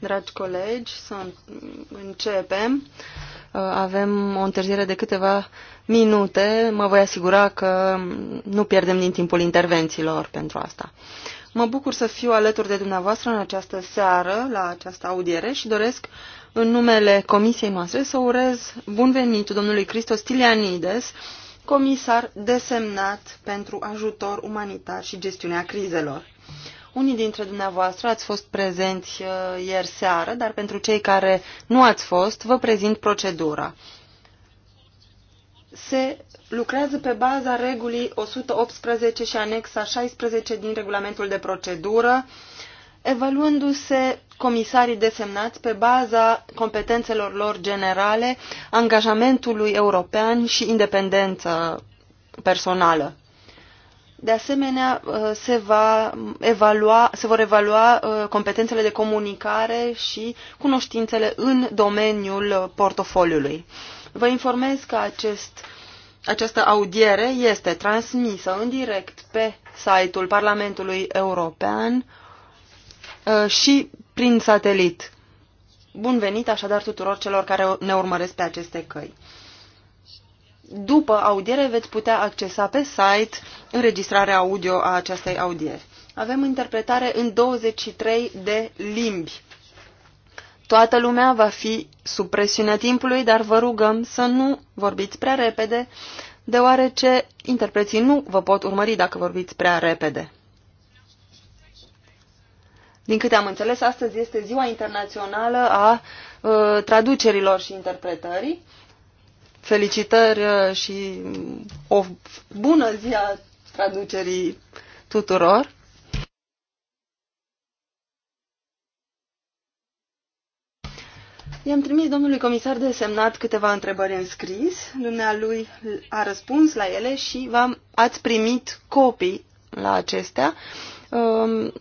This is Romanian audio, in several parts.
Dragi colegi, să începem. Uh, avem o întârziere de câteva minute. Mă voi asigura că nu pierdem din timpul intervențiilor pentru asta. Mă bucur să fiu alături de dumneavoastră în această seară, la această audiere și doresc în numele comisiei noastre să urez bun venit domnului Cristos Tilianides, comisar desemnat pentru ajutor umanitar și gestiunea crizelor. Unii dintre dumneavoastră ați fost prezenți uh, ieri seară, dar pentru cei care nu ați fost, vă prezint procedura. Se lucrează pe baza regulii 118 și anexa 16 din regulamentul de procedură, evaluându-se comisarii desemnați pe baza competențelor lor generale, angajamentului european și independență personală. De asemenea, uh, se, va evalua, se vor evalua uh, competențele de comunicare și cunoștințele în domeniul portofoliului. Vă informez că acest, această audiere este transmisă în direct pe site-ul Parlamentului European Uh, și prin satelit. Bun venit așadar tuturor celor care ne urmăresc pe aceste căi. După audiere veți putea accesa pe site înregistrarea audio a acestei audieri. Avem interpretare în 23 de limbi. Toată lumea va fi sub presiunea timpului, dar vă rugăm să nu vorbiți prea repede, deoarece interpreții nu vă pot urmări dacă vorbiți prea repede. Din câte am înțeles, astăzi este ziua internațională a uh, traducerilor și interpretării. Felicitări uh, și mm, o bună zi a traducerii tuturor. I-am trimis domnului comisar de semnat câteva întrebări în scris. Dumnealui a răspuns la ele și v-am, ați primit copii la acestea. Uh,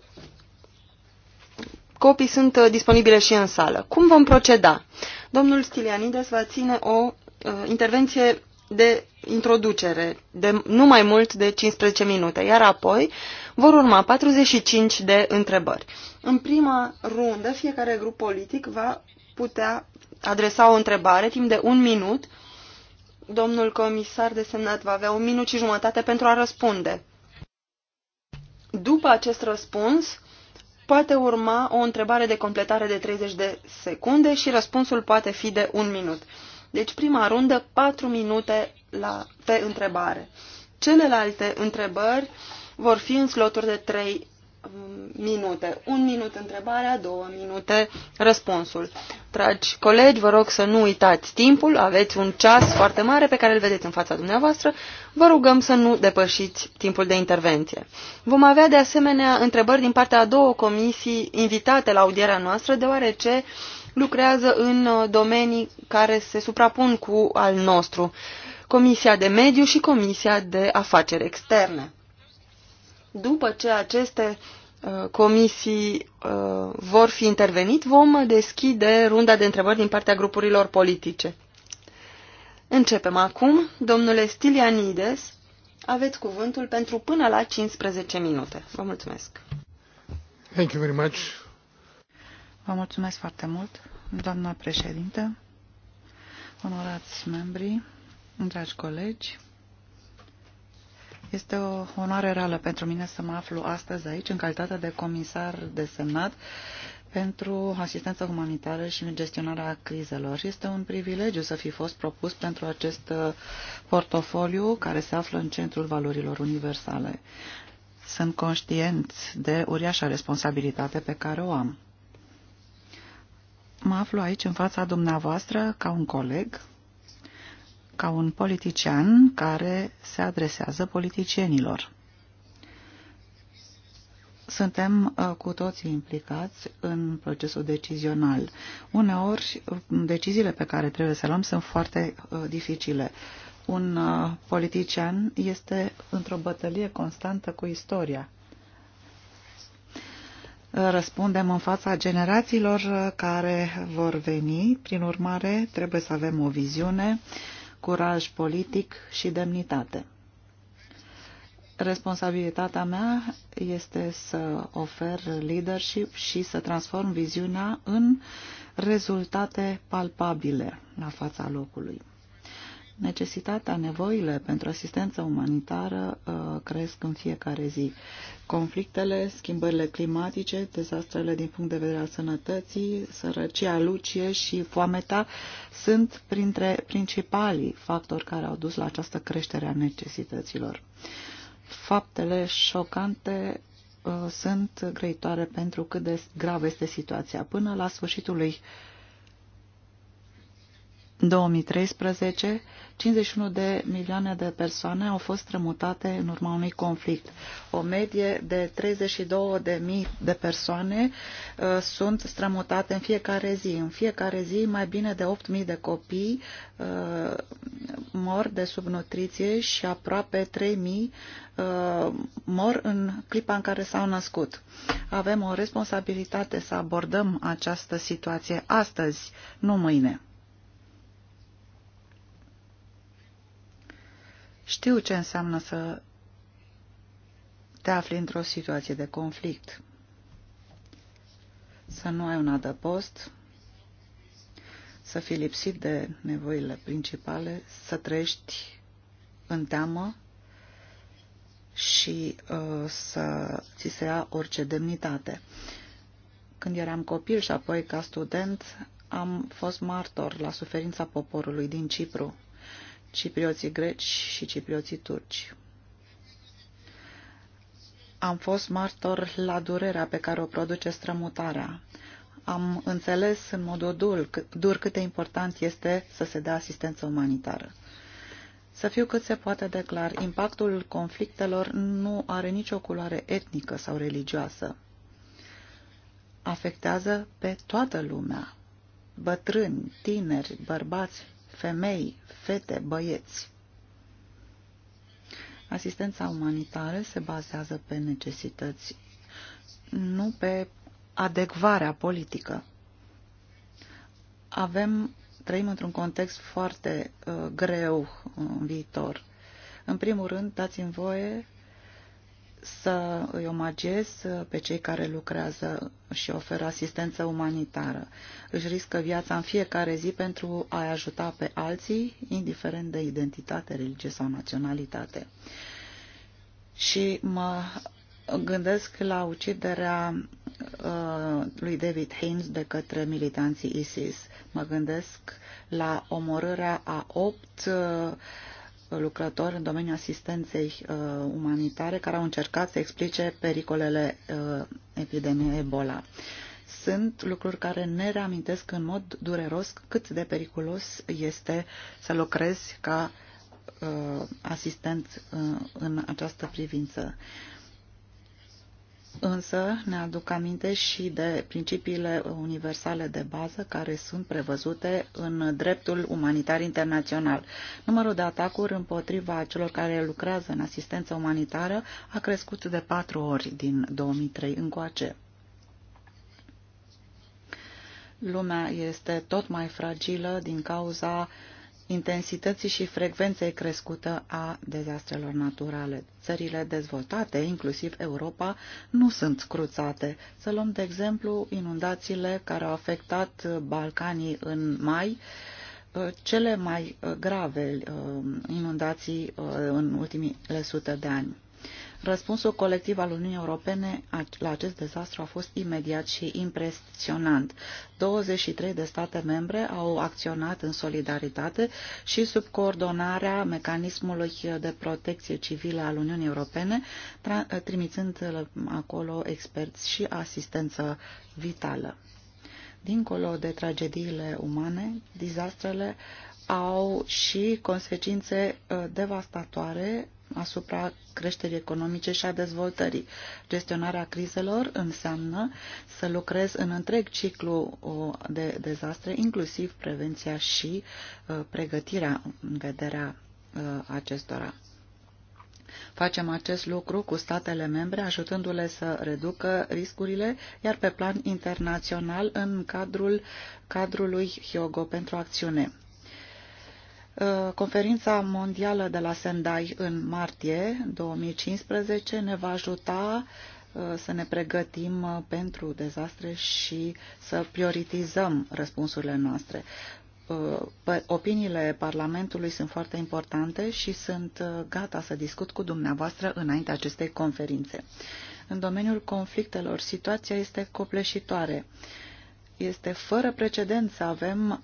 copii sunt uh, disponibile și în sală. Cum vom proceda? Domnul Stilianides va ține o uh, intervenție de introducere de nu mai mult de 15 minute, iar apoi vor urma 45 de întrebări. În prima rundă, fiecare grup politic va putea adresa o întrebare timp de un minut. Domnul comisar desemnat va avea un minut și jumătate pentru a răspunde. După acest răspuns, poate urma o întrebare de completare de 30 de secunde și răspunsul poate fi de un minut. Deci prima rundă, 4 minute la, pe întrebare. Celelalte întrebări vor fi în sloturi de 3 minute. Un minut întrebarea, două minute răspunsul. Dragi colegi, vă rog să nu uitați timpul, aveți un ceas foarte mare pe care îl vedeți în fața dumneavoastră, vă rugăm să nu depășiți timpul de intervenție. Vom avea de asemenea întrebări din partea a două comisii invitate la audierea noastră, deoarece lucrează în uh, domenii care se suprapun cu al nostru, Comisia de Mediu și Comisia de Afaceri Externe. După ce aceste uh, comisii uh, vor fi intervenit, vom deschide runda de întrebări din partea grupurilor politice. Începem acum. Domnule Stilianides, aveți cuvântul pentru până la 15 minute. Vă mulțumesc. Thank you very much. Vă mulțumesc foarte mult, doamna președintă, onorați membri, dragi colegi, este o onoare reală pentru mine să mă aflu astăzi aici în calitate de comisar desemnat pentru asistență humanitară și gestionarea crizelor. Este un privilegiu să fi fost propus pentru acest uh, portofoliu care se află în centrul valorilor universale. Sunt conștient de uriașa responsabilitate pe care o am. Mă aflu aici în fața dumneavoastră ca un coleg ca un politician care se adresează politicienilor. Suntem uh, cu toții implicați în procesul decizional. Uneori, um, deciziile pe care trebuie să le luăm sunt foarte uh, dificile. Un uh, politician este într-o bătălie constantă cu istoria. Răspundem în fața generațiilor care vor veni, prin urmare trebuie să avem o viziune, curaj politic și demnitate. Responsabilitatea mea este să ofer leadership și să transform viziunea în rezultate palpabile la fața locului necesitatea, nevoile pentru asistență umanitară uh, cresc în fiecare zi. Conflictele, schimbările climatice, dezastrele din punct de vedere al sănătății, sărăcia, lucie și foameta sunt printre principalii factori care au dus la această creștere a necesităților. Faptele șocante uh, sunt grăitoare pentru cât de gravă este situația. Până la sfârșitul lui în 2013, 51 de milioane de persoane au fost strămutate în urma unui conflict. O medie de 32 de mii de persoane uh, sunt strămutate în fiecare zi. În fiecare zi, mai bine de 8 mii de copii uh, mor de subnutriție și aproape 3 mii uh, mor în clipa în care s-au născut. Avem o responsabilitate să abordăm această situație astăzi, nu mâine. Știu ce înseamnă să te afli într-o situație de conflict. Să nu ai un adăpost, să fii lipsit de nevoile principale, să trăiești în teamă și uh, să ți se ia orice demnitate. Când eram copil și apoi ca student, am fost martor la suferința poporului din Cipru ciprioții greci și ciprioții turci. Am fost martor la durerea pe care o produce strămutarea. Am înțeles în mod dur, dur cât de important este să se dea asistență umanitară. Să fiu cât se poate de clar, impactul conflictelor nu are nicio culoare etnică sau religioasă. Afectează pe toată lumea. Bătrâni, tineri, bărbați, femei, fete, băieți. Asistența umanitară se bazează pe necesități, nu pe adecvarea politică. Avem, trăim într-un context foarte uh, greu uh, în viitor. În primul rând, dați-mi voie să îi omagez uh, pe cei care lucrează și oferă asistență umanitară. Își riscă viața în fiecare zi pentru a ajuta pe alții, indiferent de identitate, religie sau naționalitate. Și mă gândesc la uciderea uh, lui David Haynes de către militanții ISIS. Mă gândesc la omorârea a opt uh, lucrători în domeniul asistenței uh, umanitare care au încercat să explice pericolele uh, epidemiei Ebola. Sunt lucruri care ne reamintesc în mod dureros cât de periculos este să lucrezi ca uh, asistent uh, în această privință. Uh, însă ne aduc aminte și de principiile universale de bază care sunt prevăzute în dreptul umanitar internațional. Numărul de atacuri împotriva celor care lucrează în asistență umanitară a crescut de patru ori din 2003 încoace. Lumea este tot mai fragilă din cauza uh, intensității și frecvenței crescută a dezastrelor naturale. Țările dezvoltate, inclusiv Europa, nu sunt cruțate. Să luăm de exemplu inundațiile care au afectat Balcanii în mai, uh, cele mai uh, grave uh, inundații în ultimile sute de ani. Răspunsul colectiv al Uniunii Europene la acest dezastru a fost imediat și impresionant. 23 de state membre au acționat în solidaritate și sub coordonarea mecanismului de protecție civilă al Uniunii Europene, trimițând acolo experți și asistență vitală. Dincolo de tragediile umane, dizastrele au și consecințe uh, devastatoare asupra creșterii economice și a dezvoltării. Gestionarea crizelor înseamnă să lucrez în întreg ciclu de dezastre, inclusiv prevenția și uh, pregătirea în vederea uh, acestora. Facem acest lucru cu statele membre, ajutându-le să reducă riscurile, iar pe plan internațional în cadrul cadrului Hyogo pentru acțiune. Uh, conferința mondială de la Sendai în martie 2015 ne va ajuta uh, să ne pregătim uh, pentru dezastre și să prioritizăm răspunsurile noastre. Opiniile Parlamentului sunt foarte importante și sunt gata să discut cu dumneavoastră înainte acestei conferințe. În domeniul conflictelor, situația este copleșitoare. Este fără precedent să avem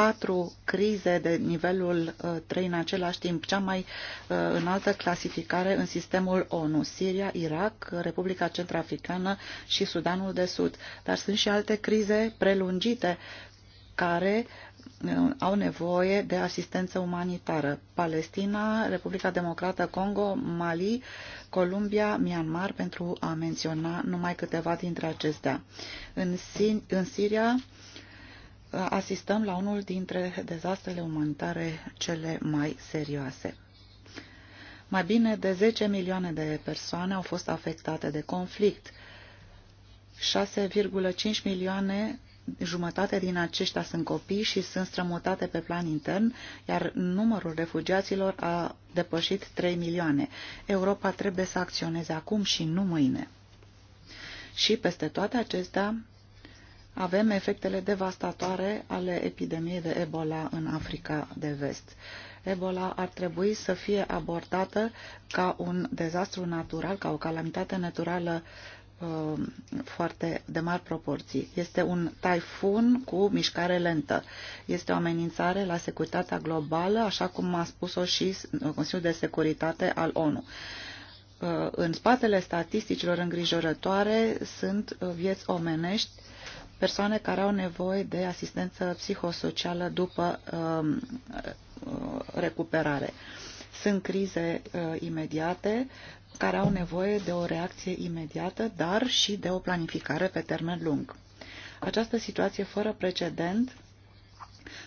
patru crize de nivelul 3 uh, în același timp, cea mai uh, înaltă clasificare în sistemul ONU, Siria, Irak, Republica Centrafricană și Sudanul de Sud. Dar sunt și alte crize prelungite care uh, au nevoie de asistență umanitară. Palestina, Republica Democrată Congo, Mali, Columbia, Myanmar, pentru a menționa numai câteva dintre acestea. În, Sin în Siria, asistăm la unul dintre dezastrele umanitare cele mai serioase. Mai bine de 10 milioane de persoane au fost afectate de conflict. 6,5 milioane jumătate din aceștia sunt copii și sunt strămutate pe plan intern, iar numărul refugiaților a depășit 3 milioane. Europa trebuie să acționeze acum și nu mâine. Și peste toate acestea, avem efectele devastatoare ale epidemiei de Ebola în Africa de Vest. Ebola ar trebui să fie abordată ca un dezastru natural, ca o calamitate naturală uh, foarte de mari proporții. Este un taifun cu mișcare lentă. Este o amenințare la securitatea globală, așa cum a spus-o și Consiliul de Securitate al ONU uh, în spatele statisticilor îngrijorătoare sunt vieți omenești persoane care au nevoie de asistență psihosocială după um, uh, recuperare. Sunt crize uh, imediate care au nevoie de o reacție imediată, dar și de o planificare pe termen lung. Această situație fără precedent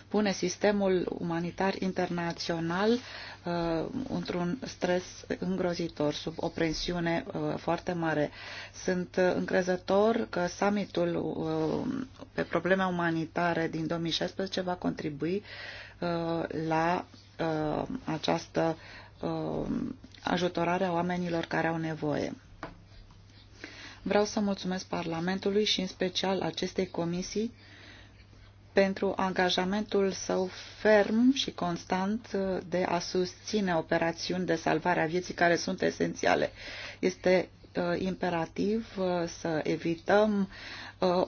pune sistemul umanitar internațional uh, într-un stres îngrozitor, sub o presiune uh, foarte mare. Sunt uh, încrezător că summitul uh, pe probleme umanitare din 2016 va contribui uh, la uh, această uh, ajutorare a oamenilor care au nevoie. Vreau să mulțumesc Parlamentului și în special acestei comisii uh, pentru angajamentul său ferm și constant uh, de a susține operațiuni de salvare a vieții care sunt esențiale. Este uh, imperativ uh, să evităm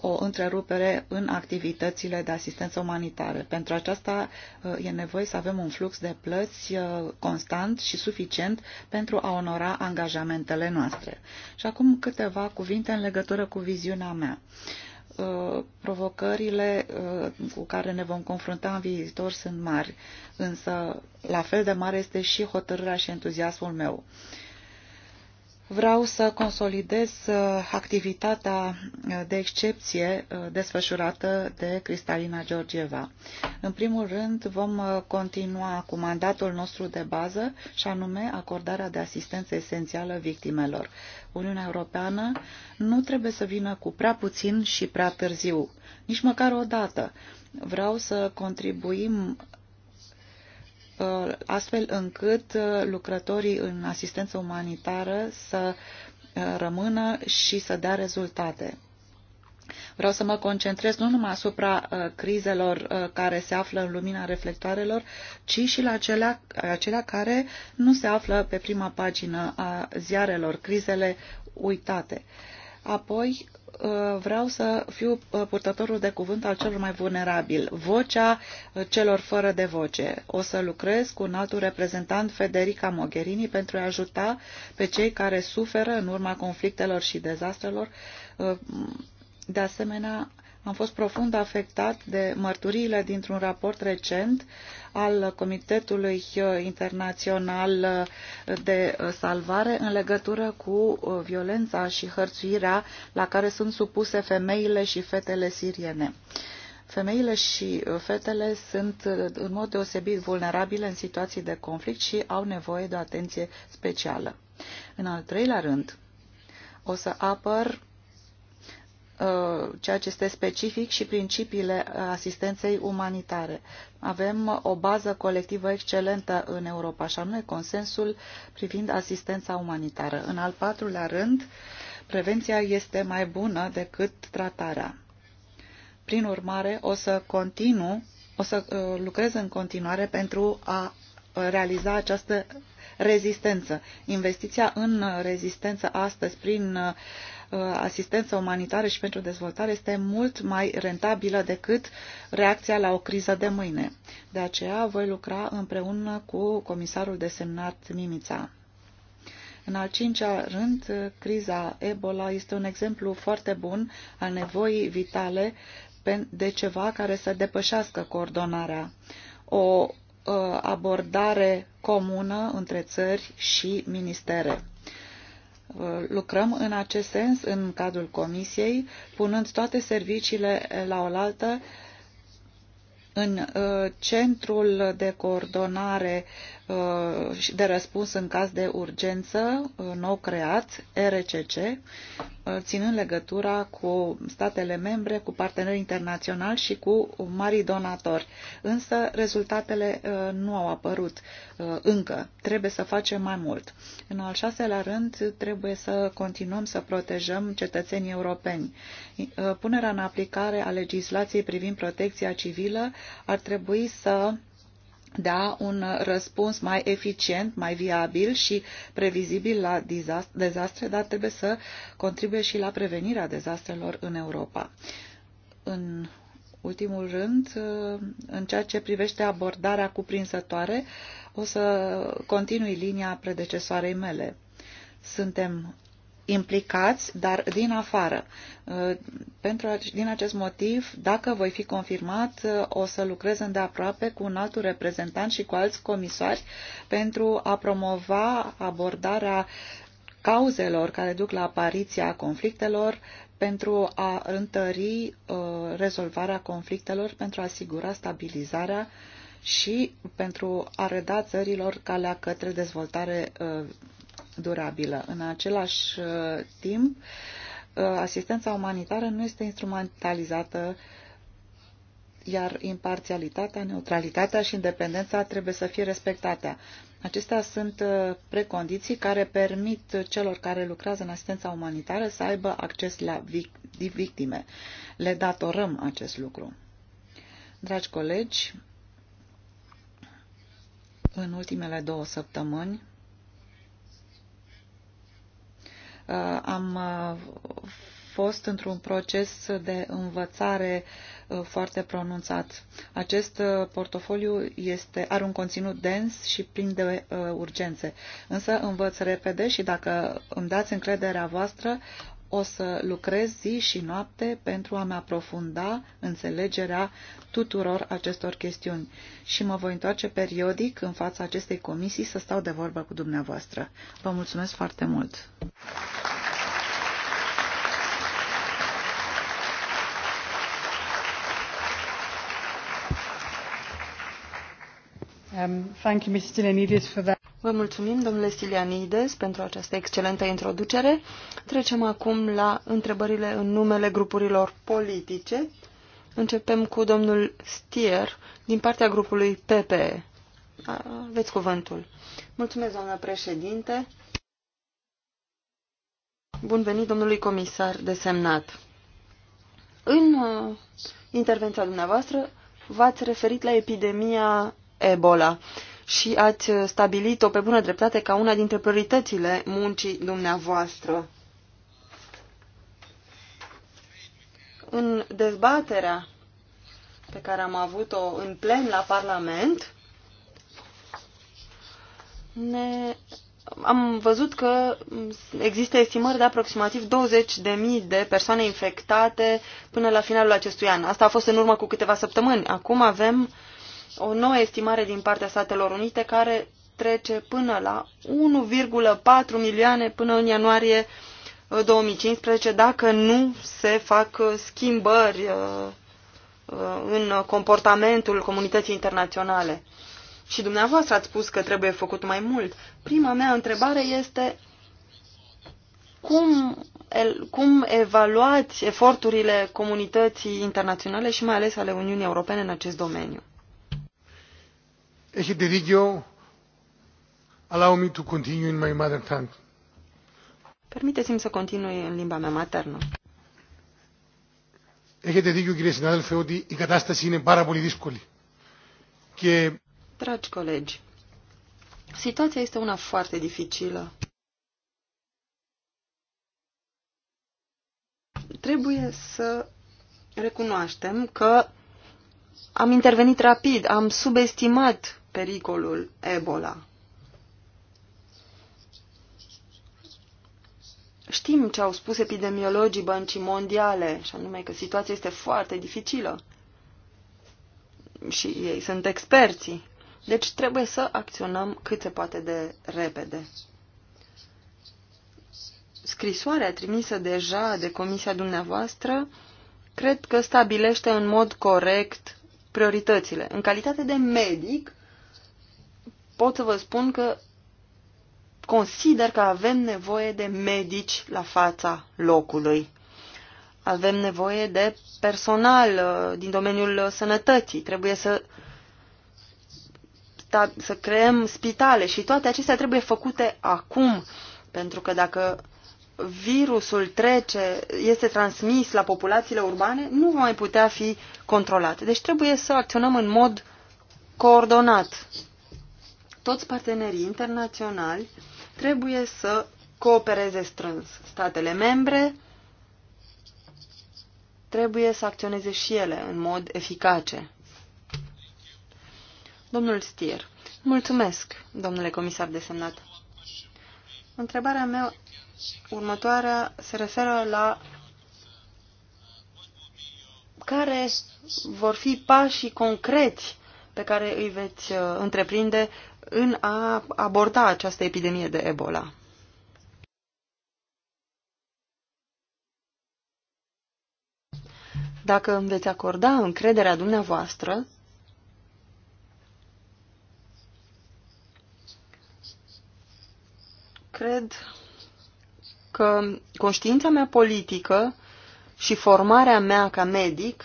o întrerupere în activitățile de asistență umanitară. Pentru aceasta e nevoie să avem un flux de plăți constant și suficient pentru a onora angajamentele noastre. Și acum câteva cuvinte în legătură cu viziunea mea. Uh, provocările uh, cu care ne vom confrunta în viitor sunt mari, însă la fel de mare este și hotărârea și entuziasmul meu. Uh, Vreau să consolidez uh, activitatea uh, de excepție uh, desfășurată de Cristalina Georgieva. În primul rând, vom continua cu mandatul nostru de bază, și anume acordarea de asistență esențială victimelor. Uniunea Europeană nu trebuie să vină cu prea puțin și prea târziu, nici măcar o dată. Vreau să contribuim Uh, astfel încât uh, lucrătorii în asistență umanitară să uh, rămână și să dea rezultate. Vreau să mă concentrez nu numai asupra uh, crizelor uh, care se află în lumina reflectoarelor, ci și la acelea, acelea care nu se află pe prima pagină a ziarelor, crizele uitate. Apoi, Uh, vreau să fiu uh, purtătorul de cuvânt al celor mai vulnerabili, vocea uh, celor fără de voce. O să lucrez cu un altul reprezentant, Federica Mogherini, pentru a ajuta pe cei care suferă în urma conflictelor și dezastrelor. De asemenea, am fost profund afectat de mărturiile dintr-un raport recent al Comitetului Internațional de Salvare în legătură cu violența și hărțuirea la care sunt supuse femeile și fetele siriene. Femeile și fetele sunt în mod deosebit vulnerabile în situații de conflict și au nevoie de o atenție specială. În al treilea rând, o să apăr Uh, ceea ce este specific și principiile asistenței umanitare. Avem o bază colectivă excelentă în Europa, nu e consensul privind asistența umanitară. În al patrulea rând, prevenția este mai bună decât tratarea. Prin urmare, o să continu, o să uh, lucrez în continuare pentru a realiza această rezistență. Investiția în rezistență astăzi prin uh, Uh, asistență umanitară și pentru dezvoltare este mult mai rentabilă decât reacția la o criză de mâine. De aceea voi lucra împreună cu comisarul desemnat Mimița. În al cincea rând, criza Ebola este un exemplu foarte bun al nevoii vitale de ceva care să depășească coordonarea. O uh, abordare comună între țări și ministere lucrăm în acest sens în cadrul Comisiei, punând toate serviciile la oaltă în uh, centrul de coordonare Uh, de răspuns în caz de urgență uh, nou creat, RCC, uh, ținând legătura cu statele membre, cu parteneri internaționali și cu mari donatori. Însă rezultatele nu au apărut încă. Trebuie să facem mai mult. În al șaselea rând, trebuie să continuăm să protejăm cetățenii europeni. Punerea în aplicare a legislației privind protecția civilă ar trebui să da un răspuns mai eficient, mai viabil și previzibil la dezastre, dar trebuie să contribuie și la prevenirea dezastrelor în Europa. În ultimul rând, în ceea ce privește abordarea cuprinsătoare, o să continui linia predecesoarei mele. Suntem implicați, dar din afară. Uh, pentru, din acest motiv, dacă voi fi confirmat, uh, o să lucrez îndeaproape cu un altul reprezentant și cu alți comisari pentru a promova abordarea cauzelor care duc la apariția conflictelor, pentru a întări uh, rezolvarea conflictelor, pentru a asigura stabilizarea și pentru a reda țărilor calea către dezvoltare durabilă. În același uh, timp, uh, asistența umanitară nu este instrumentalizată iar imparțialitatea, neutralitatea și independența trebuie să fie respectate. Acestea sunt uh, precondiții care permit celor care lucrează în asistența umanitară să aibă acces la victime. Le datorăm acest lucru. Dragi colegi, în ultimele două săptămâni Uh, am uh, fost într-un proces de învățare uh, foarte pronunțat. Acest portofoliu este, are un conținut dens și plin de urgențe. Însă învăț repede și dacă îmi dați încrederea voastră, o să lucrez zi și noapte pentru a-mi aprofunda înțelegerea tuturor acestor chestiuni și mă voi întoarce periodic în fața acestei comisii să stau de vorbă cu dumneavoastră. Vă mulțumesc foarte mult! Um, thank you, Mr. Ioannidis, for that. Vă mulțumim, domnule Stilianides, pentru această excelentă introducere. Trecem acum la întrebările în numele grupurilor politice. Începem cu domnul Stier, din partea grupului PPE. Aveți cuvântul. Mulțumesc, doamnă președinte. Bun venit, domnului comisar desemnat. În uh, intervenția dumneavoastră v-ați referit la epidemia Ebola. Uh, și ați stabilit-o pe bună dreptate ca una dintre prioritățile muncii dumneavoastră. În dezbaterea pe care am avut-o în plen la Parlament, ne... am văzut că există estimări de aproximativ 20.000 de persoane infectate până la finalul acestui an. Asta a fost în urmă cu câteva săptămâni. Acum avem uh, o nouă estimare din partea Statelor Unite care trece până la 1,4 milioane până în ianuarie 2015 uh, dacă nu se fac uh, schimbări uh, în comportamentul comunității internaționale. Și dumneavoastră ați spus că trebuie făcut mai mult. Prima mea întrebare este cum, cum evaluați eforturile comunității internaționale și mai ales ale Uniunii Europene în acest domeniu? Έχετε δίκιο. Allow me to continue in my mother tongue. Permiteți-mi să continui în limba mea maternă. Έχετε δίκιο κύριε συνάδελφε ότι η κατάσταση είναι πάρα πολύ δύσκολη. Και... Dragi colegi, situația este una foarte dificilă. Trebuie să recunoaștem că am intervenit rapid, am subestimat pericolul Ebola. Știm ce au spus epidemiologii băncii mondiale, și anume că situația este foarte dificilă. Și ei sunt experții. Deci trebuie să acționăm cât se poate de repede. Scrisoarea trimisă deja de comisia dumneavoastră cred că stabilește în mod corect prioritățile. În calitate de medic, pot să vă spun că consider că avem nevoie de medici la fața locului. Avem nevoie de personal uh, din domeniul sănătății. Trebuie să, da, să creăm spitale și toate acestea trebuie făcute acum, pentru că dacă virusul trece, este transmis la populațiile urbane, nu va mai putea fi controlat. Deci trebuie să acționăm în mod coordonat toți partenerii internaționali trebuie să coopereze strâns. Statele membre trebuie să acționeze și ele în mod eficace. Domnul Stier, mulțumesc, domnule comisar desemnat. Întrebarea mea următoarea se referă la care vor fi pașii concreți pe care îi veți uh, întreprinde în a aborda această epidemie de Ebola. Dacă îmi veți acorda încrederea dumneavoastră, cred că conștiința mea politică și formarea mea ca medic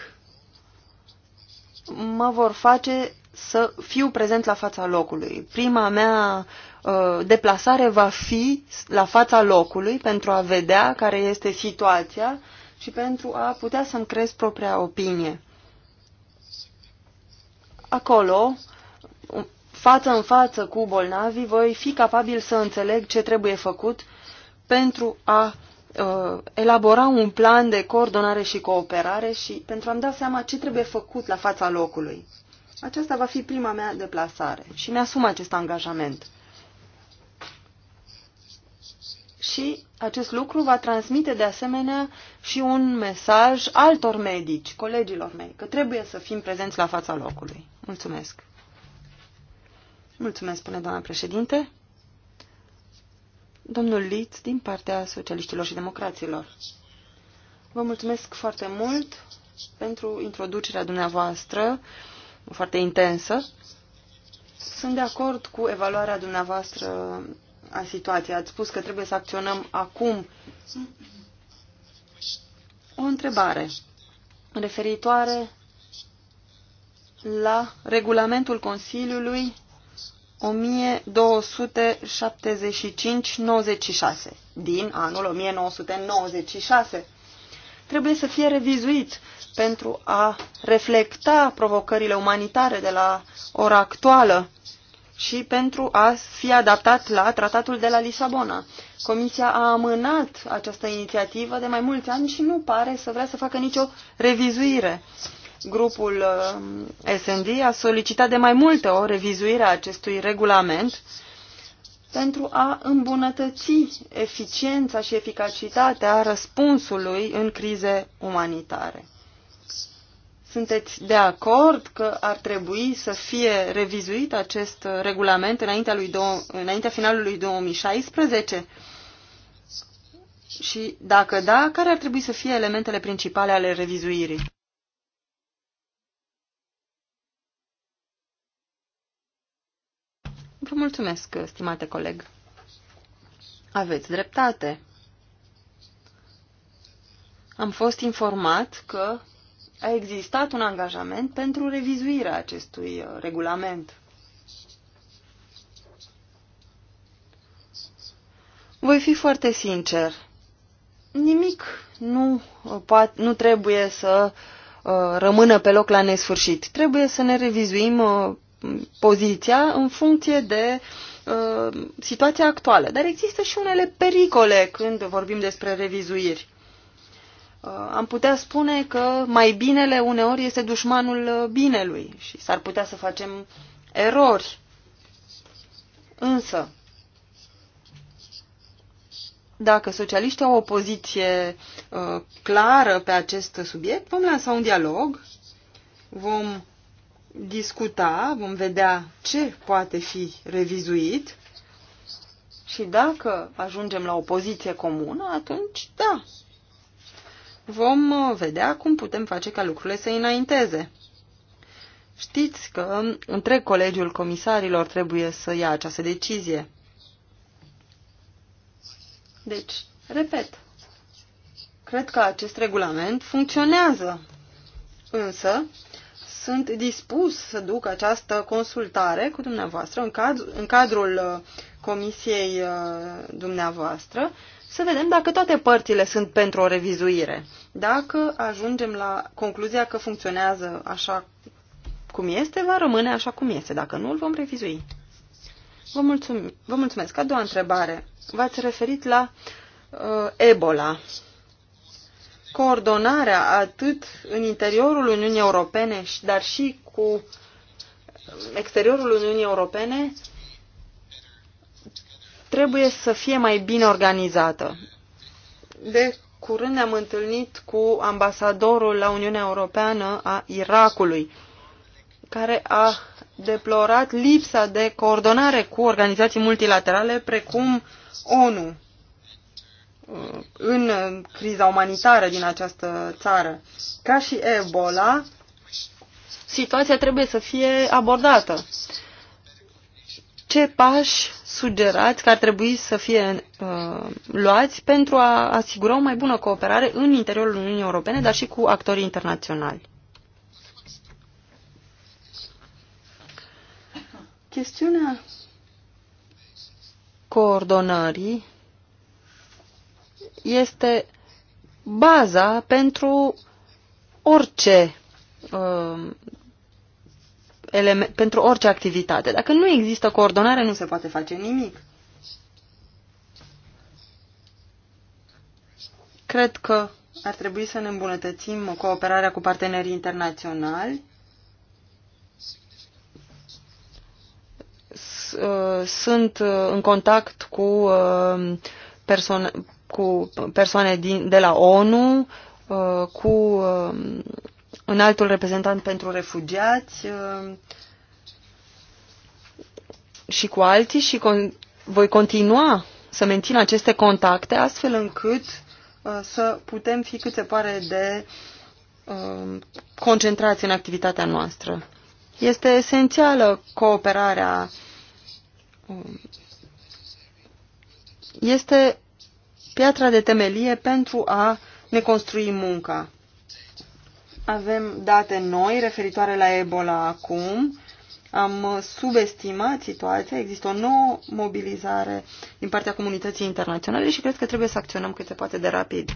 mă vor face să fiu prezent la fața locului. Prima mea uh, deplasare va fi la fața locului pentru a vedea care este situația și pentru a putea să-mi crez propria opinie. Acolo, um, față în față cu bolnavii, voi fi capabil să înțeleg ce trebuie făcut pentru a uh, elabora un plan de coordonare și cooperare și pentru a-mi da seama ce trebuie făcut la fața locului. Aceasta va fi prima mea deplasare și mi-asum acest angajament. Și acest lucru va transmite de asemenea și un mesaj altor medici, colegilor mei, că trebuie să fim prezenți la fața locului. Mulțumesc. Mulțumesc, spune doamna președinte. Domnul Litz, din partea socialiștilor și democraților. Vă mulțumesc foarte mult pentru introducerea dumneavoastră foarte intensă. Sunt de acord cu evaluarea dumneavoastră a situației. Ați spus că trebuie să acționăm acum. O întrebare referitoare la regulamentul Consiliului 1275-96 din anul 1996. Trebuie să fie revizuit pentru a reflecta provocările umanitare de la ora actuală și pentru a fi adaptat la tratatul de la Lisabona. Comisia a amânat această inițiativă de mai mulți ani și nu pare să vrea să facă nicio revizuire. Grupul uh, S&D a solicitat de mai multe o revizuire a acestui regulament pentru a îmbunătăți eficiența și eficacitatea răspunsului în crize umanitare. Sunteți de acord că ar trebui să fie revizuit acest regulament înaintea, lui do- înaintea finalului 2016? Și dacă da, care ar trebui să fie elementele principale ale revizuirii? Vă mulțumesc, stimate coleg. Aveți dreptate. Am fost informat că a existat un angajament pentru revizuirea acestui uh, regulament. Voi fi foarte sincer. Nimic nu, uh, poate, nu trebuie să uh, rămână pe loc la nesfârșit. Trebuie să ne revizuim uh, poziția în funcție de uh, situația actuală. Dar există și unele pericole când vorbim despre revizuiri. Uh, am putea spune că mai binele uneori este dușmanul uh, binelui și s-ar putea să facem erori. Însă, dacă socialiștii au o poziție uh, clară pe acest subiect, vom lansa un dialog, vom discuta, vom vedea ce poate fi revizuit și dacă ajungem la o poziție comună, atunci da, vom uh, vedea cum putem face ca lucrurile să înainteze. Știți că întreg colegiul comisarilor trebuie să ia această decizie. Deci, repet, cred că acest regulament funcționează, însă sunt dispus să duc această consultare cu dumneavoastră în, caz, în cadrul uh, comisiei uh, dumneavoastră să vedem dacă toate părțile sunt pentru o revizuire. Dacă ajungem la concluzia că funcționează așa cum este, va rămâne așa cum este. Dacă nu, îl vom revizui. Vă, mulțum vă mulțumesc. A doua întrebare. V-ați referit la uh, Ebola. Coordonarea atât în interiorul Uniunii Europene, dar și cu exteriorul Uniunii Europene trebuie să fie mai bine organizată. De Curând ne-am întâlnit cu ambasadorul la Uniunea Europeană a Irakului, care a deplorat lipsa de coordonare cu organizații multilaterale precum ONU în criza umanitară din această țară. Ca și Ebola, situația trebuie să fie abordată. Ce pași sugerați că ar trebui să fie uh, luați pentru a asigura o mai bună cooperare în interiorul Uniunii Europene, dar și cu actorii internaționali? Chestiunea coordonării este baza pentru orice uh, element, pentru orice activitate. Dacă nu există coordonare, nu se poate face nimic. Cred că ar trebui să ne îmbunătățim cooperarea cu partenerii internaționali, uh, sunt uh, în contact cu, uh, persoane, cu persoane din, de la ONU, cu un altul reprezentant pentru refugiați uh, și cu alții și con voi continua să mențin aceste contacte astfel încât uh, să putem fi cât se pare de uh, concentrați în activitatea noastră. Este esențială cooperarea. Este piatra de temelie pentru a ne construi munca. Avem date noi referitoare la Ebola acum. Am subestimat situația. Există o nouă mobilizare din partea comunității internaționale și cred că trebuie să acționăm cât se poate de rapid.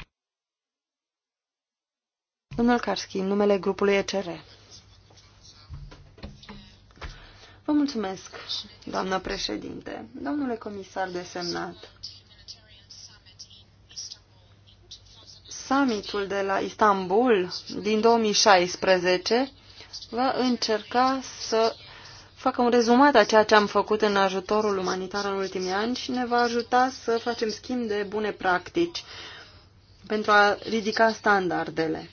Domnul Karski, în numele grupului ECR. Vă mulțumesc, doamnă președinte, domnule comisar desemnat. summitul de la Istanbul din 2016 va încerca să facă un rezumat a ceea ce am făcut în ajutorul umanitar în ultimii ani și ne va ajuta să facem schimb de bune practici pentru a ridica standardele.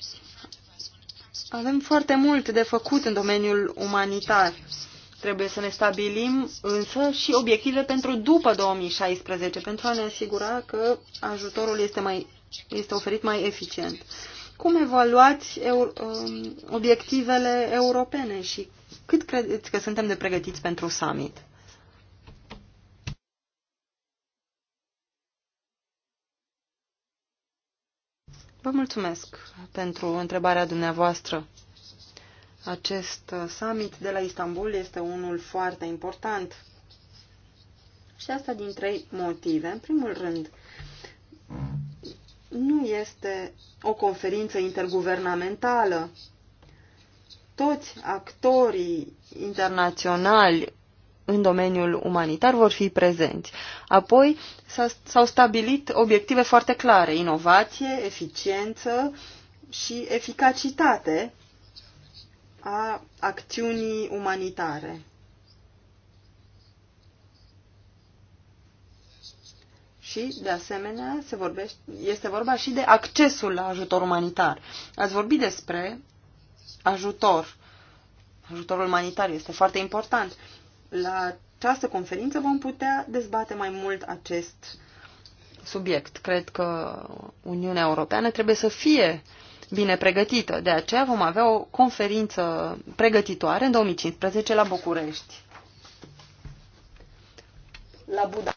Avem foarte mult de făcut în domeniul umanitar. Trebuie să ne stabilim însă și obiective pentru după 2016, pentru a ne asigura că ajutorul este mai este oferit mai eficient. Cum evaluați eu, um, obiectivele europene și cât credeți că suntem de pregătiți pentru summit? Vă mulțumesc pentru întrebarea dumneavoastră. Acest uh, summit de la Istanbul este unul foarte important. Și asta din trei motive. În primul rând, nu este o conferință interguvernamentală. Toți actorii internaționali în domeniul umanitar vor fi prezenți. Apoi s-au stabilit obiective foarte clare, inovație, eficiență și eficacitate a acțiunii umanitare. și, de asemenea, se vorbește, este vorba și de accesul la ajutor umanitar. Ați vorbit despre ajutor. Ajutorul umanitar este foarte important. La această conferință vom putea dezbate mai mult acest subiect. Cred că Uniunea Europeană trebuie să fie bine pregătită. De aceea vom avea o conferință pregătitoare în 2015 la București. La Buda.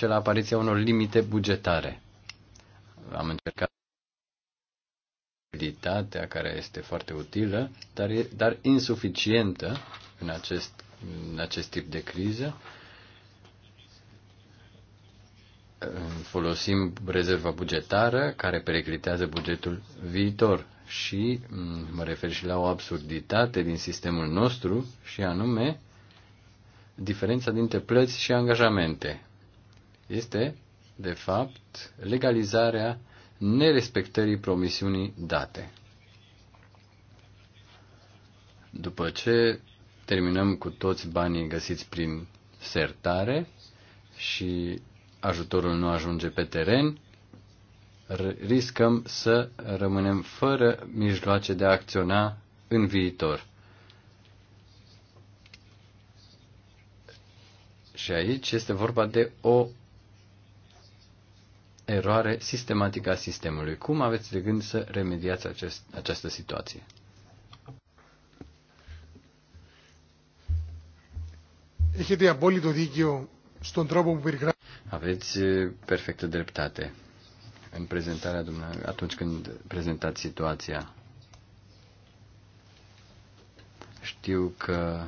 duce la apariția unor limite bugetare. Am încercat abilitatea care este foarte utilă, dar, e, dar insuficientă în acest, în acest tip de criză. Folosim rezerva bugetară care periclitează bugetul viitor și mă refer și la o absurditate din sistemul nostru și anume diferența dintre plăți și angajamente este, de fapt, legalizarea nerespectării promisiunii date. După ce terminăm cu toți banii găsiți prin sertare și ajutorul nu ajunge pe teren, riscăm să rămânem fără mijloace de a acționa în viitor. Și aici este vorba de o eroare sistematică a sistemului. Cum aveți de gând să remediați acest, această situație? Έχετε απόλυτο δίκιο στον τρόπο που Aveți perfectă dreptate în prezentarea dumneavoastră, atunci când prezentați situația. Știu că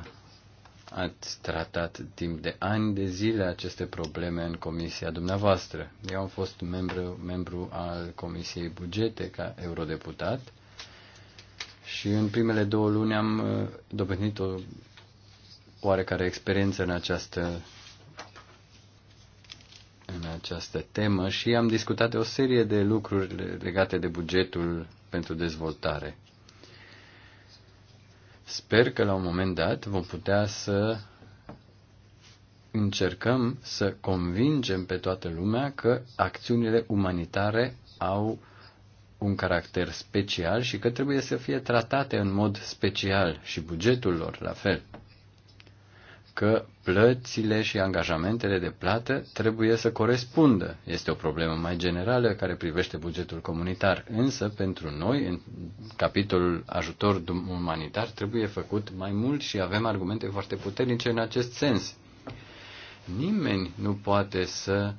Ați tratat timp de ani de zile aceste probleme în comisia dumneavoastră. Eu am fost membru, membru al Comisiei Bugete ca eurodeputat și în primele două luni am uh, dobândit o oarecare experiență în această în această temă și am discutat o serie de lucruri legate de bugetul pentru dezvoltare. Sper că la un moment dat vom putea să încercăm să convingem pe toată lumea că acțiunile umanitare au un caracter special și că trebuie să fie tratate în mod special și bugetul lor la fel. Că plățile și angajamentele de plată trebuie să corespundă. Este o problemă mai generală care privește bugetul comunitar, însă pentru noi, în capitolul ajutor umanitar, trebuie făcut mai mult și avem argumente foarte puternice în acest sens. Nimeni nu poate să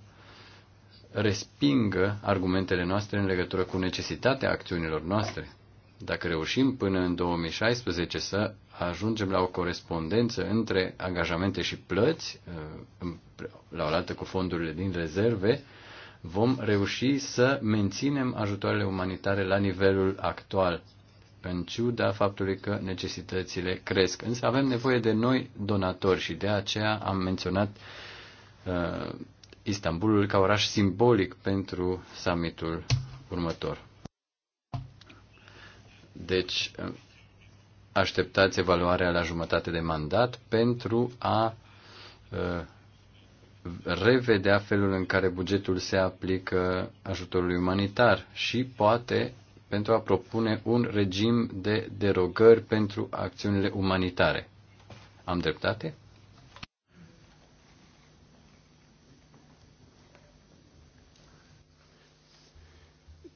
respingă argumentele noastre în legătură cu necesitatea acțiunilor noastre. Dacă reușim până în 2016 să ajungem la o corespondență între angajamente și plăți, uh, la o dată cu fondurile din rezerve, vom reuși să menținem ajutoarele umanitare la nivelul actual, în ciuda faptului că necesitățile cresc. Însă avem nevoie de noi donatori și de aceea am menționat uh, Istanbulul ca oraș simbolic pentru summitul următor. Deci, uh, așteptați evaluarea la jumătate de mandat pentru a uh, revedea felul în care bugetul se aplică ajutorului umanitar și poate pentru a propune un regim de derogări pentru acțiunile umanitare. Am dreptate?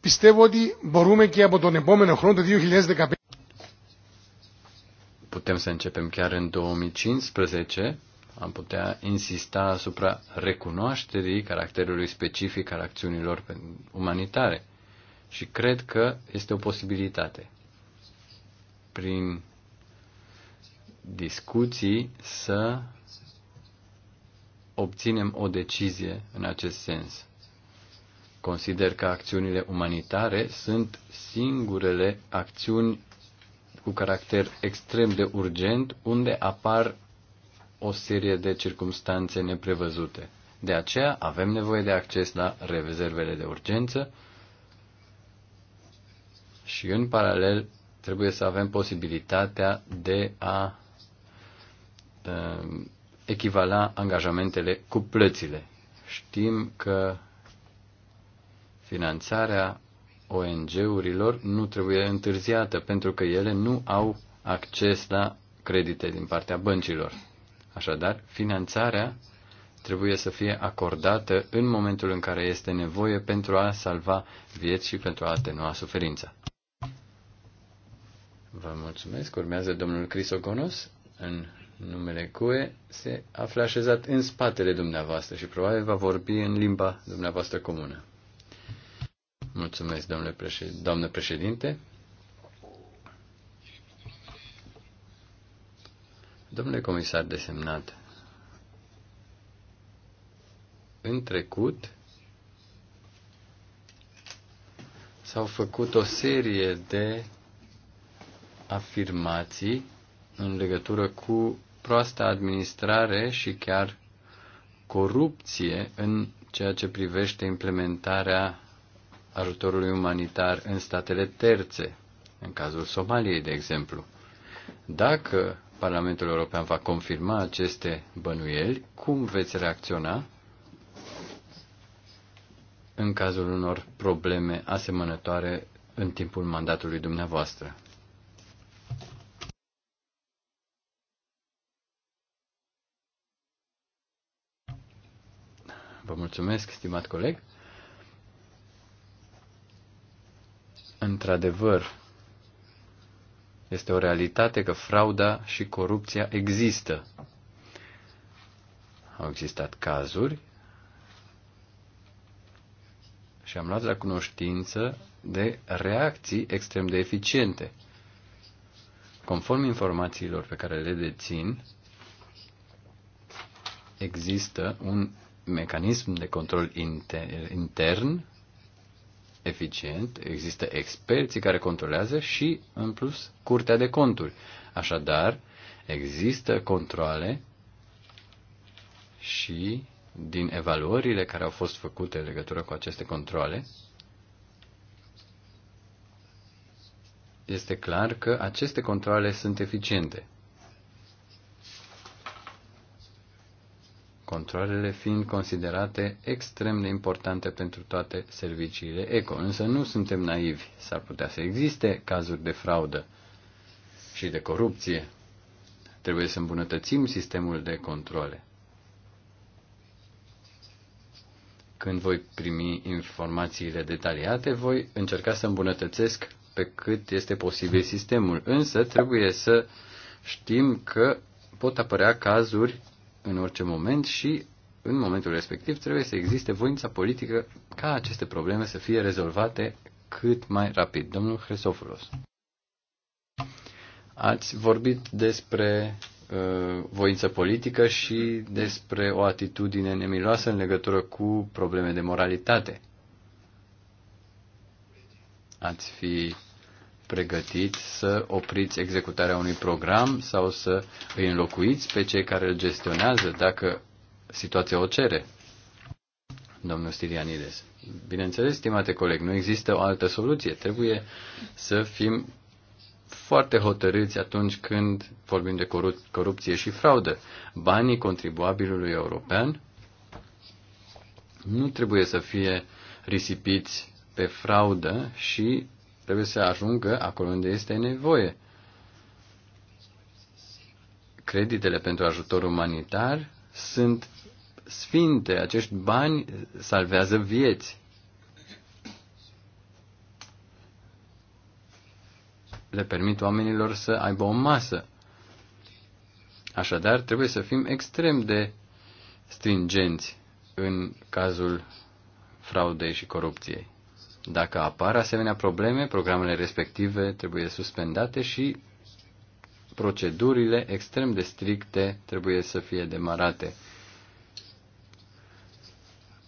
Πιστεύω ότι μπορούμε και από τον επόμενο 2015, putem să începem chiar în 2015, am putea insista asupra recunoașterii caracterului specific al acțiunilor umanitare. Și cred că este o posibilitate. Prin discuții să obținem o decizie în acest sens. Consider că acțiunile umanitare sunt singurele acțiuni cu caracter extrem de urgent, unde apar o serie de circumstanțe neprevăzute. De aceea avem nevoie de acces la rezervele de urgență și în paralel trebuie să avem posibilitatea de a uh, echivala angajamentele cu plățile. Știm că finanțarea ONG-urilor nu trebuie întârziată, pentru că ele nu au acces la credite din partea băncilor. Așadar, finanțarea trebuie să fie acordată în momentul în care este nevoie pentru a salva vieți și pentru a atenua suferința. Vă mulțumesc. Urmează domnul Crisogonos în numele CUE. Se află așezat în spatele dumneavoastră și probabil va vorbi în limba dumneavoastră comună. Mulțumesc, domnule președinte. Doamnă președinte. Domnule comisar desemnat, în trecut s-au făcut o serie de afirmații în legătură cu proasta administrare și chiar corupție în ceea ce privește implementarea ajutorului umanitar în statele terțe, în cazul Somaliei, de exemplu. Dacă Parlamentul European va confirma aceste bănuieli, cum veți reacționa în cazul unor probleme asemănătoare în timpul mandatului dumneavoastră? Vă mulțumesc, stimat coleg. Într-adevăr, este o realitate că frauda și corupția există. Au existat cazuri și am luat la cunoștință de reacții extrem de eficiente. Conform informațiilor pe care le dețin, există un mecanism de control intern eficient, există experții care controlează și, în plus, curtea de conturi. Așadar, există controle și din evaluările care au fost făcute în legătură cu aceste controle, este clar că aceste controle sunt eficiente. controlele fiind considerate extrem de importante pentru toate serviciile eco. Însă nu suntem naivi, s-ar putea să existe cazuri de fraudă și de corupție. Trebuie să îmbunătățim sistemul de controle. Când voi primi informațiile detaliate, voi încerca să îmbunătățesc pe cât este posibil sistemul, însă trebuie să știm că pot apărea cazuri în orice moment și în momentul respectiv trebuie să existe voința politică ca aceste probleme să fie rezolvate cât mai rapid. Domnul Hresofulos, ați vorbit despre uh, voință politică și despre o atitudine nemiloasă în legătură cu probleme de moralitate. Ați fi pregătiți să opriți executarea unui program sau să îi înlocuiți pe cei care îl gestionează dacă situația o cere. Domnul Stilianides. Bineînțeles, stimate coleg, nu există o altă soluție. Trebuie să fim foarte hotărâți atunci când vorbim de corup- corupție și fraudă. Banii contribuabilului european nu trebuie să fie risipiți pe fraudă și trebuie să ajungă acolo unde este nevoie. Creditele pentru ajutor umanitar sunt sfinte. Acești bani salvează vieți. Le permit oamenilor să aibă o masă. Așadar, trebuie să fim extrem de stringenți în cazul fraudei și corupției. Dacă apar asemenea probleme, programele respective trebuie suspendate și procedurile extrem de stricte trebuie să fie demarate.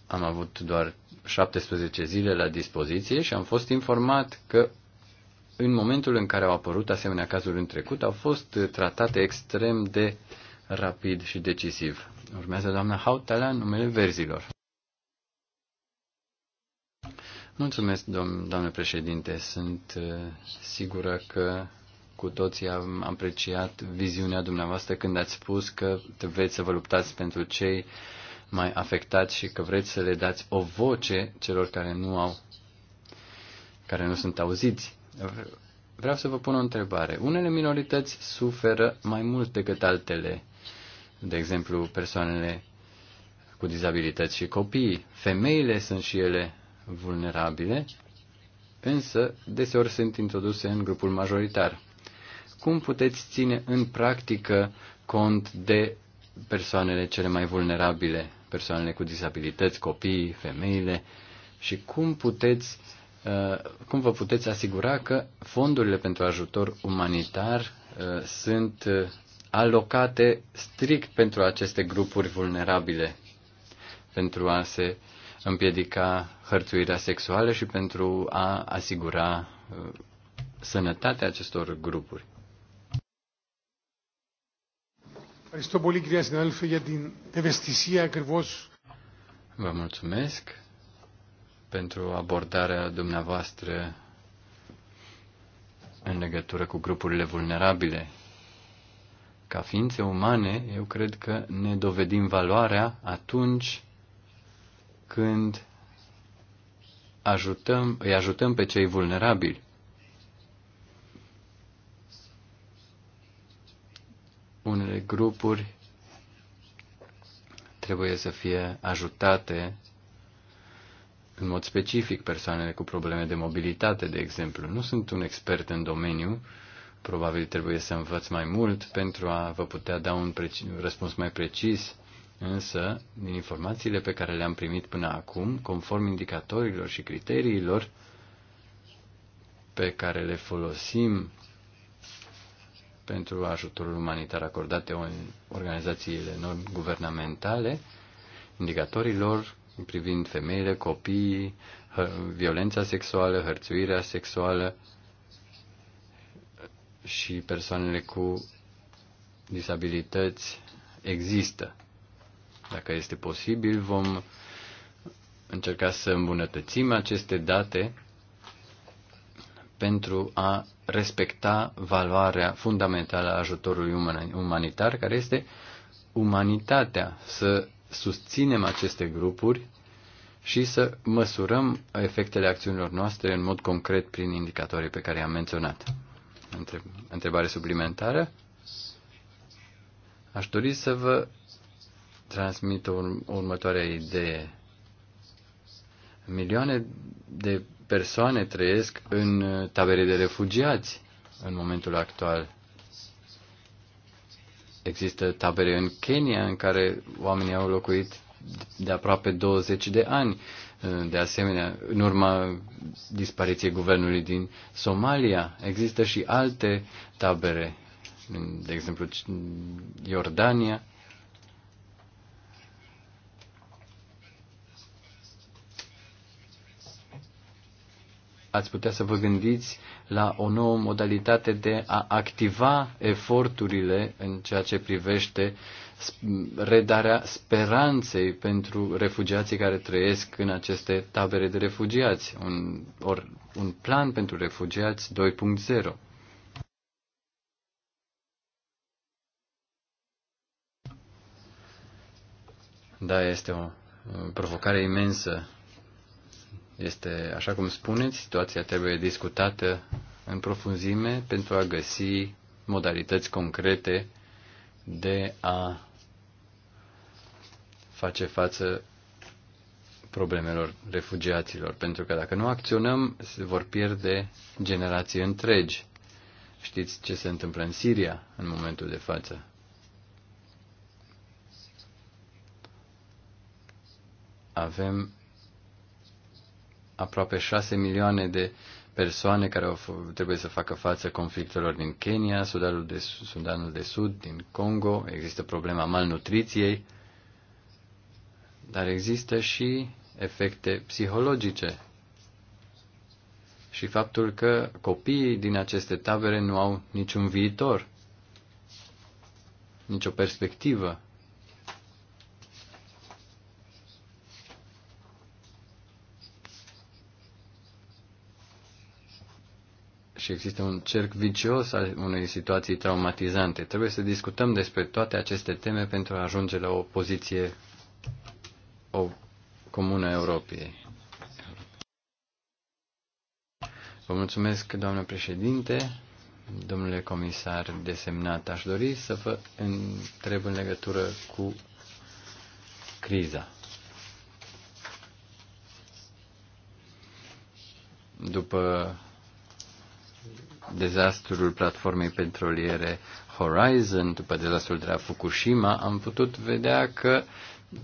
Am avut doar 17 zile la dispoziție și am fost informat că în momentul în care au apărut asemenea cazuri în trecut, au fost tratate extrem de rapid și decisiv. Urmează doamna Hautala numele verzilor. Mulțumesc, domn, doamne președinte. Sunt uh, sigură că cu toții am apreciat viziunea dumneavoastră când ați spus că vreți să vă luptați pentru cei mai afectați și că vreți să le dați o voce celor care nu au, care nu sunt auziți. Vreau să vă pun o întrebare. Unele minorități suferă mai mult decât altele. De exemplu, persoanele cu dizabilități și copiii. Femeile sunt și ele vulnerabile, însă deseori sunt introduse în grupul majoritar. Cum puteți ține în practică cont de persoanele cele mai vulnerabile, persoanele cu dizabilități, copiii, femeile și cum puteți uh, cum vă puteți asigura că fondurile pentru ajutor umanitar uh, sunt uh, alocate strict pentru aceste grupuri vulnerabile, pentru a se uh, împiedica hărțuirea sexuală și pentru a asigura uh, sănătatea acestor grupuri. Vă mulțumesc pentru abordarea dumneavoastră în legătură cu grupurile vulnerabile. Ca ființe umane, eu cred că ne dovedim valoarea atunci când ajutăm, îi ajutăm pe cei vulnerabili. Unele grupuri trebuie să fie ajutate în mod specific persoanele cu probleme de mobilitate, de exemplu. Nu sunt un expert în domeniu, probabil trebuie să învăț mai mult pentru a vă putea da un răspuns mai precis Însă, din informațiile pe care le-am primit până acum, conform indicatorilor și criteriilor pe care le folosim pentru ajutorul umanitar acordate organizațiile non-guvernamentale, indicatorilor privind femeile, copiii, violența sexuală, hărțuirea sexuală și persoanele cu disabilități există. Dacă este posibil, vom încerca să îmbunătățim aceste date pentru a respecta valoarea fundamentală a ajutorului umanitar, care este umanitatea, să susținem aceste grupuri și să măsurăm efectele acțiunilor noastre în mod concret prin indicatorii pe care i-am menționat. Întrebare suplimentară? Aș dori să vă transmit urm- următoarea idee. Milioane de persoane trăiesc în tabere de refugiați în momentul actual. Există tabere în Kenya în care oamenii au locuit de aproape 20 de ani. De asemenea, în urma dispariției guvernului din Somalia, există și alte tabere, de exemplu Iordania, ați putea să vă gândiți la o nouă modalitate de a activa eforturile în ceea ce privește redarea speranței pentru refugiații care trăiesc în aceste tabere de refugiați, un, or, un plan pentru refugiați 2.0. Da, este o provocare imensă este, așa cum spuneți, situația trebuie discutată în profunzime pentru a găsi modalități concrete de a face față problemelor refugiaților, pentru că dacă nu acționăm, se vor pierde generații întregi. Știți ce se întâmplă în Siria în momentul de față? Avem aproape 6 milioane de persoane care au trebuie să facă față conflictelor din Kenya, Sudanul de, Sudanul de Sud, din Congo, există problema malnutriției, dar există și efecte psihologice și faptul că copiii din aceste tabere nu au niciun viitor, nicio perspectivă. și există un cerc vicios al unei situații traumatizante. Trebuie să discutăm despre toate aceste teme pentru a ajunge la o poziție o comună a Europei. Vă mulțumesc, doamnă președinte, domnule comisar desemnat. Aș dori să vă întreb în legătură cu criza. După dezastrul platformei petroliere Horizon, după dezastrul de la Fukushima, am putut vedea că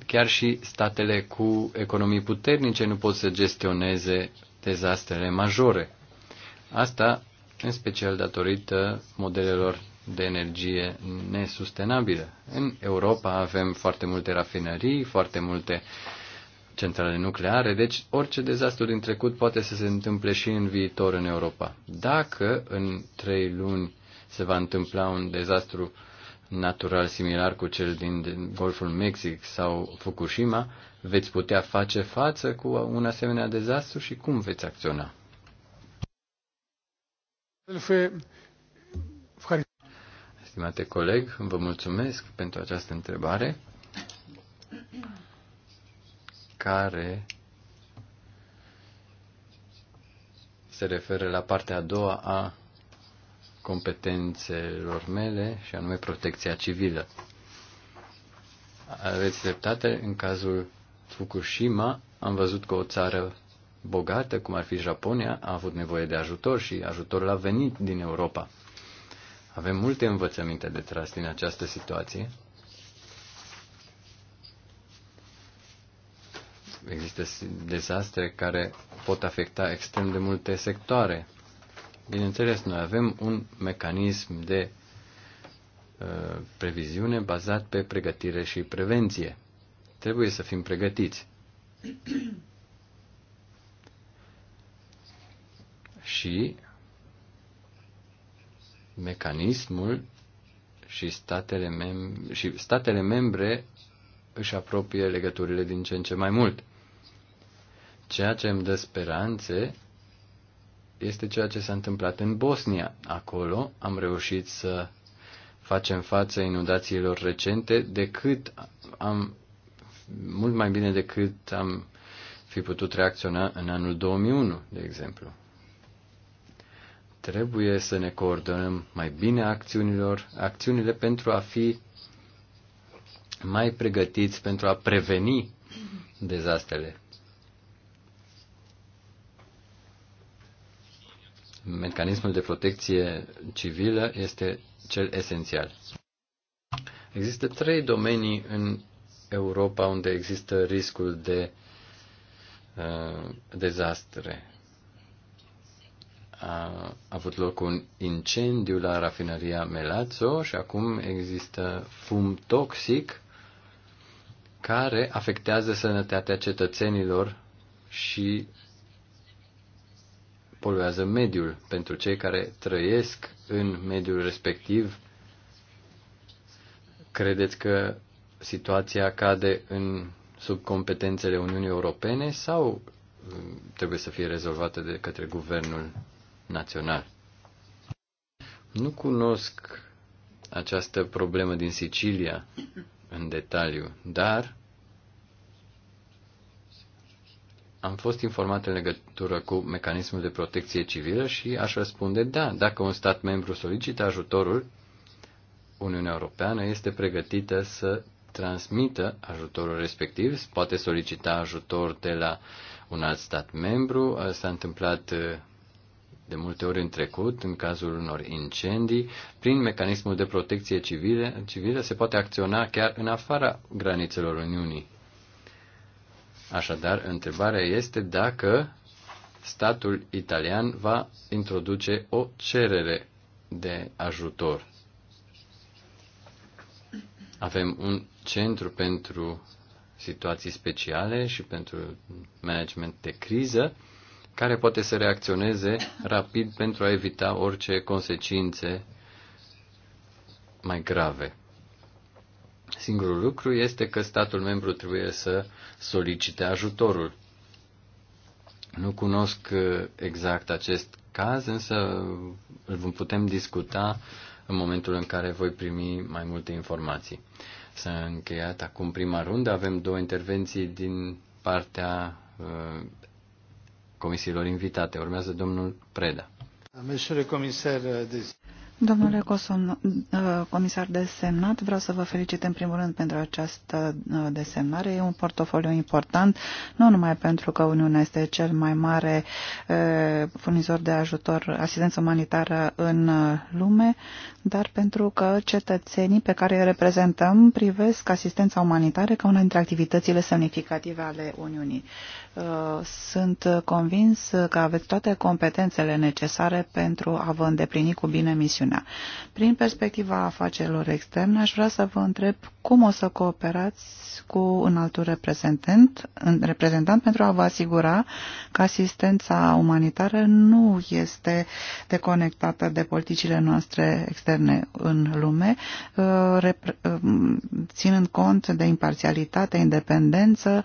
chiar și statele cu economii puternice nu pot să gestioneze dezastrele majore. Asta în special datorită modelelor de energie nesustenabilă. În Europa avem foarte multe rafinării, foarte multe uh, centrale nucleare, deci orice dezastru din trecut poate să se întâmple și în viitor în Europa. Dacă în trei luni se va întâmpla un dezastru natural similar cu cel din Golful Mexic sau Fukushima, veți putea face față cu un asemenea dezastru și cum veți acționa? Stimate coleg, vă mulțumesc pentru această întrebare care se referă la partea a doua a competențelor mele, și anume protecția civilă. Aveți dreptate, în cazul Fukushima am văzut că o țară bogată, cum ar fi Japonia, a avut nevoie de ajutor și ajutorul a venit din Europa. Avem multe învățăminte de tras din această situație există dezastre care pot afecta extrem de multe sectoare. Bineînțeles, noi avem un mecanism de uh, previziune bazat pe pregătire și prevenție. Trebuie să fim pregătiți. și mecanismul și statele, mem- și statele membre își apropie legăturile din ce în ce mai mult. Ceea ce îmi dă speranțe este ceea ce s-a întâmplat în Bosnia. Acolo am reușit să facem față inundațiilor recente decât am mult mai bine decât am fi putut reacționa în anul 2001, de exemplu. Trebuie să ne coordonăm mai bine acțiunilor, acțiunile pentru a fi mai pregătiți pentru a preveni dezastrele. mecanismul de protecție civilă este cel esențial. Există trei domenii în Europa unde există riscul de uh, dezastre. A avut loc un incendiu la rafinăria Melazzo și acum există fum toxic care afectează sănătatea cetățenilor și poluează mediul. Pentru cei care trăiesc în mediul respectiv, credeți că situația cade în sub competențele Uniunii Europene sau mm, trebuie să fie rezolvată de către guvernul național? Nu cunosc această problemă din Sicilia în detaliu, dar Am fost informat în legătură cu mecanismul de protecție civilă și aș răspunde da. Dacă un stat membru solicită ajutorul, Uniunea Europeană este pregătită să transmită ajutorul respectiv, poate solicita ajutor de la un alt stat membru. S-a întâmplat uh, de multe ori în trecut, în cazul unor incendii, prin mecanismul de protecție civilă, civilă se poate acționa chiar în afara granițelor Uniunii. Așadar, întrebarea este dacă statul italian va introduce o cerere de ajutor. Avem un centru pentru situații speciale și pentru management de criză care poate să reacționeze rapid pentru a evita orice consecințe mai grave. Singurul lucru este că statul membru trebuie să solicite ajutorul. Nu cunosc uh, exact acest caz, însă îl vom putem discuta în momentul în care voi primi mai multe informații. S-a încheiat acum prima rundă, avem două intervenții din partea uh, comisiilor invitate. Urmează domnul Preda. Domnule comisar, uh, Domnule Cosom, uh, comisar desemnat, vreau să vă felicit în primul rând pentru această uh, desemnare. E un portofoliu important, nu numai pentru că Uniunea este cel mai mare uh, furnizor de ajutor, asistență umanitară în lume, dar pentru că cetățenii pe care îi reprezentăm privesc asistența umanitară ca una dintre activitățile semnificative ale Uniunii. Uh, sunt convins că aveți toate competențele necesare pentru a vă îndeplini cu bine misiunea. Prin perspectiva afacerilor externe, aș vrea să vă întreb cum o să cooperați cu un alt reprezentant, reprezentant pentru a vă asigura că asistența umanitară nu este deconectată de politicile noastre externe în lume, uh, uh, ținând cont de imparțialitate, independență,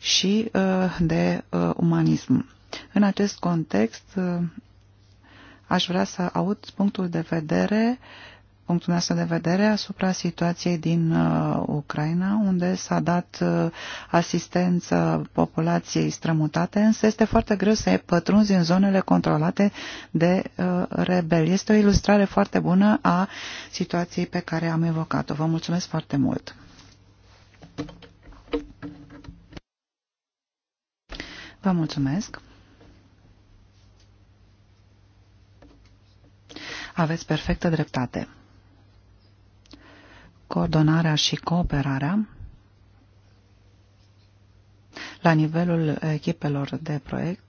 și uh, de uh, umanism. În acest context, uh, aș vrea să aud punctul de vedere punctul nostru de vedere asupra situației din uh, Ucraina, unde s-a dat uh, asistență populației strămutate, însă este foarte greu să pătrunzi în zonele controlate de uh, rebeli. Este o ilustrare foarte bună a situației pe care am evocat-o. Vă mulțumesc foarte mult! Vă mulțumesc. Aveți perfectă dreptate. Coordonarea și cooperarea la nivelul echipelor de proiect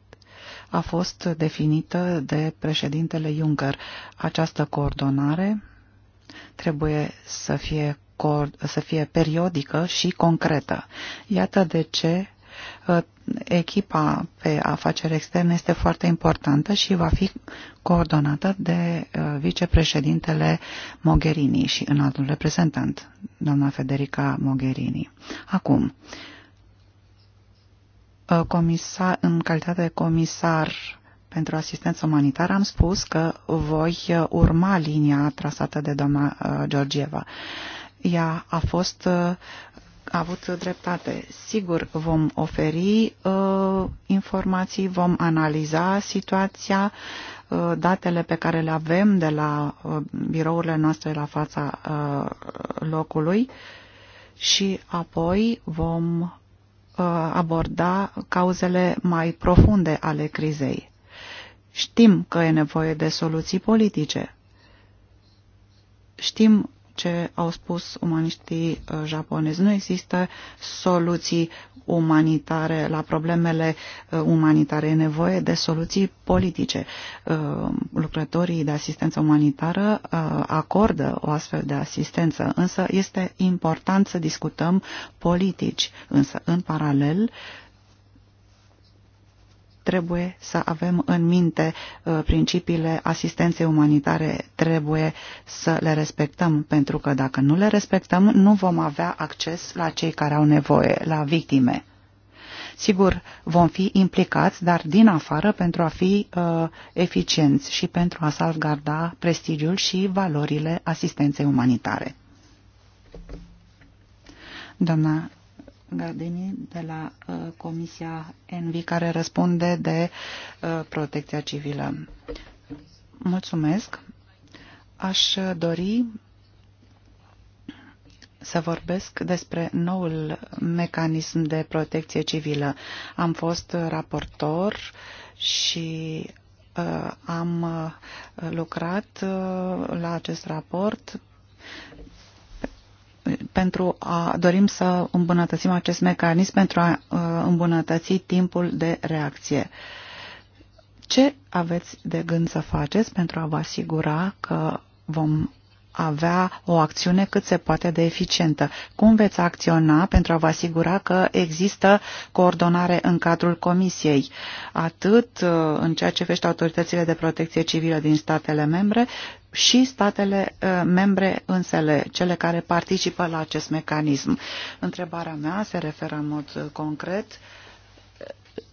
a fost definită de președintele Juncker. Această coordonare trebuie să fie, să fie periodică și concretă. Iată de ce Ă, echipa pe afaceri externe este foarte importantă și va fi coordonată de ă, vicepreședintele Mogherini și altul reprezentant, doamna Federica Mogherini. Acum, ă, comisar, în calitate de comisar pentru asistență umanitară am spus că voi urma linia trasată de doamna Georgieva ea a fost avut dreptate. Sigur, vom oferi uh, informații, vom analiza situația, uh, datele pe care le avem de la uh, birourile noastre la fața uh, locului și apoi vom uh, aborda cauzele mai profunde ale crizei. Știm că e nevoie de soluții politice. Știm ce au spus umaniștii uh, japonezi. Nu există soluții umanitare la problemele uh, umanitare. E nevoie de soluții politice. Uh, lucrătorii de asistență umanitară acordă o astfel de asistență, însă este important să discutăm politici. Însă, în paralel, trebuie să avem în minte uh, principiile asistenței umanitare, trebuie să le respectăm, pentru că dacă nu le respectăm, nu vom avea acces la cei care au nevoie, la victime. Sigur, vom fi implicați, dar din afară, pentru a fi uh, eficienți și pentru a salvgarda prestigiul și valorile asistenței umanitare. Doamna Gardini de la uh, Comisia ENVI care răspunde de uh, protecția civilă. Mulțumesc. Aș dori să vorbesc despre noul mecanism de protecție civilă. Am fost raportor și uh, am uh, lucrat uh, la acest raport pentru a dorim să îmbunătățim acest mecanism pentru a uh, îmbunătăți timpul de reacție. Ce aveți de gând să faceți pentru a vă asigura că vom avea o acțiune cât se poate de eficientă. Cum veți acționa pentru a vă asigura că există coordonare în cadrul Comisiei, atât uh, în ceea ce vește autoritățile de protecție civilă din statele membre, și statele uh, membre însele, cele care participă la acest mecanism. Întrebarea mea se referă în mod uh, concret uh,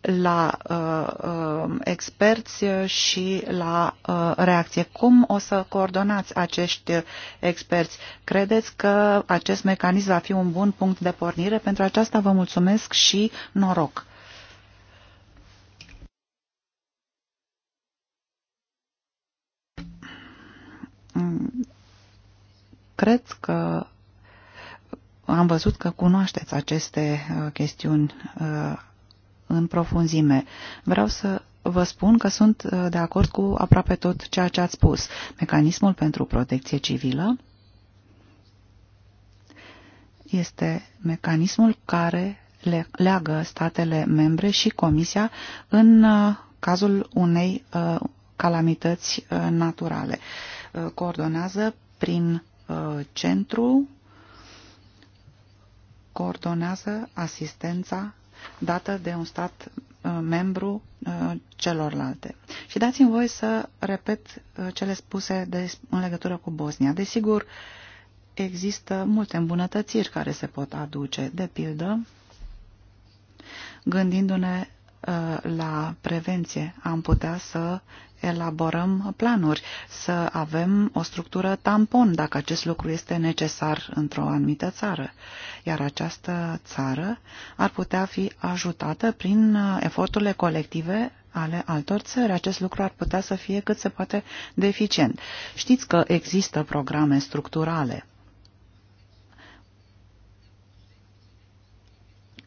la uh, uh, experți și la uh, reacție. Cum o să coordonați acești experți? Credeți că acest mecanism va fi un bun punct de pornire? Pentru aceasta vă mulțumesc și noroc! Mm. Cred că am văzut că cunoașteți aceste uh, chestiuni uh, în profunzime. Vreau să vă spun că sunt uh, de acord cu aproape tot ceea ce ați spus. Mecanismul pentru protecție civilă este mecanismul care leagă statele membre și Comisia în cazul unei calamități naturale. Uh, Uh, coordonează prin uh, centru, coordonează asistența dată de un stat uh, membru celorlalte. Și dați-mi voi să repet cele spuse de, în legătură cu Bosnia. Desigur, există multe îmbunătățiri care se pot aduce. De pildă, gândindu-ne Uh, la prevenție. Am putea să elaborăm planuri, să avem o structură tampon dacă acest lucru este necesar într-o anumită țară. Iar această țară ar putea fi ajutată prin uh, eforturile colective ale altor țări. Acest lucru ar putea să fie cât se poate de eficient. Știți că există programe structurale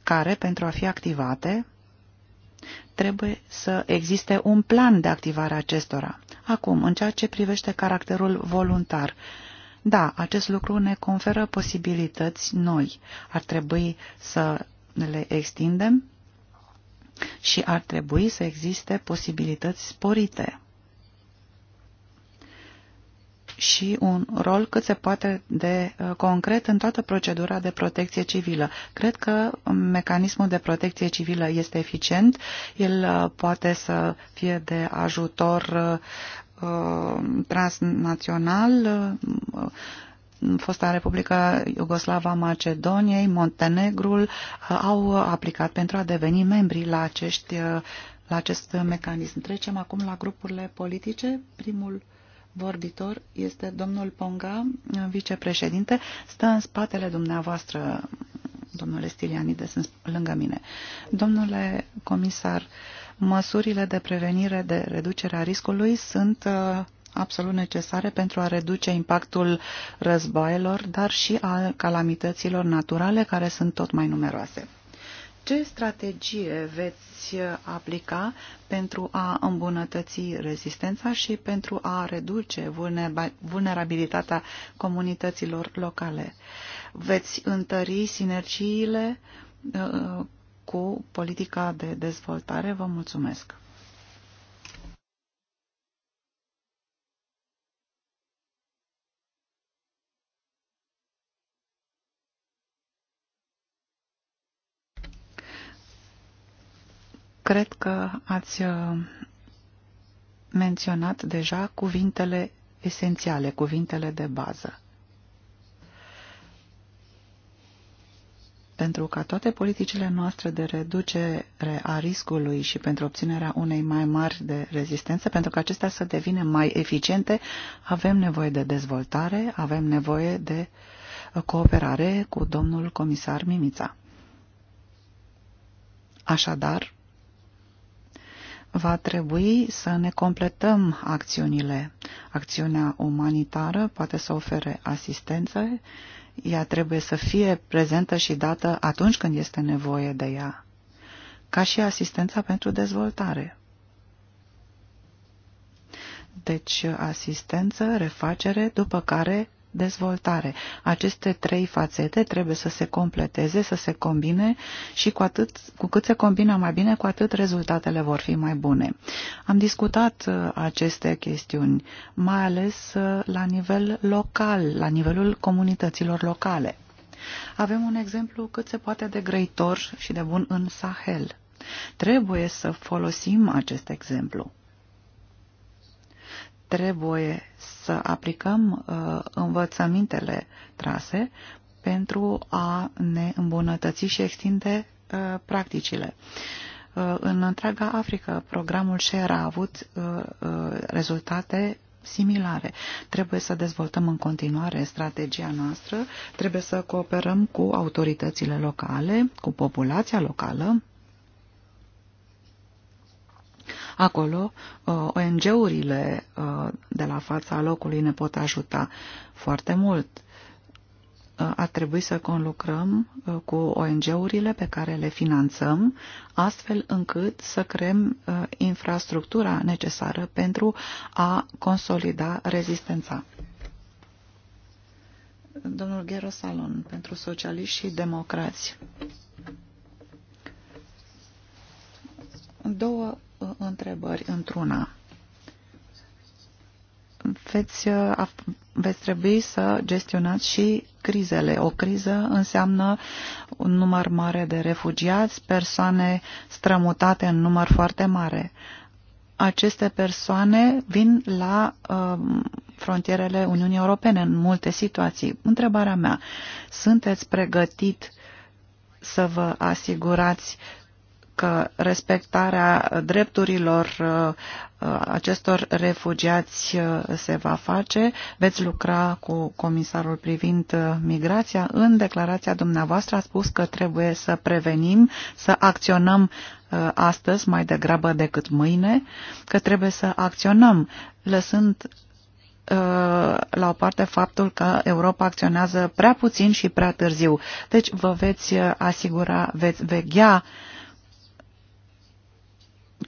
care, pentru a fi activate, Trebuie să existe un plan de activare acestora. Acum, în ceea ce privește caracterul voluntar, da, acest lucru ne conferă posibilități noi. Ar trebui să le extindem și ar trebui să existe posibilități sporite și un rol cât se poate de uh, concret în toată procedura de protecție civilă. Cred că mecanismul de protecție civilă este eficient, el uh, poate să fie de ajutor uh, transnațional, fosta Republica Iugoslava Macedoniei, Montenegrul au aplicat pentru a deveni membri la, acești, la acest mecanism. Trecem acum la grupurile politice. Primul vorbitor este domnul Ponga, vicepreședinte. Stă în spatele dumneavoastră, domnule Stilianide, sunt lângă mine. Domnule comisar, măsurile de prevenire de reducere a riscului sunt uh, absolut necesare pentru a reduce impactul războaielor, dar și al calamităților naturale care sunt tot mai numeroase. Ce strategie veți aplica pentru a îmbunătăți rezistența și pentru a reduce vulnerabilitatea comunităților locale? Veți întări sinergiile uh, cu politica de dezvoltare? Vă mulțumesc! Cred că ați uh, menționat deja cuvintele esențiale, cuvintele de bază. Pentru ca toate politicile noastre de reducere a riscului și pentru obținerea unei mai mari de rezistență, pentru ca acestea să devină mai eficiente, avem nevoie de dezvoltare, avem nevoie de uh, cooperare cu domnul comisar Mimița. Așadar, va trebui să ne completăm acțiunile. Acțiunea umanitară poate să ofere asistență, ea trebuie să fie prezentă și dată atunci când este nevoie de ea, ca și asistența pentru dezvoltare. Deci asistență, refacere, după care dezvoltare. Aceste trei fațete trebuie să se completeze, să se combine și cu, atât, cu cât se combină mai bine, cu atât rezultatele vor fi mai bune. Am discutat uh, aceste chestiuni, mai ales uh, la nivel local, la nivelul comunităților locale. Avem un exemplu cât se poate de greitor și de bun în Sahel. Trebuie să folosim acest exemplu trebuie să aplicăm uh, învățămintele trase pentru a ne îmbunătăți și extinde uh, practicile. Uh, în întreaga Africă, programul SHARE a avut uh, uh, rezultate similare. Trebuie să dezvoltăm în continuare strategia noastră, trebuie să cooperăm cu autoritățile locale, cu populația locală, Acolo uh, ONG-urile uh, de la fața locului ne pot ajuta foarte mult. Uh, ar trebui să conlucrăm cu ONG-urile pe care le finanțăm, astfel încât să creăm infrastructura necesară pentru a consolida rezistența. Domnul Ghero Salon, pentru socialiști și democrați. Două întrebări într-una. Veți, uh, veți trebui să gestionați și crizele. O criză înseamnă un număr mare de refugiați, persoane strămutate în număr foarte mare. Aceste persoane vin la uh, frontierele Uniunii Europene în multe situații. Întrebarea mea, sunteți pregătit să vă asigurați că respectarea drepturilor uh, acestor refugiați uh, se va face. Veți lucra cu comisarul privind uh, migrația. În declarația dumneavoastră a spus că trebuie să prevenim, să acționăm astăzi mai degrabă decât mâine, că trebuie să acționăm, lăsând la o parte faptul că Europa acționează prea puțin și prea târziu. Deci vă veți asigura, veți veghea uh,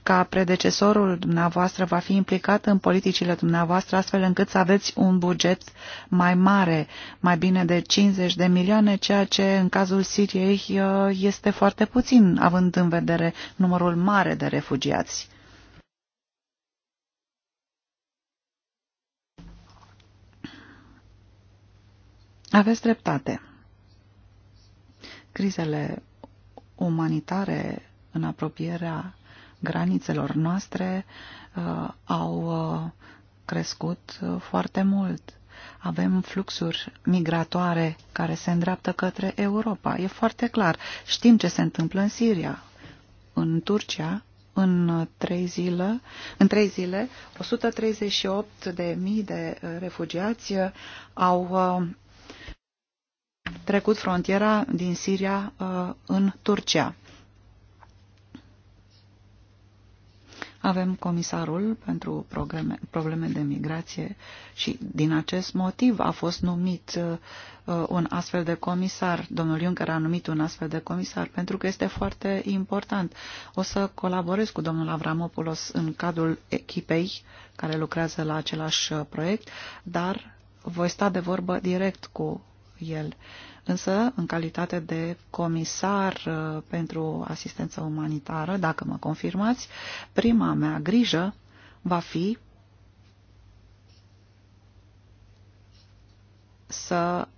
ca predecesorul dumneavoastră va fi implicat în politicile dumneavoastră astfel încât să aveți un buget mai mare, mai bine de 50 de milioane, ceea ce în cazul Siriei uh, este foarte puțin, având în vedere numărul mare de refugiați. Aveți dreptate. Crizele umanitare în apropierea granițelor noastre uh, au uh, crescut uh, foarte mult. Avem fluxuri migratoare care se îndreaptă către Europa. E foarte clar. Știm ce se întâmplă în Siria, în Turcia, în trei zile, în trei zile 138 de mii de refugiați au trecut frontiera din Siria în Turcia. Avem comisarul pentru probleme, probleme de migrație și din acest motiv a fost numit uh, uh, un astfel de comisar. Domnul Juncker a numit un astfel de comisar pentru că este foarte important. O să colaborez cu domnul Avramopoulos în cadrul echipei care lucrează la același uh, proiect, dar voi sta de vorbă direct cu el. Uh, însă în calitate de comisar uh, pentru asistență umanitară, dacă mă confirmați, prima mea grijă va fi să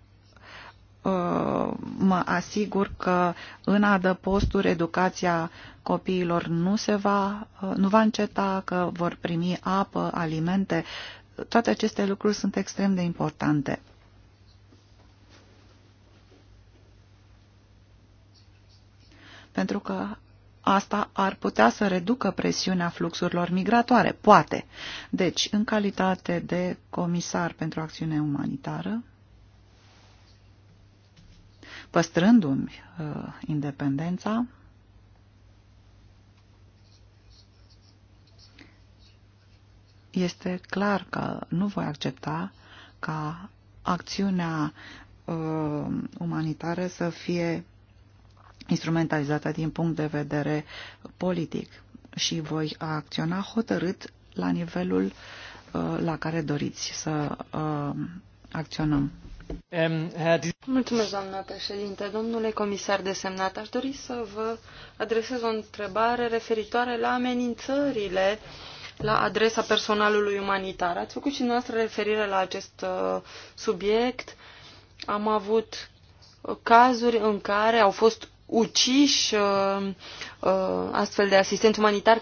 uh, mă asigur că în adăposturi educația copiilor nu, se va, uh, nu va înceta, că vor primi apă, alimente. Toate aceste lucruri sunt extrem de importante. pentru că asta ar putea să reducă presiunea fluxurilor migratoare. Poate. Deci, în calitate de comisar pentru acțiune umanitară, păstrându-mi uh, independența, este clar că nu voi accepta ca acțiunea uh, umanitară să fie instrumentalizată din punct de vedere politic și voi acționa hotărât la nivelul uh, la care doriți să uh, acționăm. Mulțumesc, doamna președinte. Domnule comisar desemnat, aș dori să vă adresez o întrebare referitoare la amenințările la adresa personalului umanitar. Ați făcut și noastră referire la acest uh, subiect. Am avut cazuri în care au fost uciși uh, uh, astfel de asistenți umanitari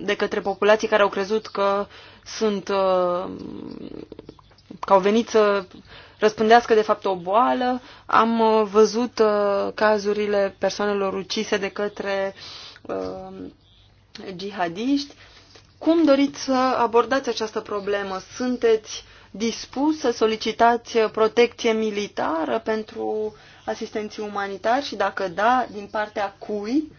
de către populații care au crezut că sunt uh, că au venit să răspândească de fapt o boală. Am văzut cazurile persoanelor ucise de către jihadiști. Cum doriți să abordați această problemă? Sunteți dispus să solicitați protecție militară pentru uh, asistenții umanitari și dacă da, din partea cui?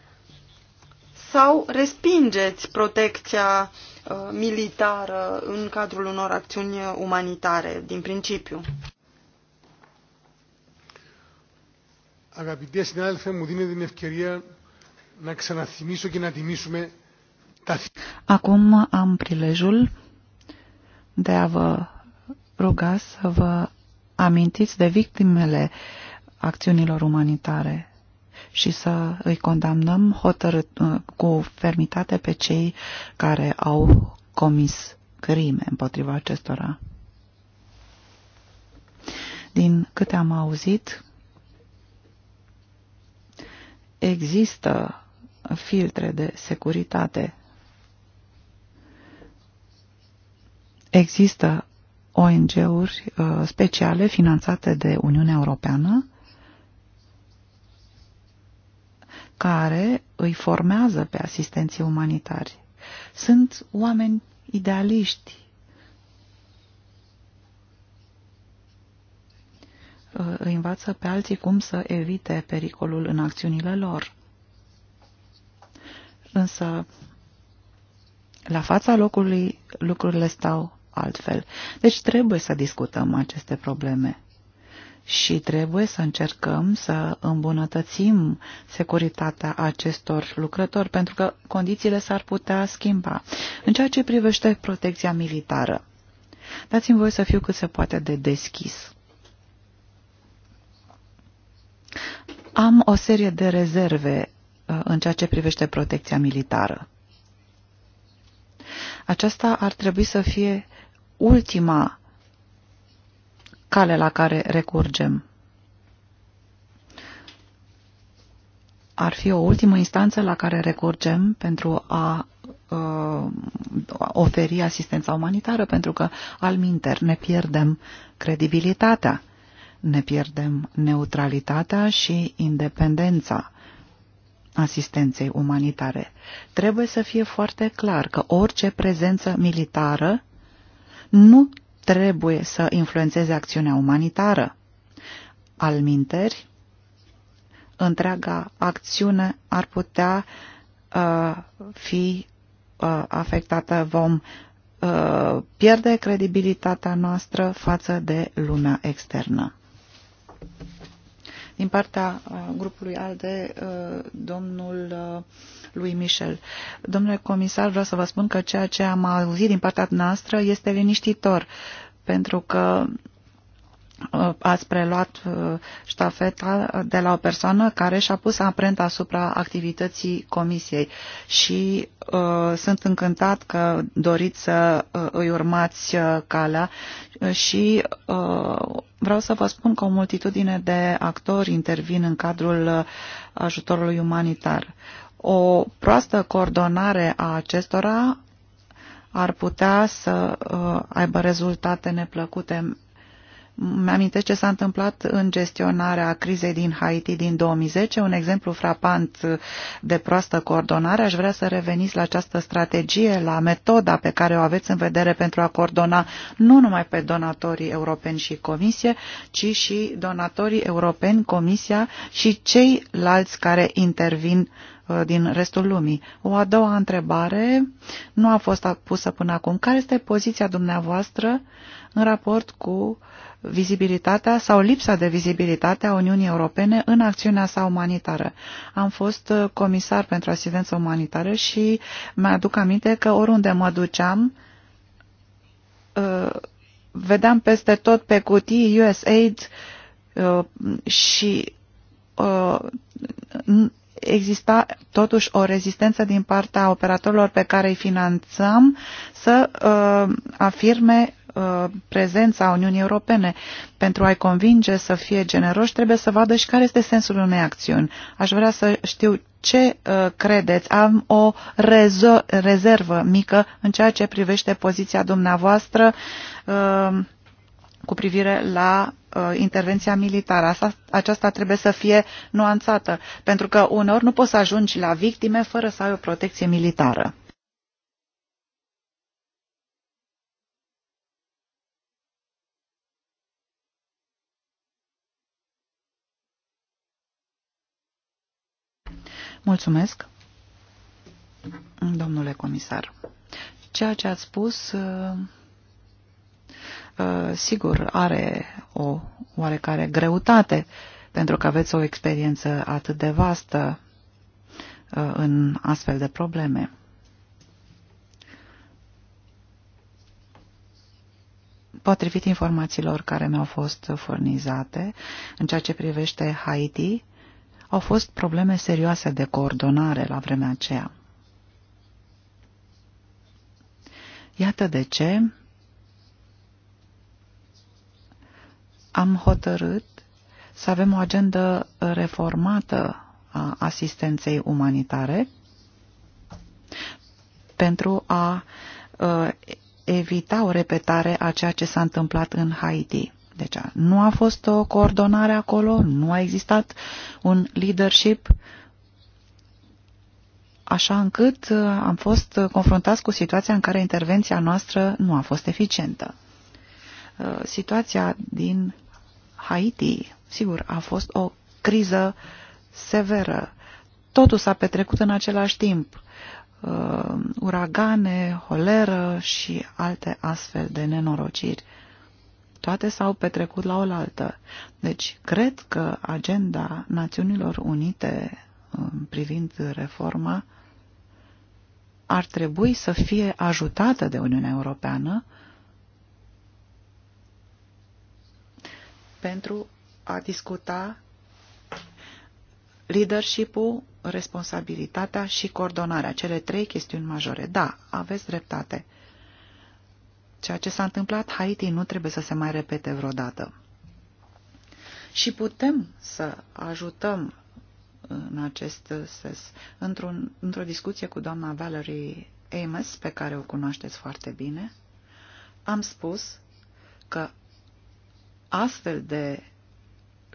Sau respingeți protecția uh, militară în cadrul unor acțiuni umanitare, din principiu? Αγαπητέ συνάδελφε, μου δίνετε την ευκαιρία να ξαναθυμίσω και να τιμήσουμε τα... Acum am prilejul de a vă ruga să vă amintiți de victimele uh, acțiunilor umanitare și să îi condamnăm hotărât, uh, cu fermitate pe cei care au comis crime împotriva acestora. Din câte am auzit, există filtre de securitate. Există ONG-uri uh, speciale finanțate de Uniunea Europeană care îi formează pe asistenții umanitari. Sunt oameni idealiști. Ă, îi învață pe alții cum să evite pericolul în acțiunile lor. Însă, la fața locului, lucrurile stau altfel. Deci trebuie să discutăm aceste probleme și trebuie să încercăm să îmbunătățim securitatea acestor lucrători, pentru că condițiile s-ar putea schimba. În ceea ce privește protecția militară, dați-mi voi să fiu cât se poate de deschis. Am o serie de rezerve uh, în ceea ce privește protecția militară. Aceasta ar trebui să fie ultima cale la care recurgem. Ar fi o ultimă instanță la care recurgem pentru a uh, oferi asistența umanitară, pentru că al minter ne pierdem credibilitatea, ne pierdem neutralitatea și independența asistenței umanitare. Trebuie să fie foarte clar că orice prezență militară nu trebuie să influențeze acțiunea umanitară. Alminteri, întreaga acțiune ar putea uh, fi uh, afectată. Vom uh, pierde credibilitatea noastră față de lumea externă. Din partea uh, grupului ALDE, uh, domnul uh, lui Michel. Domnule comisar, vreau să vă spun că ceea ce am auzit din partea noastră este liniștitor, pentru că Uh, ați preluat uh, ștafeta de la o persoană care și-a pus amprenta asupra activității comisiei și uh, sunt încântat că doriți să uh, îi urmați calea și uh, vreau să vă spun că o multitudine de actori intervin în cadrul ajutorului umanitar. O proastă coordonare a acestora ar putea să uh, aibă rezultate neplăcute mi-amintesc ce s-a întâmplat în gestionarea crizei din Haiti din 2010, un exemplu frapant de proastă coordonare. Aș vrea să reveniți la această strategie, la metoda pe care o aveți în vedere pentru a coordona nu numai pe donatorii europeni și comisie, ci și donatorii europeni, comisia și ceilalți care intervin uh, din restul lumii. O a doua întrebare nu a fost pusă până acum. Care este poziția dumneavoastră în raport cu uh, vizibilitatea sau lipsa de vizibilitate a Uniunii Europene în acțiunea sa umanitară. Am fost uh, comisar pentru asistență umanitară și mi-aduc aminte că oriunde mă duceam, uh, vedeam peste tot pe cutii USAID uh, și exista totuși o rezistență din partea operatorilor pe care îi finanțăm să uh, afirme Uh, prezența Uniunii Europene. Pentru a-i convinge să fie generoși, trebuie să vadă și care este sensul unei acțiuni. Aș vrea să știu ce uh, credeți. Am o rezervă mică în ceea ce privește poziția dumneavoastră uh, cu privire la uh, intervenția militară. Asta, aceasta trebuie să fie nuanțată, pentru că uneori nu poți să ajungi la victime fără să ai o protecție militară. Mulțumesc, domnule comisar. Ceea ce ați spus, uh, uh, sigur, are o oarecare greutate, pentru că aveți o experiență atât de vastă uh, în astfel de probleme. Potrivit informațiilor care mi-au fost furnizate în ceea ce privește Haiti, au fost probleme serioase de coordonare la vremea aceea. Iată de ce am hotărât să avem o agendă reformată a asistenței umanitare pentru a uh, evita o repetare a ceea ce s-a întâmplat în Haiti. Deci nu a fost o coordonare acolo, nu a existat un leadership așa încât uh, am fost confruntați cu situația în care intervenția noastră nu a fost eficientă. Uh, situația din Haiti, sigur, a fost o criză severă. Totul s-a petrecut în același timp. Uh, uragane, holeră și alte astfel de nenorociri toate s-au petrecut la oaltă. Deci, cred că agenda Națiunilor Unite um, privind reforma ar trebui să fie ajutată de Uniunea Europeană pentru a discuta leadership-ul, responsabilitatea și coordonarea, cele trei chestiuni majore. Da, aveți dreptate. Ceea ce s-a întâmplat Haiti nu trebuie să se mai repete vreodată. Și putem să ajutăm în acest sens. Într-o, într discuție cu doamna Valerie Ames, pe care o cunoașteți foarte bine, am spus că astfel de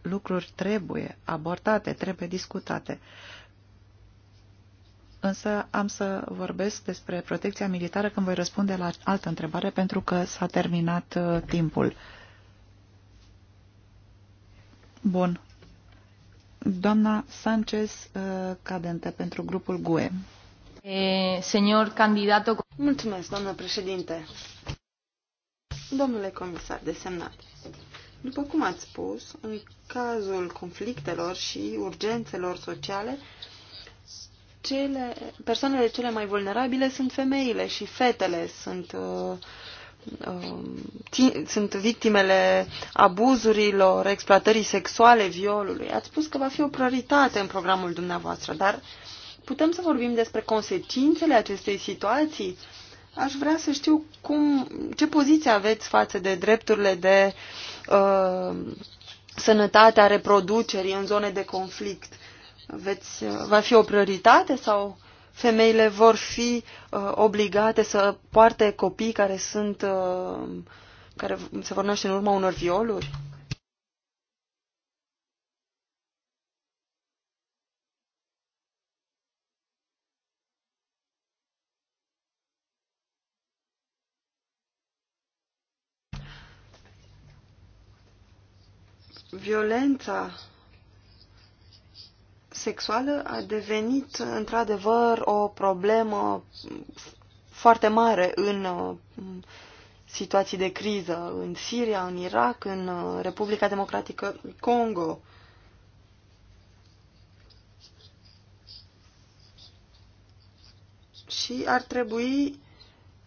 lucruri trebuie abordate, trebuie discutate însă am să vorbesc despre protecția militară când voi răspunde la altă întrebare, pentru că s-a terminat uh, timpul. Bun. Doamna Sanchez uh, Cadente pentru grupul GUE. E, eh, senior candidato... Mulțumesc, doamnă președinte. Domnule comisar desemnat, după cum ați spus, în cazul conflictelor și urgențelor sociale, cele, persoanele cele mai vulnerabile sunt femeile și fetele sunt, uh, uh, sunt victimele abuzurilor, exploatării sexuale, violului. Ați spus că va fi o prioritate în programul dumneavoastră, dar putem să vorbim despre consecințele acestei situații? Aș vrea să știu cum, ce poziție aveți față de drepturile de uh, sănătate a reproducerii în zone de conflict veți, va fi o prioritate sau femeile vor fi uh, obligate să poarte copii care sunt uh, care se vor naște în urma unor violuri? Violența sexuală a devenit într-adevăr o problemă foarte mare în uh, situații de criză în Siria, în Irak, în uh, Republica Democratică Congo. Și ar trebui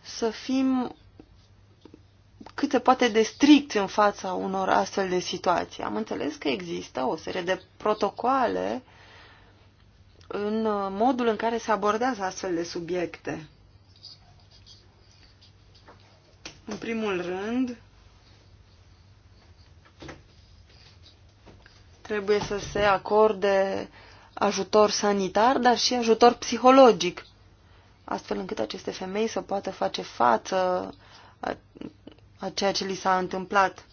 să fim cât se poate de strict în fața unor astfel de situații. Am înțeles că există o serie de protocoale în modul în care se abordează astfel de subiecte. În primul rând, trebuie să se acorde ajutor sanitar, dar și ajutor psihologic, astfel încât aceste femei să poată face față a, ceea ce li s-a întâmplat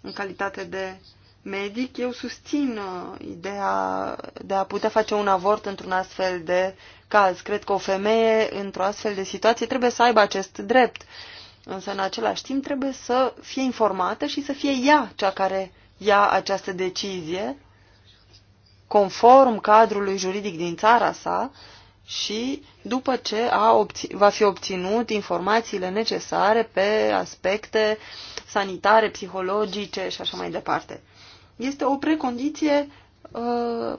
în calitate de medic, eu susțin uh, ideea de a putea face un avort într-un astfel de caz. Cred că o femeie într-o astfel de situație trebuie să aibă acest drept, însă în același timp trebuie să fie informată și să fie ea cea care ia această decizie conform cadrului juridic din țara sa și după ce a va fi obținut informațiile necesare pe aspecte sanitare, psihologice și așa mai departe. Este o precondiție uh,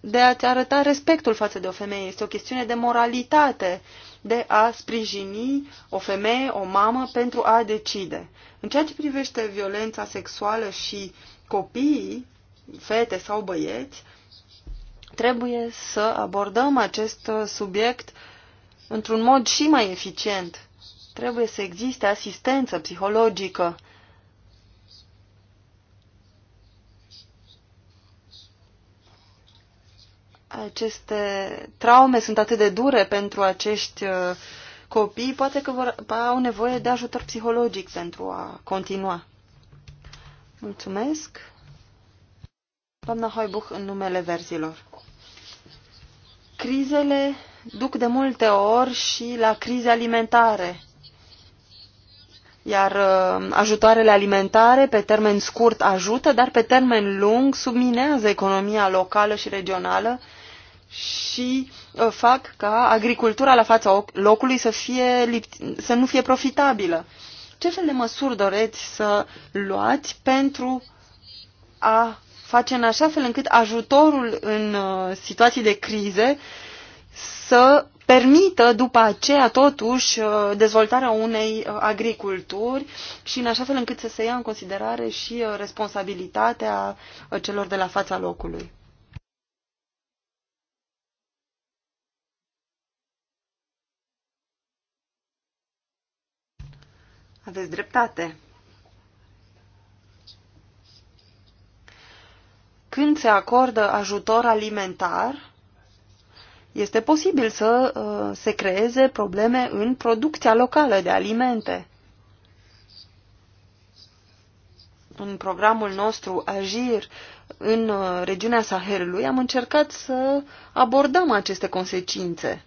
de a-ți arăta respectul față de o femeie. Este o chestiune de moralitate, de a sprijini o femeie, o mamă, pentru a decide. În ceea ce privește violența sexuală și copiii, fete sau băieți, trebuie să abordăm acest uh, subiect într-un mod și mai eficient. Trebuie să existe asistență psihologică aceste traume sunt atât de dure pentru acești uh, copii, poate că vor, au nevoie de ajutor psihologic pentru a continua. Mulțumesc. Doamna Hoibuch, în numele verzilor. Crizele duc de multe ori și la crize alimentare. Iar uh, ajutoarele alimentare pe termen scurt ajută, dar pe termen lung subminează economia locală și regională și uh, fac ca agricultura la fața locului să, fie, să nu fie profitabilă. Ce fel de măsuri doreți să luați pentru a face în așa fel încât ajutorul în uh, situații de crize să permită după aceea totuși uh, dezvoltarea unei agriculturi și în așa fel încât să se ia în considerare și responsabilitatea celor de la fața locului. Aveți dreptate. Când se acordă ajutor alimentar, este posibil să uh, se creeze probleme în producția locală de alimente. În programul nostru AGIR, în uh, regiunea Sahelului, am încercat să abordăm aceste consecințe.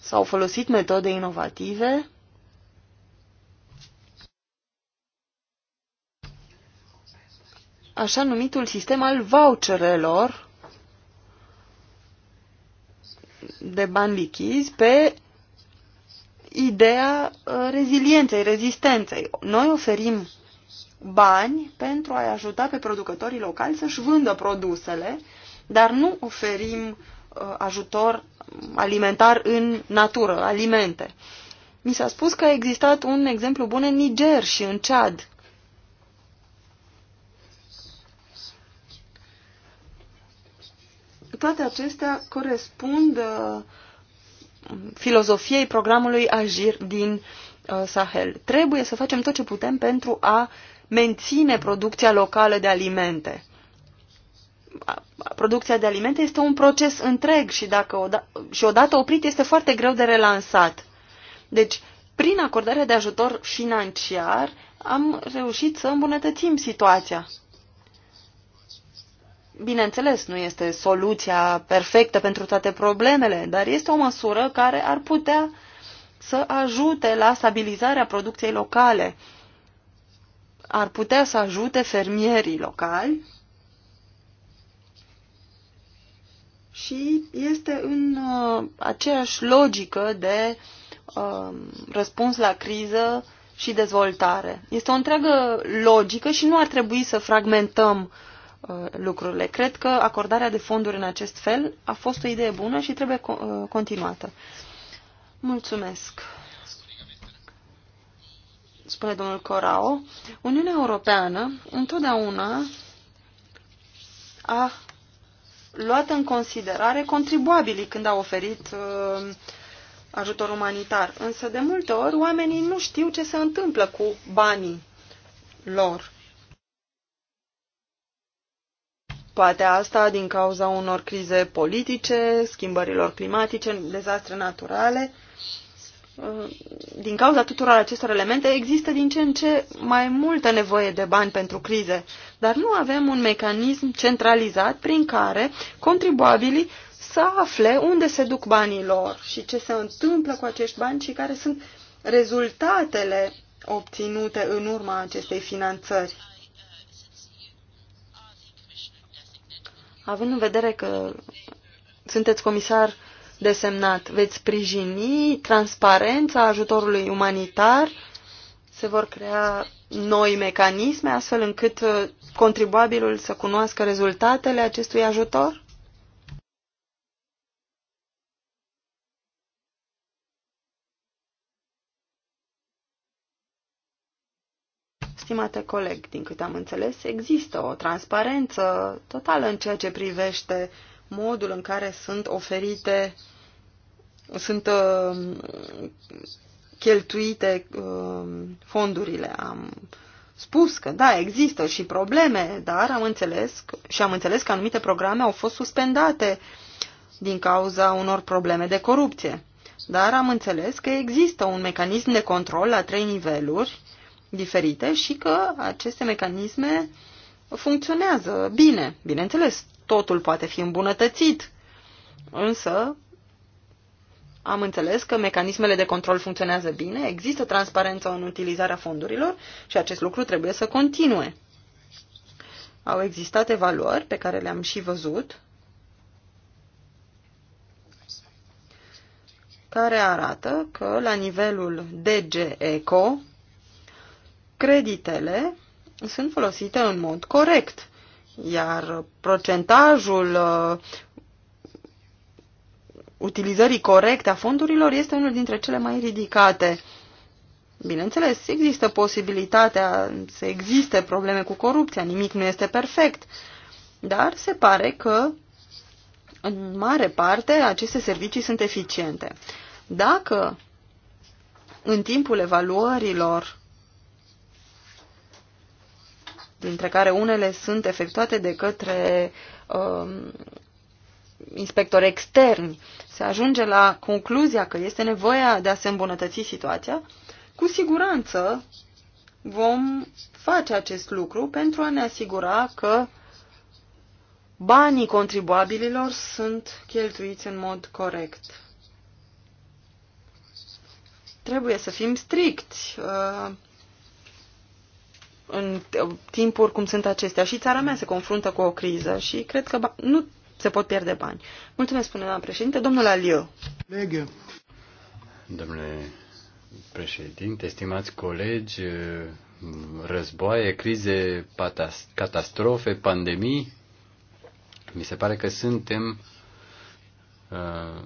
S-au folosit metode inovative așa numitul sistem al voucherelor de bani lichizi pe ideea uh, rezilienței, rezistenței. Noi oferim bani pentru a-i ajuta pe producătorii locali să-și vândă produsele, dar nu oferim Uh, ajutor alimentar în natură, alimente. Mi s-a spus că a existat un exemplu bun în Niger și în Chad. Toate acestea corespund uh, filozofiei programului Agir din uh, Sahel. Trebuie să facem tot ce putem pentru a menține producția locală de alimente producția de alimente este un proces întreg și, dacă da, și odată oprit este foarte greu de relansat. Deci, prin acordarea de ajutor financiar, am reușit să îmbunătățim situația. Bineînțeles, nu este soluția perfectă pentru toate problemele, dar este o măsură care ar putea să ajute la stabilizarea producției locale. Ar putea să ajute fermierii locali și este în uh, aceeași logică de uh, răspuns la criză și dezvoltare. Este o întreagă logică și nu ar trebui să fragmentăm uh, lucrurile. Cred că acordarea de fonduri în acest fel a fost o idee bună și trebuie co uh, continuată. Mulțumesc. Spune domnul Corao, Uniunea Europeană întotdeauna a luat în considerare contribuabilii când au oferit uh, ajutor umanitar. Însă, de multe ori, oamenii nu știu ce se întâmplă cu banii lor. Poate asta din cauza unor crize politice, schimbărilor climatice, dezastre naturale. Uh, din cauza tuturor acestor elemente, există din ce în ce mai multă nevoie de bani pentru crize, dar nu avem un mecanism centralizat prin care contribuabilii să afle unde se duc banii lor și ce se întâmplă cu acești bani și care sunt rezultatele obținute în urma acestei finanțări. Având în vedere că sunteți comisar desemnat. Veți sprijini transparența ajutorului umanitar? Se vor crea noi mecanisme astfel încât uh, contribuabilul să cunoască rezultatele acestui ajutor? stimate coleg, din câte am înțeles, există o transparență totală în ceea ce privește modul în care sunt oferite sunt uh, cheltuite uh, fondurile. Am spus că da, există și probleme, dar am înțeles și am înțeles că anumite programe au fost suspendate din cauza unor probleme de corupție. Dar am înțeles că există un mecanism de control la trei niveluri diferite și că aceste mecanisme funcționează bine. Bineînțeles, totul poate fi îmbunătățit, însă am înțeles că mecanismele de control funcționează bine, există transparență în utilizarea fondurilor și acest lucru trebuie să continue. Au existat evaluări pe care le-am și văzut, care arată că la nivelul DGECO creditele sunt folosite în mod corect, iar procentajul uh, utilizării corecte a fondurilor este unul dintre cele mai ridicate. Bineînțeles, există posibilitatea să existe probleme cu corupția, nimic nu este perfect, dar se pare că, în mare parte, aceste servicii sunt eficiente. Dacă în timpul evaluărilor, dintre care unele sunt efectuate de către um, inspectori externi, se ajunge la concluzia că este nevoia de a se îmbunătăți situația, cu siguranță vom face acest lucru pentru a ne asigura că banii contribuabililor sunt cheltuiți în mod corect. Trebuie să fim stricți uh, în timpuri cum sunt acestea. Și țara mea se confruntă cu o criză și cred că nu se pot pierde bani. Mulțumesc, spune doamna președinte. Domnul Aliu. Legă. Domnule președinte, stimați colegi, războaie, crize, catastrofe, pandemii, mi se pare că suntem uh,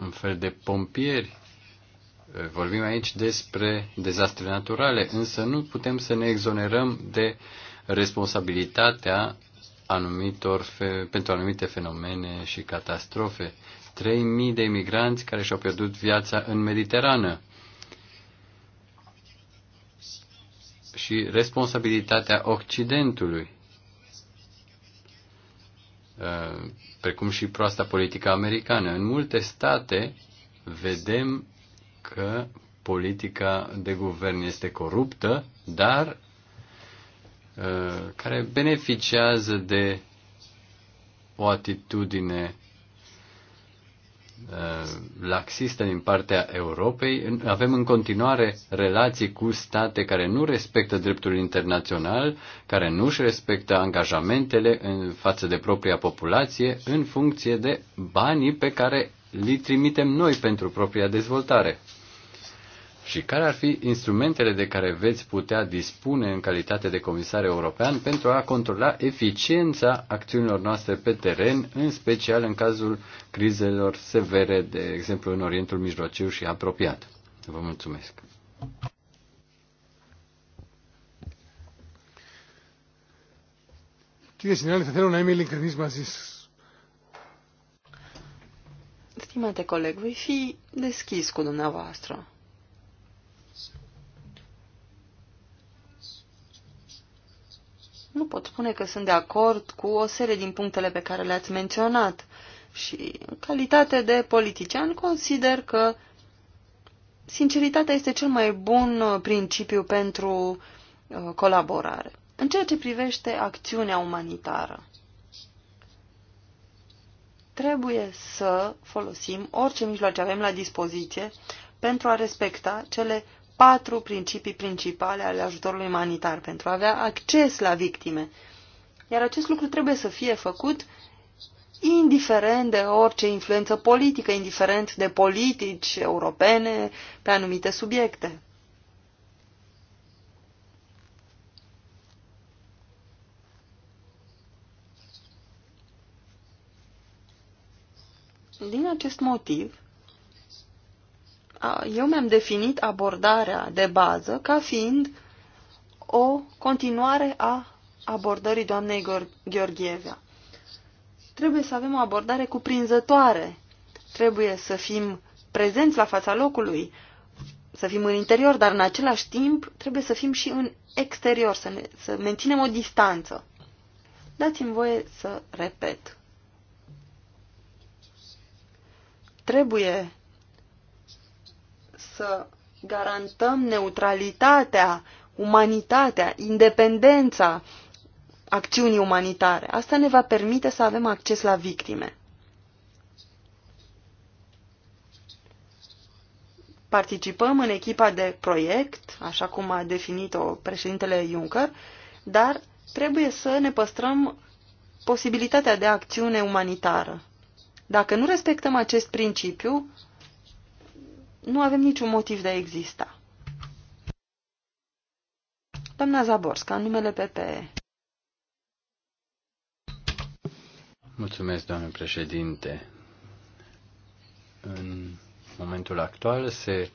un fel de pompieri. Vorbim aici despre dezastre naturale, însă nu putem să ne exonerăm de responsabilitatea anumitor fe, pentru anumite fenomene și catastrofe. 3.000 de imigranți care și-au pierdut viața în Mediterană. Și responsabilitatea Occidentului, uh, precum și proasta politică americană. În multe state vedem că politica de guvern este coruptă, dar Uh, care beneficiază de o atitudine uh, laxistă din partea Europei. Avem în continuare relații cu state care nu respectă dreptul internațional, care nu își respectă angajamentele în față de propria populație în funcție de banii pe care li trimitem noi pentru propria dezvoltare și care ar fi instrumentele de care veți putea dispune în calitate de comisar european pentru a controla eficiența acțiunilor noastre pe teren, în special în cazul crizelor severe, de exemplu în Orientul Mijlociu și apropiat. Vă mulțumesc. Κύριε συνάδελφε, θέλω να είμαι ειλικρινής μαζί σας. Stimate coleg, voi fi deschis cu dumneavoastră. Nu pot spune că sunt de acord cu o serie din punctele pe care le-ați menționat și, în calitate de politician, consider că sinceritatea este cel mai bun uh, principiu pentru uh, colaborare. În ceea ce privește acțiunea umanitară, trebuie să folosim orice mijloace avem la dispoziție pentru a respecta cele patru principii principale ale ajutorului umanitar pentru a avea acces la victime. Iar acest lucru trebuie să fie făcut indiferent de orice influență politică, indiferent de politici europene pe anumite subiecte. Din acest motiv, eu mi-am definit abordarea de bază ca fiind o continuare a abordării doamnei Gheorgheva. Trebuie să avem o abordare cuprinzătoare. Trebuie să fim prezenți la fața locului, să fim în interior, dar în același timp trebuie să fim și în exterior, să, ne, să menținem o distanță. Dați-mi voie să repet. Trebuie să garantăm neutralitatea, umanitatea, independența acțiunii umanitare. Asta ne va permite să avem acces la victime. Participăm în echipa de proiect, așa cum a definit-o președintele Juncker, dar trebuie să ne păstrăm posibilitatea de acțiune umanitară. Dacă nu respectăm acest principiu, nu avem niciun motiv de a exista. Doamna Zaborska, în numele PPE. Mulțumesc, doamne președinte. În momentul actual se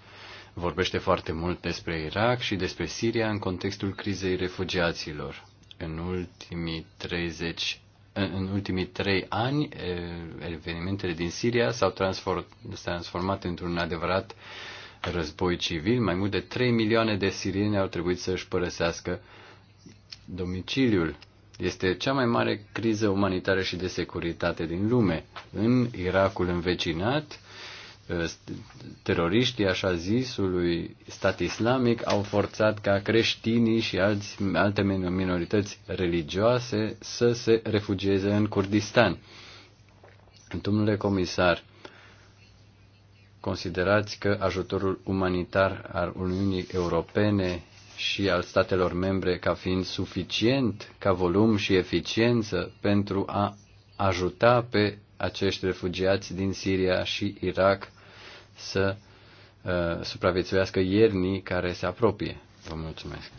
vorbește foarte mult despre Irak și despre Siria în contextul crizei refugiaților. În ultimii 30 în ultimii trei ani, evenimentele din Siria s-au transformat într-un adevărat război civil. Mai mult de 3 milioane de sirieni au trebuit să își părăsească domiciliul. Este cea mai mare criză umanitară și de securitate din lume. În Irakul învecinat, Uh, teroriștii așa zisului stat islamic au forțat ca creștinii și alți, alte minorități religioase să se refugieze în Kurdistan. Domnule comisar, considerați că ajutorul umanitar al Uniunii Europene și al statelor membre ca fiind suficient ca volum și eficiență pentru a ajuta pe acești refugiați din Siria și Irak să uh, supraviețuiască iernii care se apropie. Vă mulțumesc!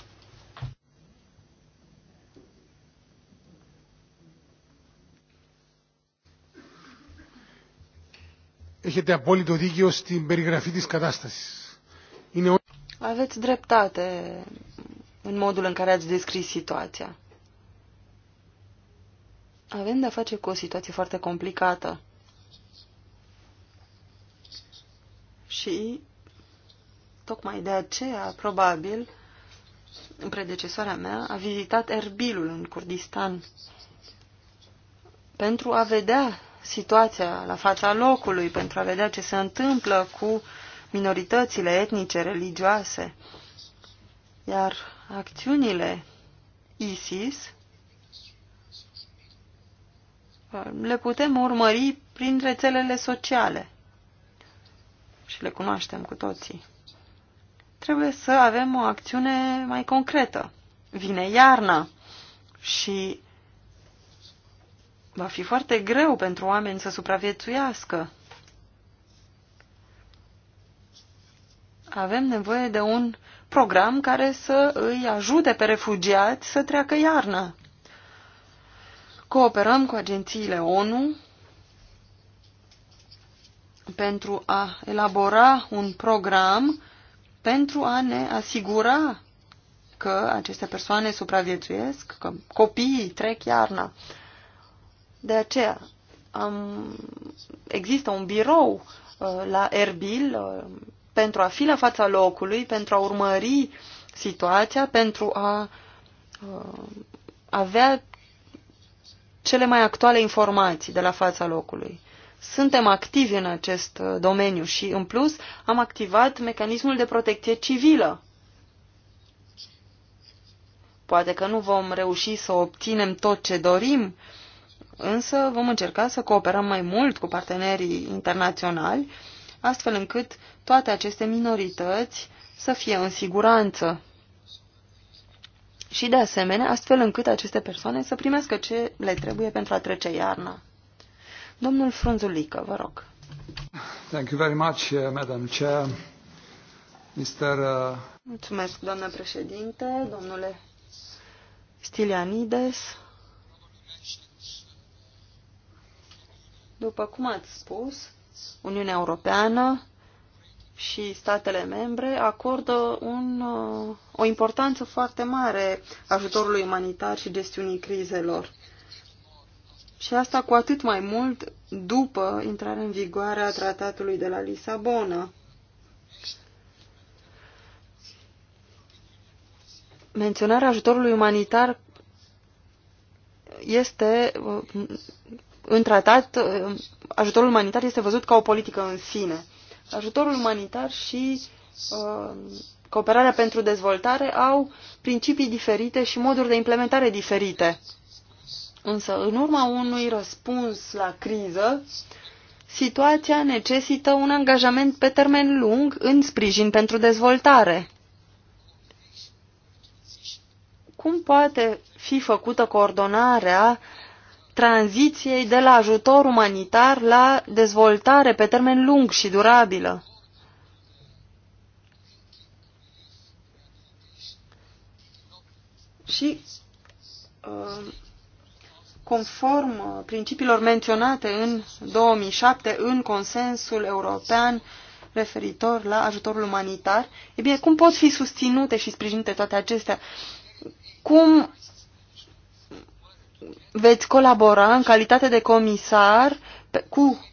Έχετε απόλυτο δίκιο στην περιγραφή της κατάστασης. Είναι... Aveți dreptate în modul în care ați descris situația. Avem de-a face cu o situație foarte complicată. și tocmai de aceea, probabil, predecesoarea mea a vizitat Erbilul în Kurdistan pentru a vedea situația la fața locului, pentru a vedea ce se întâmplă cu minoritățile etnice, religioase. Iar acțiunile ISIS le putem urmări prin rețelele sociale și le cunoaștem cu toții. Trebuie să avem o acțiune mai concretă. Vine iarna și va fi foarte greu pentru oameni să supraviețuiască. Avem nevoie de un program care să îi ajute pe refugiați să treacă iarna. Cooperăm cu agențiile ONU pentru a elabora un program pentru a ne asigura că aceste persoane supraviețuiesc, că copiii trec iarna. De aceea am, există un birou uh, la Erbil uh, pentru a fi la fața locului, pentru a urmări situația, pentru a uh, avea cele mai actuale informații de la fața locului suntem activi în acest uh, domeniu și, în plus, am activat mecanismul de protecție civilă. Poate că nu vom reuși să obținem tot ce dorim, însă vom încerca să cooperăm mai mult cu partenerii internaționali, astfel încât toate aceste minorități să fie în siguranță. Și, de asemenea, astfel încât aceste persoane să primească ce le trebuie pentru a trece iarna. Domnul Frunzulică, vă rog. Thank you very much, uh, Madam Chair. Mr. Uh, Mulțumesc, doamnă președinte, domnule Stilianides. După cum ați spus, Uniunea Europeană și statele membre acordă un, uh, o importanță foarte mare ajutorului umanitar și gestiunii crizelor. Și asta cu atât mai mult după intrarea în vigoare a tratatului de la Lisabona. Menționarea ajutorului umanitar este în tratat, ajutorul umanitar este văzut ca o politică în sine. Ajutorul umanitar și uh, cooperarea pentru dezvoltare au principii diferite și moduri de implementare diferite. Însă, în urma unui răspuns la criză, situația necesită un angajament pe termen lung în sprijin pentru dezvoltare. Cum poate fi făcută coordonarea tranziției de la ajutor umanitar la dezvoltare pe termen lung și durabilă? Și uh, conform uh, principiilor menționate în 2007 în consensul european referitor la ajutorul umanitar. E bine, cum pot fi susținute și sprijinite toate acestea? Cum veți colabora în calitate de comisar cu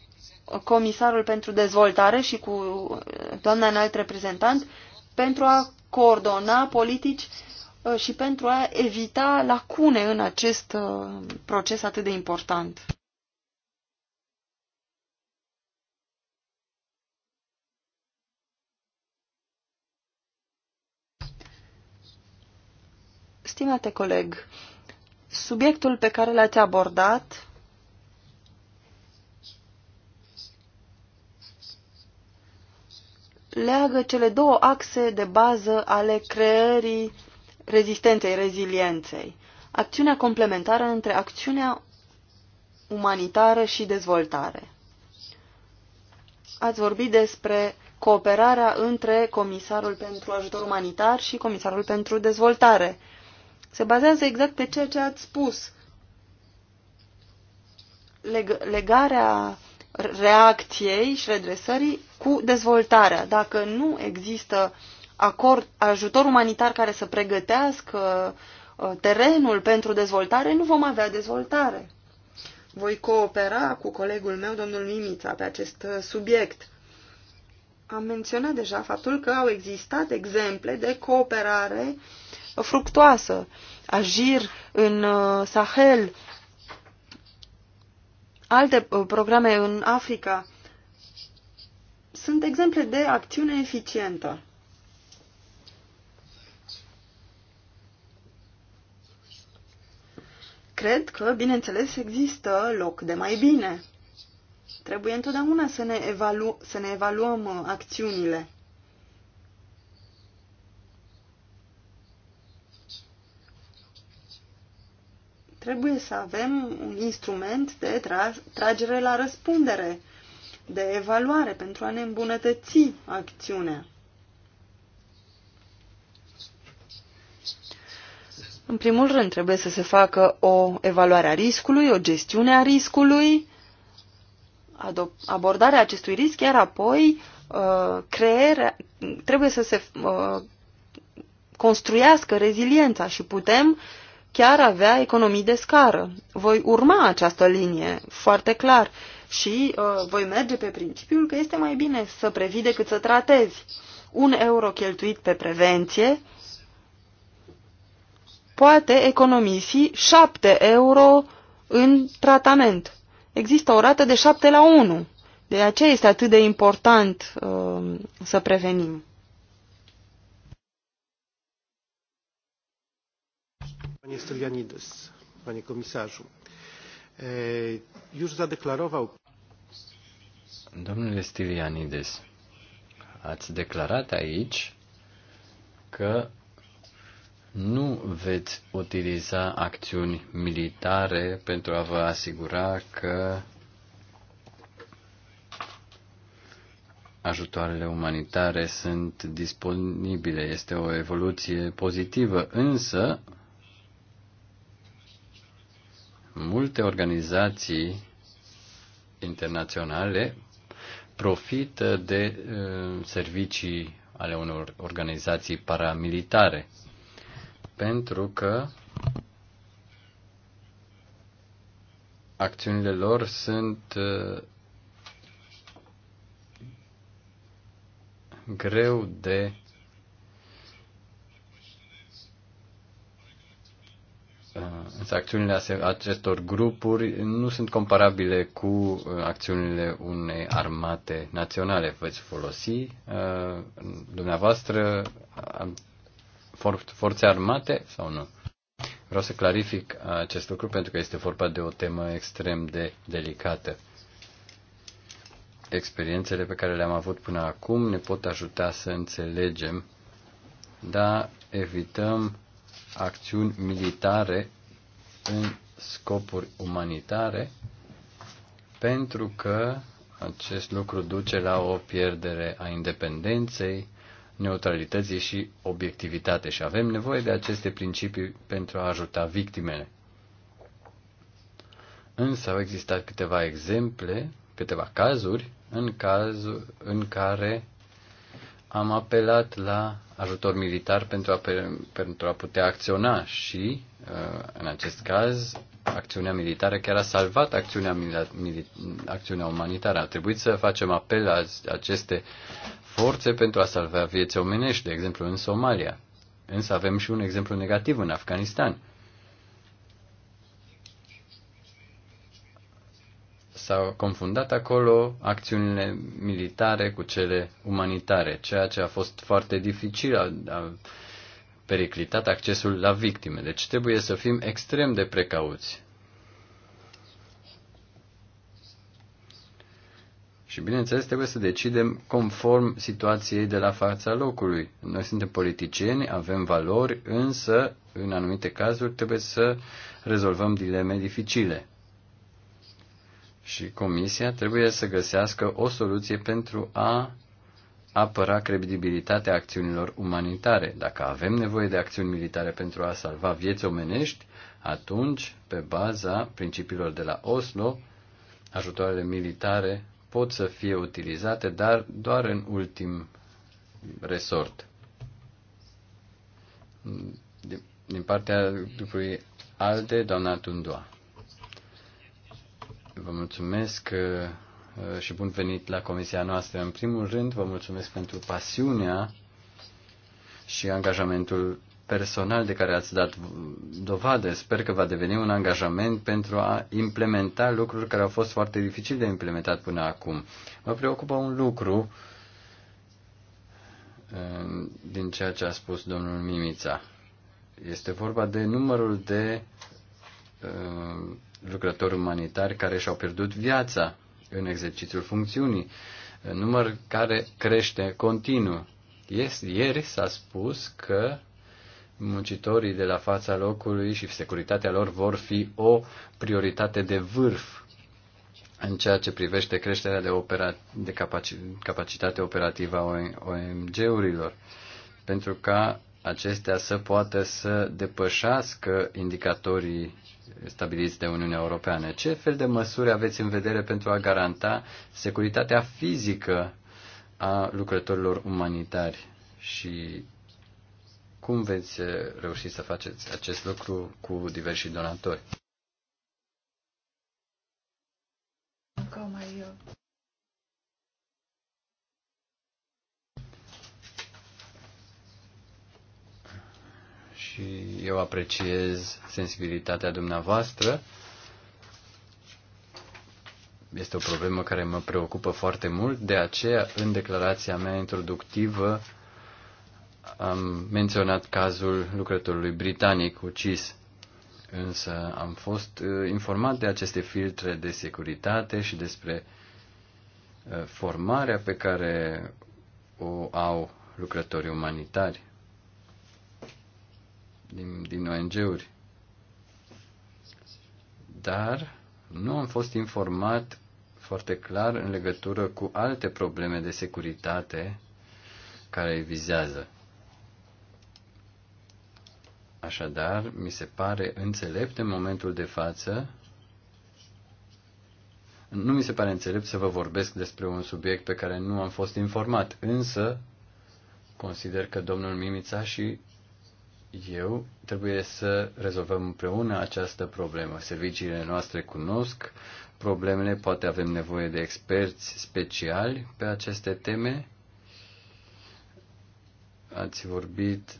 comisarul pentru dezvoltare și cu uh, doamna înalt reprezentant pentru a coordona politici Uh, și pentru a evita lacune în acest uh, proces atât de important. Stimate coleg, subiectul pe care l-ați abordat leagă cele două axe de bază ale creării rezistenței, rezilienței. Acțiunea complementară între acțiunea umanitară și dezvoltare. Ați vorbit despre cooperarea între Comisarul pentru Ajutor Umanitar și Comisarul pentru Dezvoltare. Se bazează exact pe ceea ce ați spus. Leg legarea reacției și redresării cu dezvoltarea. Dacă nu există uh, acord, ajutor umanitar care să pregătească uh, terenul pentru dezvoltare, nu vom avea dezvoltare. Voi coopera cu colegul meu, domnul Mimița, pe acest uh, subiect. Am menționat deja faptul că au existat exemple de cooperare fructoasă. Agir în uh, Sahel, alte programe în Africa. Sunt exemple de acțiune eficientă. cred că, bineînțeles, există loc de mai bine. Trebuie întotdeauna să ne, evalu- să ne evaluăm uh, acțiunile. Trebuie să avem un instrument de tra- tragere la răspundere, de evaluare pentru a ne îmbunătăți acțiunea. În primul rând, trebuie să se facă o evaluare a riscului, o gestiune a riscului, abordarea acestui risc, iar apoi uh, trebuie să se uh, construiască reziliența și putem chiar avea economii de scară. Voi urma această linie foarte clar și uh, voi merge pe principiul că este mai bine să previi decât să tratezi. Un euro cheltuit pe prevenție poate economisi 7 euro în tratament. Există o rată de 7 la 1. De aceea este atât de important uh, să prevenim. Panie Stylianides, panie komisarzu, e, już zadeklarował... Domnule Stylianides, ați declarat aici că nu veți utiliza acțiuni militare pentru a vă asigura că ajutoarele umanitare sunt disponibile. Este o evoluție pozitivă, însă multe organizații internaționale profită de uh, servicii ale unor organizații paramilitare pentru că acțiunile lor sunt uh, greu de uh, Însă acțiunile acestor grupuri nu sunt comparabile cu uh, acțiunile unei armate naționale. Veți folosi dumneavoastră for- forțe armate sau nu? Vreau să clarific acest lucru pentru că este vorba de o temă extrem de delicată. Experiențele pe care le-am avut până acum ne pot ajuta să înțelegem, dar evităm acțiuni militare în scopuri umanitare pentru că acest lucru duce la o pierdere a independenței neutralității și obiectivitate și avem nevoie de aceste principii pentru a ajuta victimele. Însă au existat câteva exemple, câteva cazuri în, caz, în care am apelat la ajutor militar pentru a, pentru a putea acționa și, uh, în acest caz, acțiunea militară chiar a salvat acțiunea, acțiunea umanitară. A trebuit să facem apel la aceste forțe pentru a salva vieți omenești, de exemplu în Somalia. Însă avem și un exemplu negativ în Afganistan. S-au confundat acolo acțiunile militare cu cele umanitare, ceea ce a fost foarte dificil, a, a periclitat accesul la victime. Deci trebuie să fim extrem de precauți Și bineînțeles trebuie să decidem conform situației de la fața locului. Noi suntem politicieni, avem valori, însă în anumite cazuri trebuie să rezolvăm dileme dificile. Și comisia trebuie să găsească o soluție pentru a apăra credibilitatea acțiunilor umanitare. Dacă avem nevoie de acțiuni militare pentru a salva vieți omenești, atunci, pe baza principiilor de la Oslo, ajutoarele militare pot să fie utilizate, dar doar în ultim resort. Din partea grupului ALDE, doamna Tundua. Vă mulțumesc uh, uh, și bun venit la comisia noastră. În primul rând, vă mulțumesc pentru pasiunea și angajamentul personal de care ați dat dovadă. Sper că va deveni un angajament pentru a implementa lucruri care au fost foarte dificil de implementat până acum. Mă preocupă un lucru um, din ceea ce a spus domnul Mimița. Este vorba de numărul de um, lucrători umanitari care și-au pierdut viața în exercițiul funcțiunii, număr care crește continuu. Ieri s-a spus că muncitorii de la fața locului și securitatea lor vor fi o prioritate de vârf în ceea ce privește creșterea de, opera, de capaci, capacitate operativă a OMG-urilor, pentru ca acestea să poată să depășească indicatorii stabiliți de Uniunea Europeană. Ce fel de măsuri aveți în vedere pentru a garanta securitatea fizică a lucrătorilor umanitari și cum veți eh, reuși să faceți acest lucru cu diversi donatori? Eh, și eu apreciez sensibilitatea dumneavoastră. Este o problemă care mă preocupă foarte mult, de aceea în declarația mea introductivă am menționat cazul lucrătorului britanic ucis, însă am fost uh, informat de aceste filtre de securitate și despre uh, formarea pe care o au lucrătorii umanitari din, din ONG-uri. Dar nu am fost informat foarte clar în legătură cu alte probleme de securitate care îi vizează. Așadar, mi se pare înțelept în momentul de față. Nu mi se pare înțelept să vă vorbesc despre un subiect pe care nu am fost informat, însă consider că domnul Mimița și eu trebuie să rezolvăm împreună această problemă. Serviciile noastre cunosc problemele, poate avem nevoie de experți speciali pe aceste teme. Ați vorbit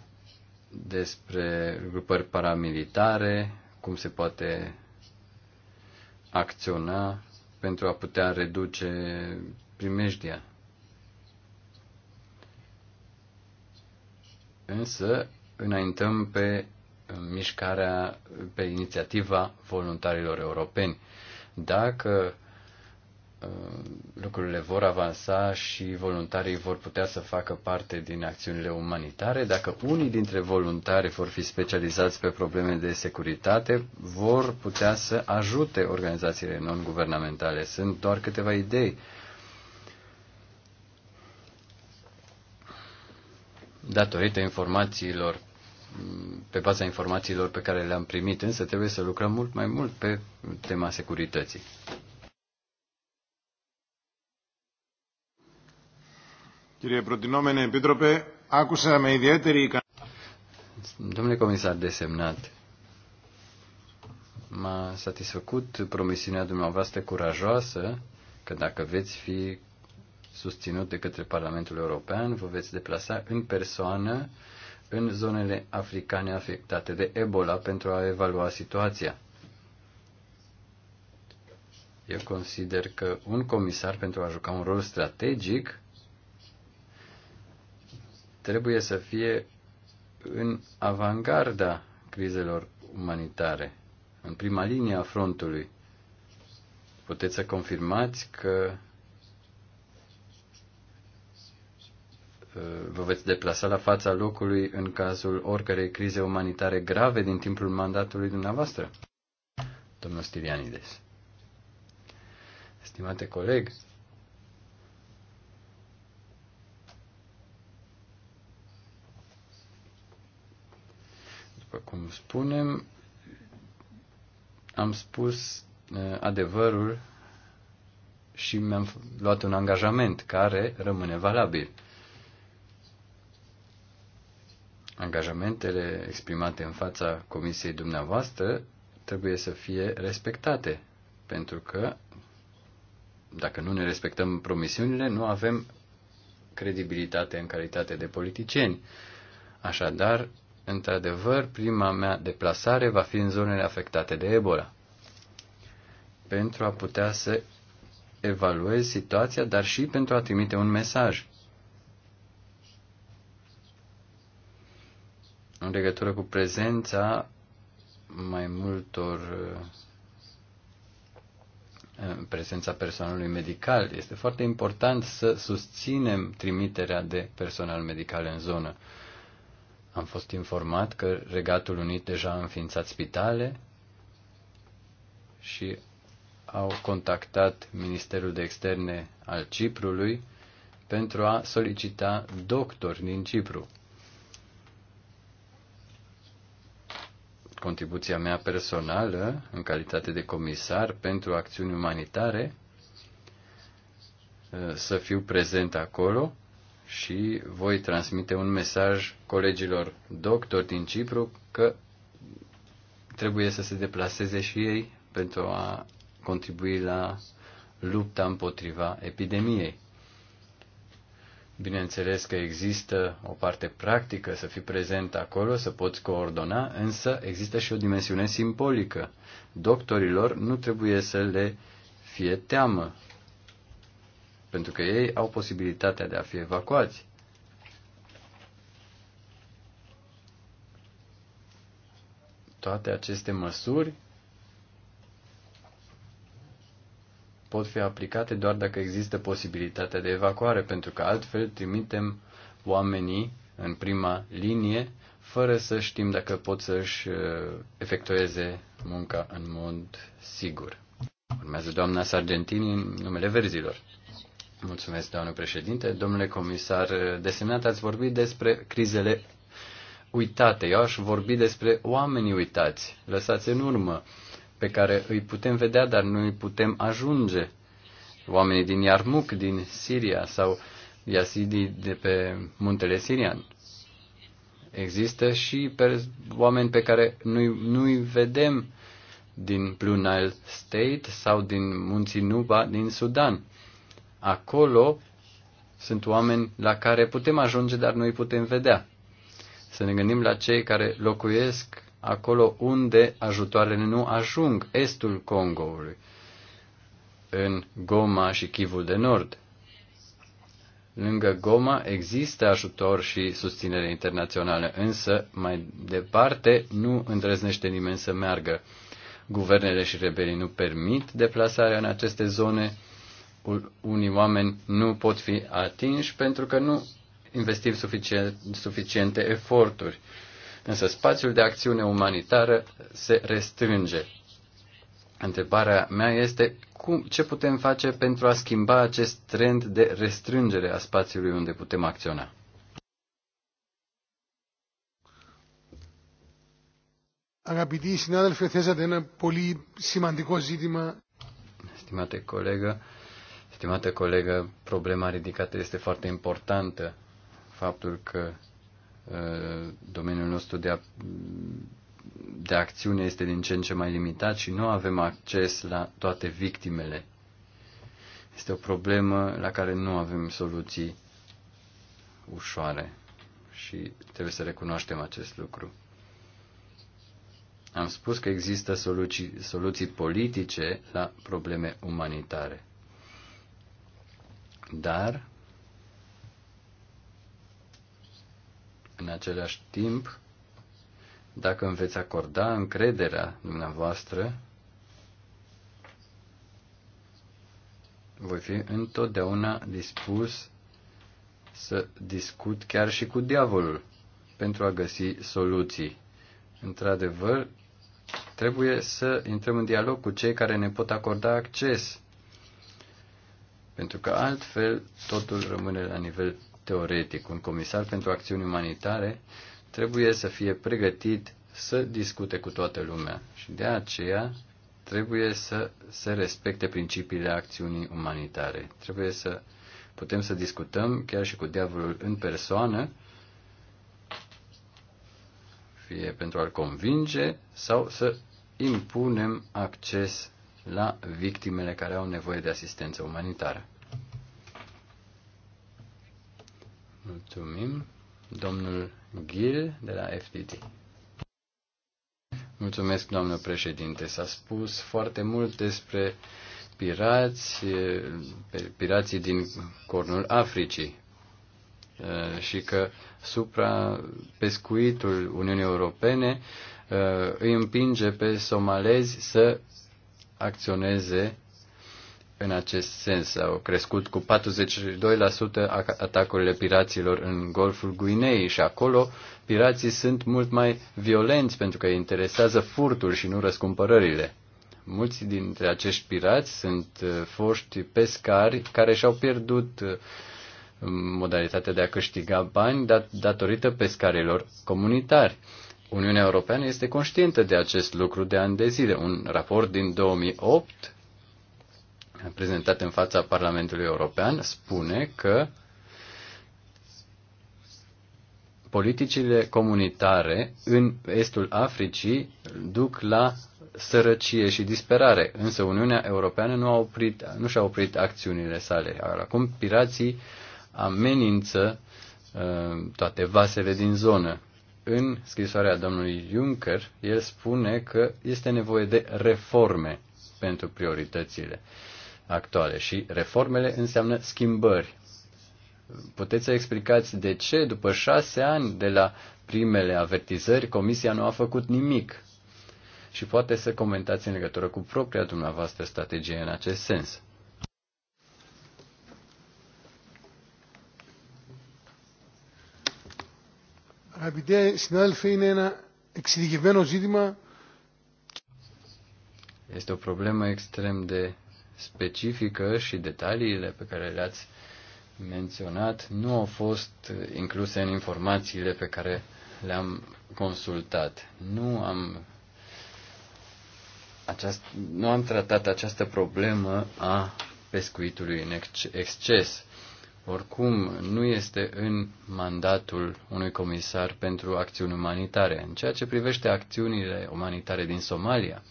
despre grupări paramilitare, cum se poate acționa pentru a putea reduce primejdia. Însă, înaintăm pe mișcarea, pe inițiativa voluntarilor europeni. Dacă Uh, lucrurile vor avansa și voluntarii vor putea să facă parte din acțiunile umanitare. Dacă unii dintre voluntari vor fi specializați pe probleme de securitate, vor putea să ajute organizațiile non-guvernamentale. Sunt doar câteva idei. Datorită informațiilor, pe baza informațiilor pe care le-am primit, însă trebuie să lucrăm mult mai mult pe tema securității. Κύριε Προτινόμενε Επίτροπε, άκουσα με ιδιαίτερη Domnule comisar desemnat, m-a satisfăcut promisiunea dumneavoastră curajoasă că dacă veți fi susținut de către Parlamentul European, vă veți deplasa în persoană în zonele africane afectate de Ebola pentru a evalua situația. Eu consider că un comisar pentru a juca un rol strategic trebuie să fie în avangarda crizelor umanitare, în prima linie a frontului. Puteți să confirmați că uh, vă veți deplasa la fața locului în cazul oricărei crize umanitare grave din timpul mandatului dumneavoastră? Domnul Stilianides. Stimate coleg, După cum spunem, am spus uh, adevărul și mi-am luat un angajament care rămâne valabil. Angajamentele exprimate în fața comisiei dumneavoastră trebuie să fie respectate, pentru că dacă nu ne respectăm promisiunile, nu avem credibilitate în calitate de politicieni. Așadar, Într-adevăr, prima mea deplasare va fi în zonele afectate de Ebola. Pentru a putea să evaluez situația, dar și pentru a trimite un mesaj. În legătură cu prezența mai multor uh, uh, prezența personalului medical. Este foarte important să susținem trimiterea de personal medical în zonă. Am fost informat că Regatul Unit deja a înființat spitale și au contactat Ministerul de Externe al Ciprului pentru a solicita doctori din Cipru. Contribuția mea personală, în calitate de comisar pentru acțiuni umanitare, să fiu prezent acolo și voi transmite un mesaj colegilor doctori din Cipru că trebuie să se deplaseze și ei pentru a contribui la lupta împotriva epidemiei. Bineînțeles că există o parte practică să fii prezent acolo, să poți coordona, însă există și o dimensiune simbolică. Doctorilor nu trebuie să le fie teamă pentru că ei au posibilitatea de a fi evacuați. Toate aceste măsuri pot fi aplicate doar dacă există posibilitatea de evacuare, pentru că altfel trimitem oamenii în prima linie fără să știm dacă pot să-și uh, efectueze munca în mod sigur. Urmează doamna Sargentini în numele verzilor. Mulțumesc, doamnă președinte. Domnule comisar, desemnat ați vorbit despre crizele uitate. Eu aș vorbi despre oamenii uitați, lăsați în urmă, pe care îi putem vedea, dar nu îi putem ajunge. Oamenii din Iarmuc, din Siria sau Yazidii de pe muntele sirian. Există și pe oameni pe care nu-i, nu-i vedem din Blue Nile State sau din munții Nuba din Sudan. Acolo sunt oameni la care putem ajunge, dar nu îi putem vedea. Să ne gândim la cei care locuiesc acolo unde ajutoarele nu ajung, estul Congoului, în Goma și Chivul de Nord. Lângă Goma există ajutor și susținere internațională, însă mai departe nu îndrăznește nimeni să meargă. Guvernele și rebelii nu permit deplasarea în aceste zone, unii oameni nu pot fi atinși pentru că nu investim suficient, suficiente eforturi. Însă spațiul de acțiune umanitară se restrânge. Întrebarea mea este cum, ce putem face pentru a schimba acest trend de restrângere a spațiului unde putem acționa. Αγαπητοί συνάδελφοι, θέσατε ένα πολύ σημαντικό ζήτημα. Stimate colegă, Stimată colegă, problema ridicată este foarte importantă. Faptul că uh, domeniul nostru de, a, de acțiune este din ce în ce mai limitat și nu avem acces la toate victimele. Este o problemă la care nu avem soluții ușoare și trebuie să recunoaștem acest lucru. Am spus că există soluții, soluții politice la probleme umanitare dar în același timp, dacă îmi veți acorda încrederea dumneavoastră, voi fi întotdeauna dispus să discut chiar și cu diavolul pentru a găsi soluții. Într-adevăr, trebuie să intrăm în dialog cu cei care ne pot acorda acces pentru că altfel totul rămâne la nivel teoretic. Un comisar pentru acțiuni umanitare trebuie să fie pregătit să discute cu toată lumea și de aceea trebuie să se respecte principiile acțiunii umanitare. Trebuie să putem să discutăm chiar și cu diavolul în persoană, fie pentru a-l convinge sau să impunem acces la victimele care au nevoie de asistență umanitară. Mulțumim. Domnul Gil de la FDT. Mulțumesc, domnul președinte. S-a spus foarte mult despre pirați, pirații din cornul Africii uh, și că suprapescuitul Uniunii Europene uh, îi împinge pe somalezi să acționeze în acest sens. Au crescut cu 42% atacurile piraților în Golful Guinei și acolo pirații sunt mult mai violenți pentru că îi interesează furtul și nu răscumpărările. Mulți dintre acești pirați sunt uh, foști pescari care și-au pierdut uh, modalitatea de a câștiga bani dat- datorită pescarilor comunitari. Uniunea Europeană este conștientă de acest lucru de ani de zile. Un raport din 2008 prezentat în fața Parlamentului European spune că politicile comunitare în estul Africii duc la sărăcie și disperare, însă Uniunea Europeană nu, a oprit, nu și-a oprit acțiunile sale. Acum pirații amenință uh, toate vasele din zonă. În scrisoarea domnului Juncker, el spune că este nevoie de reforme pentru prioritățile actuale și reformele înseamnă schimbări. Puteți să explicați de ce, după șase ani de la primele avertizări, Comisia nu a făcut nimic și poate să comentați în legătură cu propria dumneavoastră strategie în acest sens. Αγαπητέ συνάδελφε, είναι ένα εξειδικευμένο ζήτημα. Este o problemă extrem de specifică și detaliile pe care le-ați menționat nu au fost incluse în informațiile pe care le-am consultat. Nu am, aceast, nu am tratat această problemă a pescuitului în exces. Oricum, nu este în mandatul unui comisar pentru acțiuni umanitare. În ceea ce privește acțiunile umanitare din Somalia,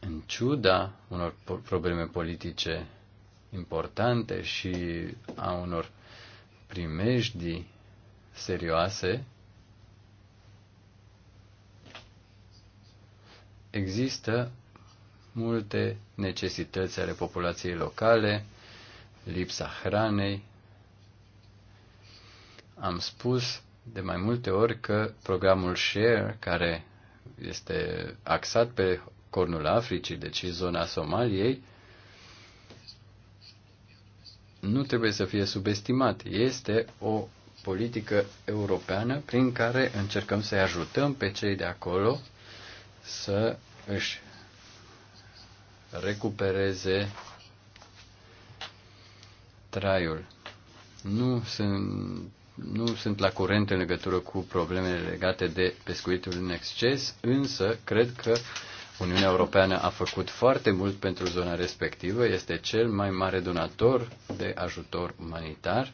în ciuda unor probleme politice importante și a unor primejdii serioase, există multe necesități ale populației locale, lipsa hranei. Am spus de mai multe ori că programul SHARE, care este axat pe cornul Africii, deci zona Somaliei, nu trebuie să fie subestimat. Este o politică europeană prin care încercăm să-i ajutăm pe cei de acolo să își recupereze traiul. Nu sunt, nu sunt la curent în legătură cu problemele legate de pescuitul în exces, însă cred că Uniunea Europeană a făcut foarte mult pentru zona respectivă, este cel mai mare donator de ajutor umanitar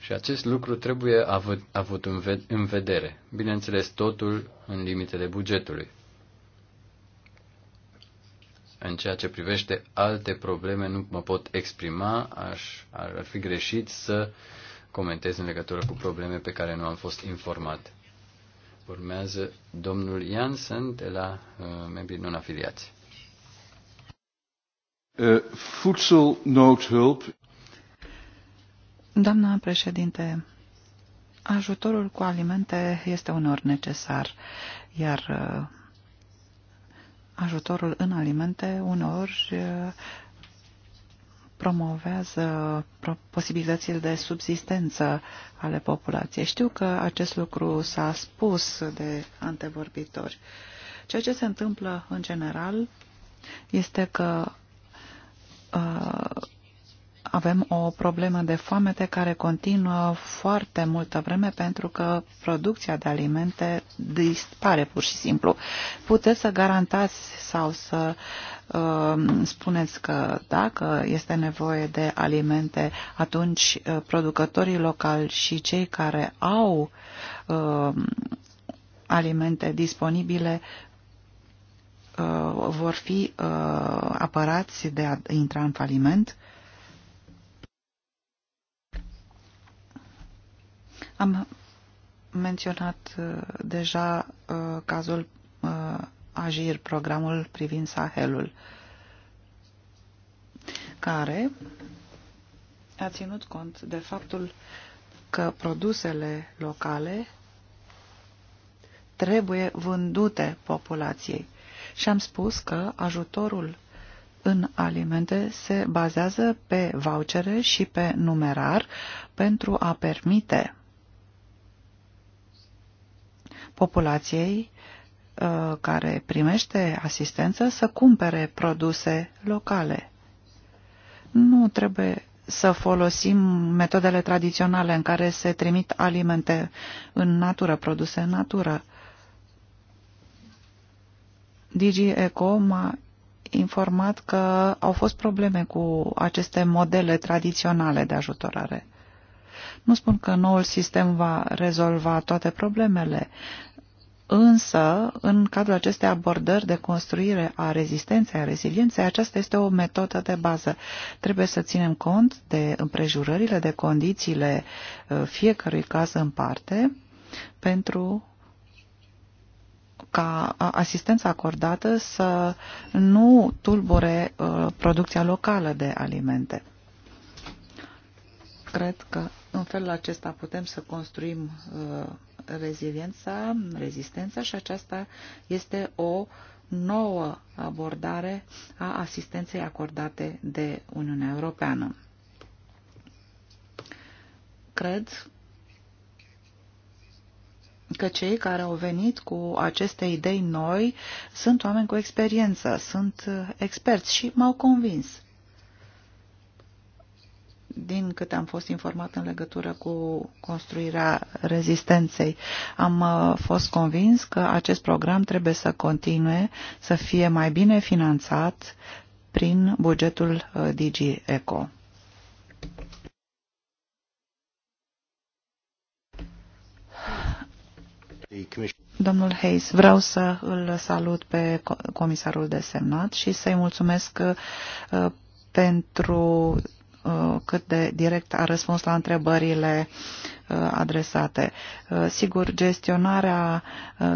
și acest lucru trebuie avut, avut în vedere. Bineînțeles, totul în limitele bugetului. În ceea ce privește alte probleme, nu mă pot exprima, aș, ar fi greșit să comentez în legătură cu probleme pe care nu am fost informat. Urmează domnul Jansen de la uh, membrii non-afiliați. Uh, voedselnoodhulp. Doamna președinte, ajutorul cu alimente este unor necesar, iar uh, ajutorul în alimente uneori uh, promovează posibilitățile de subsistență ale populației. Știu că acest lucru s-a spus de antevorbitori. Ceea ce se întâmplă în general este că uh, avem o problemă de foamete care continuă foarte multă vreme pentru că producția de alimente dispare pur și simplu. Puteți să garantați sau să uh, spuneți că dacă este nevoie de alimente, atunci uh, producătorii locali și cei care au uh, alimente disponibile uh, vor fi uh, apărați de a intra în faliment? Am menționat uh, deja uh, cazul uh, AGIR, programul privind Sahelul, care a ținut cont de faptul că produsele locale trebuie vândute populației. Și am spus că ajutorul în alimente se bazează pe vouchere și pe numerar pentru a permite populației uh, care primește asistență să cumpere produse locale. Nu trebuie să folosim metodele tradiționale în care se trimit alimente în natură, produse în natură. DigiEco m-a informat că au fost probleme cu aceste modele tradiționale de ajutorare. Nu spun că noul sistem va rezolva toate problemele, Însă, în cadrul acestei abordări de construire a rezistenței, a rezilienței, aceasta este o metodă de bază. Trebuie să ținem cont de împrejurările, de condițiile uh, fiecărui caz în parte pentru ca asistența acordată să nu tulbure uh, producția locală de alimente. Cred că în felul acesta putem să construim uh, reziliența, rezistența și aceasta este o nouă abordare a asistenței acordate de Uniunea Europeană. Cred că cei care au venit cu aceste idei noi sunt oameni cu experiență, sunt uh, experți și m-au convins din câte am fost informat în legătură cu construirea rezistenței, am uh, fost convins că acest program trebuie să continue să fie mai bine finanțat prin bugetul uh, DigiEco. Eco. Domnul Hayes, vreau să îl salut pe comisarul desemnat și să-i mulțumesc uh, pentru Uh, cât de direct a răspuns la întrebările uh, adresate. Uh, sigur, gestionarea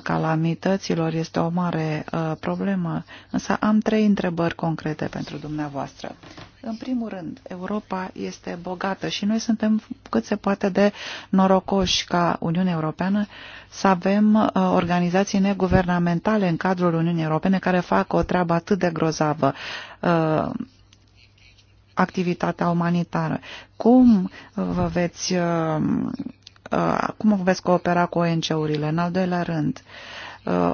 calamităților este o mare problemă, însă am trei întrebări concrete pentru dumneavoastră. În primul rând, Europa este bogată și noi suntem cât se poate de norocoși ca Uniunea Europeană să avem organizații neguvernamentale în cadrul Uniunii Europene care fac o treabă atât de grozavă activitatea umanitară. Cum uh, vă veți, uh, uh, cum vă veți coopera cu ONG-urile? În al doilea rând,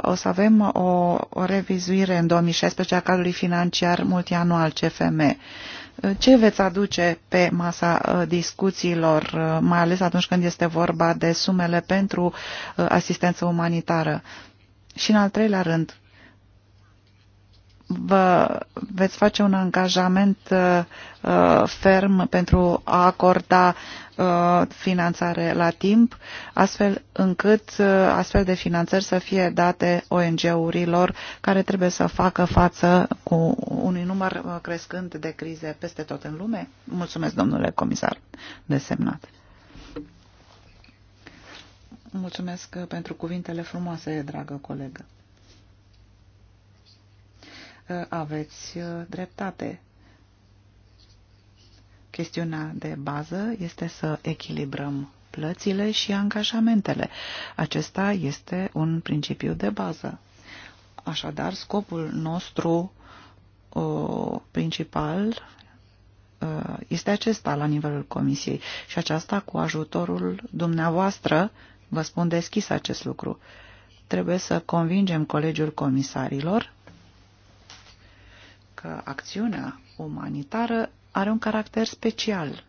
o să avem o, o revizuire în 2016 a cadrului financiar multianual CFM. Ce veți aduce pe masa discuțiilor, mai ales atunci când este vorba de sumele pentru asistență umanitară? Și în al treilea rând, vă veți face un angajament uh, uh, ferm pentru a acorda uh, finanțare la timp, astfel încât uh, astfel de finanțări să fie date ONG-urilor care trebuie să facă față cu unui număr uh, crescând de crize peste tot în lume? Mulțumesc, domnule comisar, desemnat. Mulțumesc uh, pentru cuvintele frumoase, dragă colegă aveți uh, dreptate. Chestiunea de bază este să echilibrăm plățile și angajamentele. Acesta este un principiu de bază. Așadar, scopul nostru uh, principal uh, este acesta la nivelul Comisiei și aceasta cu ajutorul dumneavoastră, vă spun deschis acest lucru. Trebuie să convingem colegiul comisarilor că acțiunea umanitară are un caracter special,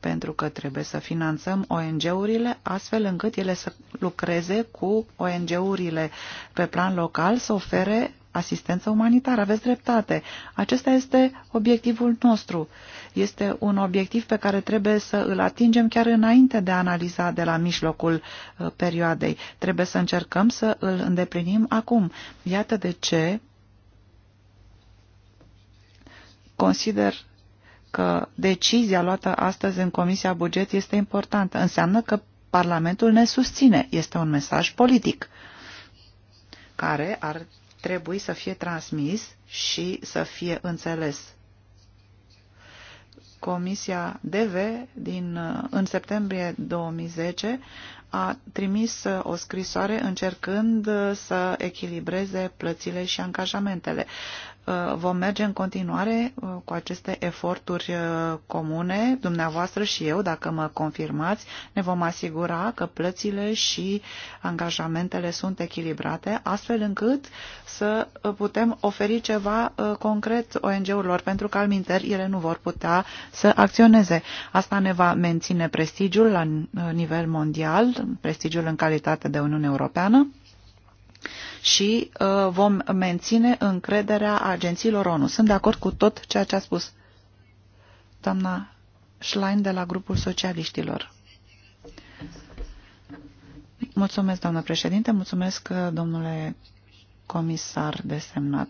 pentru că trebuie să finanțăm ONG-urile astfel încât ele să lucreze cu ONG-urile pe plan local, să ofere asistență umanitară. Aveți dreptate. Acesta este obiectivul nostru. Este un obiectiv pe care trebuie să îl atingem chiar înainte de a analiza de la mijlocul uh, perioadei. Trebuie să încercăm să îl îndeplinim acum. Iată de ce Consider că decizia luată astăzi în Comisia Buget este importantă. Înseamnă că Parlamentul ne susține. Este un mesaj politic care ar trebui să fie transmis și să fie înțeles. Comisia DV din, uh, în septembrie 2010 a trimis uh, o scrisoare încercând uh, să echilibreze plățile și angajamentele. Uh, vom merge în continuare uh, cu aceste eforturi uh, comune, dumneavoastră și eu, dacă mă confirmați, ne vom asigura că plățile și angajamentele sunt echilibrate, astfel încât să putem oferi ceva concret ONG-urilor, pentru că alminter ele nu vor putea să acționeze. Asta ne va menține prestigiul la nivel mondial, prestigiul în calitate de Uniune Europeană, și uh, vom menține încrederea agențiilor ONU. Sunt de acord cu tot ceea ce a spus doamna Schlein de la grupul socialiștilor. Mulțumesc, doamnă președinte, mulțumesc, uh, domnule comisar desemnat.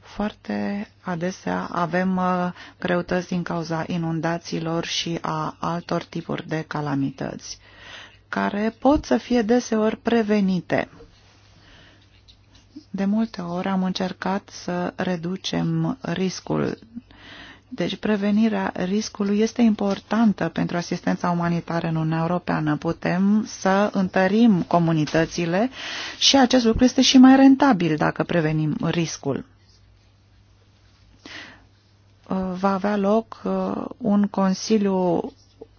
Foarte adesea avem uh, greutăți din cauza inundațiilor și a altor tipuri de calamități, care pot să fie deseori prevenite de multe ori am încercat să reducem riscul. Deci prevenirea riscului este importantă pentru asistența umanitară în Uniunea Europeană. Putem să întărim comunitățile și acest lucru este și mai rentabil dacă prevenim riscul va avea loc uh, un Consiliu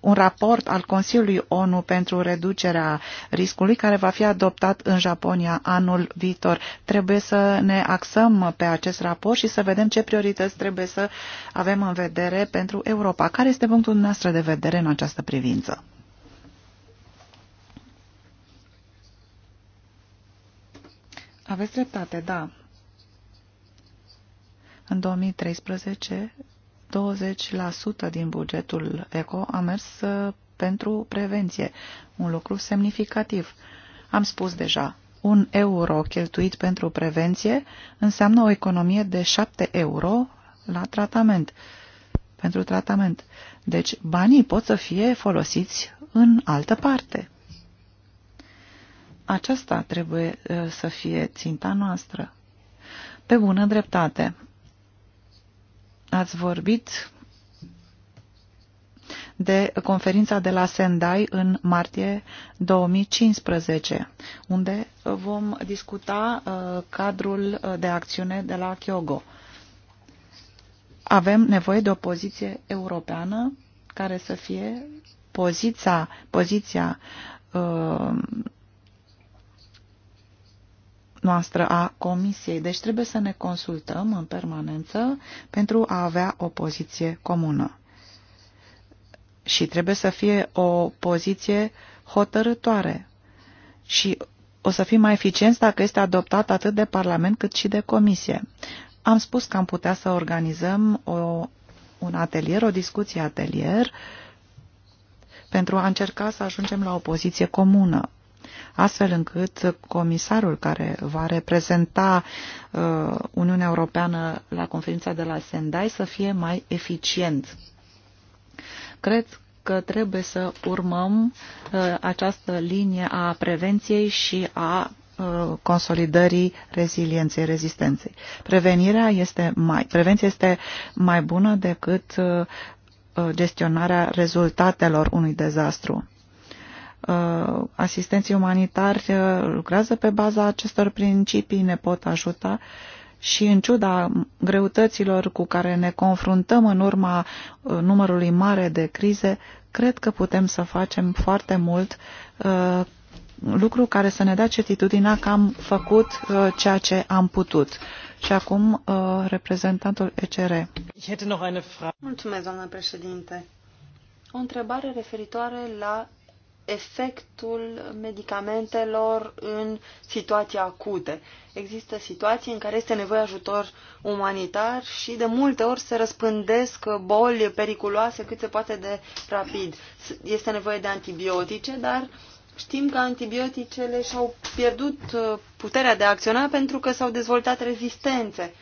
un raport al Consiliului ONU pentru reducerea riscului care va fi adoptat în Japonia anul viitor. Trebuie să ne axăm pe acest raport și să vedem ce priorități trebuie să avem în vedere pentru Europa. Care este punctul nostru de vedere în această privință? Aveți dreptate, da. În 2013 20% din bugetul ECO a mers uh, pentru prevenție, un lucru semnificativ. Am spus deja, un euro cheltuit pentru prevenție înseamnă o economie de 7 euro la tratament, pentru tratament. Deci banii pot să fie folosiți în altă parte. Aceasta trebuie uh, să fie ținta noastră. Pe bună dreptate, Ați vorbit de conferința de la Sendai în martie 2015, unde vom discuta uh, cadrul de acțiune de la Kyogo. Avem nevoie de o poziție europeană care să fie poziția, poziția uh, noastră a Comisiei, deci trebuie să ne consultăm în permanență pentru a avea o poziție comună. Și trebuie să fie o poziție hotărătoare. Și o să fim mai eficienți dacă este adoptat atât de Parlament cât și de Comisie. Am spus că am putea să organizăm o, un atelier, o discuție atelier, pentru a încerca să ajungem la o poziție comună astfel încât comisarul care va reprezenta uh, Uniunea Europeană la conferința de la Sendai să fie mai eficient. Cred că trebuie să urmăm uh, această linie a prevenției și a uh, consolidării rezilienței, rezistenței. Prevenirea este mai, prevenția este mai bună decât gestionarea rezultatelor unui dezastru. Uh, asistenții umanitari uh, lucrează pe baza acestor principii, ne pot ajuta și în ciuda greutăților cu care ne confruntăm în urma uh, numărului mare de crize, cred că putem să facem foarte mult lucru care să ne dea certitudinea că am făcut ceea ce am putut. Și acum reprezentantul ECR. Mulțumesc, doamnă președinte. O întrebare referitoare la efectul medicamentelor în situații acute. Există situații în care este nevoie ajutor umanitar și de multe ori se răspândesc boli periculoase cât se poate de rapid. Este nevoie de antibiotice, dar știm că antibioticele și-au pierdut uh, puterea de a acționa pentru că s-au dezvoltat rezistențe.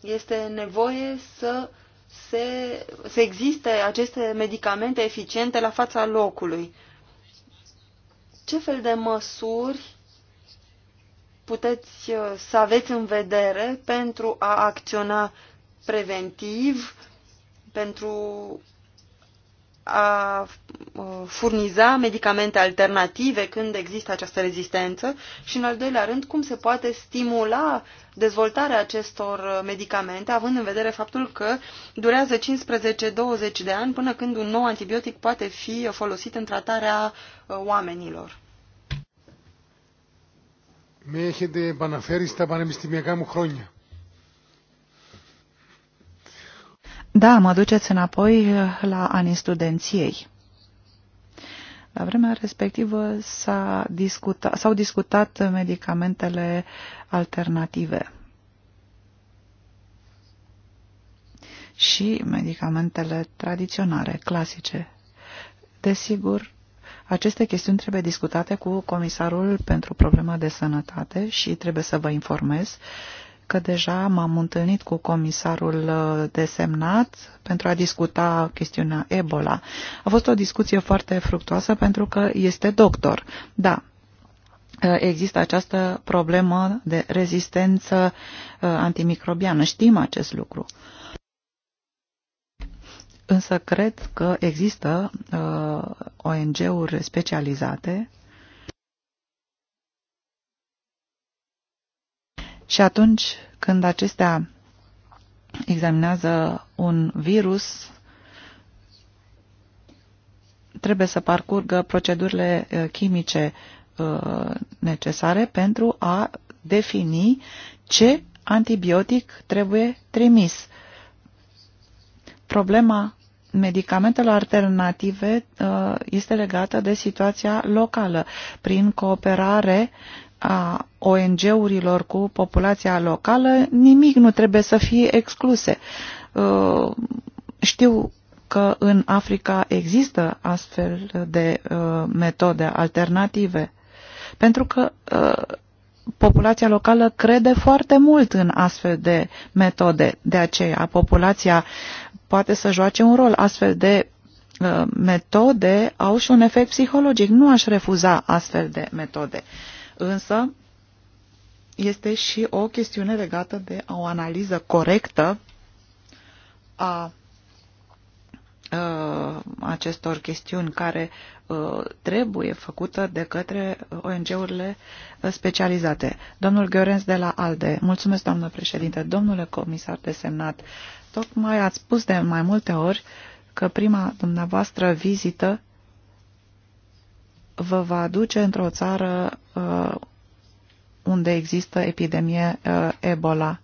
Este nevoie să se, să existe aceste medicamente eficiente la fața locului ce fel de măsuri puteți uh, să aveți în vedere pentru a acționa preventiv, pentru a uh, furniza medicamente alternative când există această rezistență și, în al doilea rând, cum se poate stimula dezvoltarea acestor uh, medicamente, având în vedere faptul că durează 15-20 de ani până când un nou antibiotic poate fi folosit în tratarea oamenilor με έχετε επαναφέρει στα πανεπιστημιακά μου χρόνια. Da, mă duceți înapoi uh, la anii studenției. La vremea respectivă s-au discuta, discutat medicamentele alternative și medicamentele tradiționale, clasice. Desigur, aceste chestiuni trebuie discutate cu comisarul pentru problema de sănătate și trebuie să vă informez că deja m-am întâlnit cu comisarul uh, desemnat pentru a discuta chestiunea Ebola. A fost o discuție foarte fructuoasă pentru că este doctor. Da, uh, există această problemă de rezistență uh, antimicrobiană. Știm acest lucru. Însă cred că există uh, ONG-uri specializate și atunci când acestea examinează un virus, trebuie să parcurgă procedurile uh, chimice uh, necesare pentru a defini ce antibiotic trebuie trimis. Problema medicamentelor alternative uh, este legată de situația locală. Prin cooperare a ONG-urilor cu populația locală, nimic nu trebuie să fie excluse. Uh, știu că în Africa există astfel de uh, metode alternative, pentru că populația locală crede foarte mult în astfel de metode. De aceea, populația poate să joace un rol. Astfel de uh, metode au și un efect psihologic. Nu aș refuza astfel de metode. Însă, este și o chestiune legată de o analiză corectă a Uh, acestor chestiuni care uh, trebuie făcută de către ONG-urile specializate. Domnul Gheorens de la ALDE, mulțumesc doamnă președinte, domnule comisar de semnat, tocmai ați spus de mai multe ori că prima dumneavoastră vizită vă va aduce într-o țară uh, unde există epidemie Ebola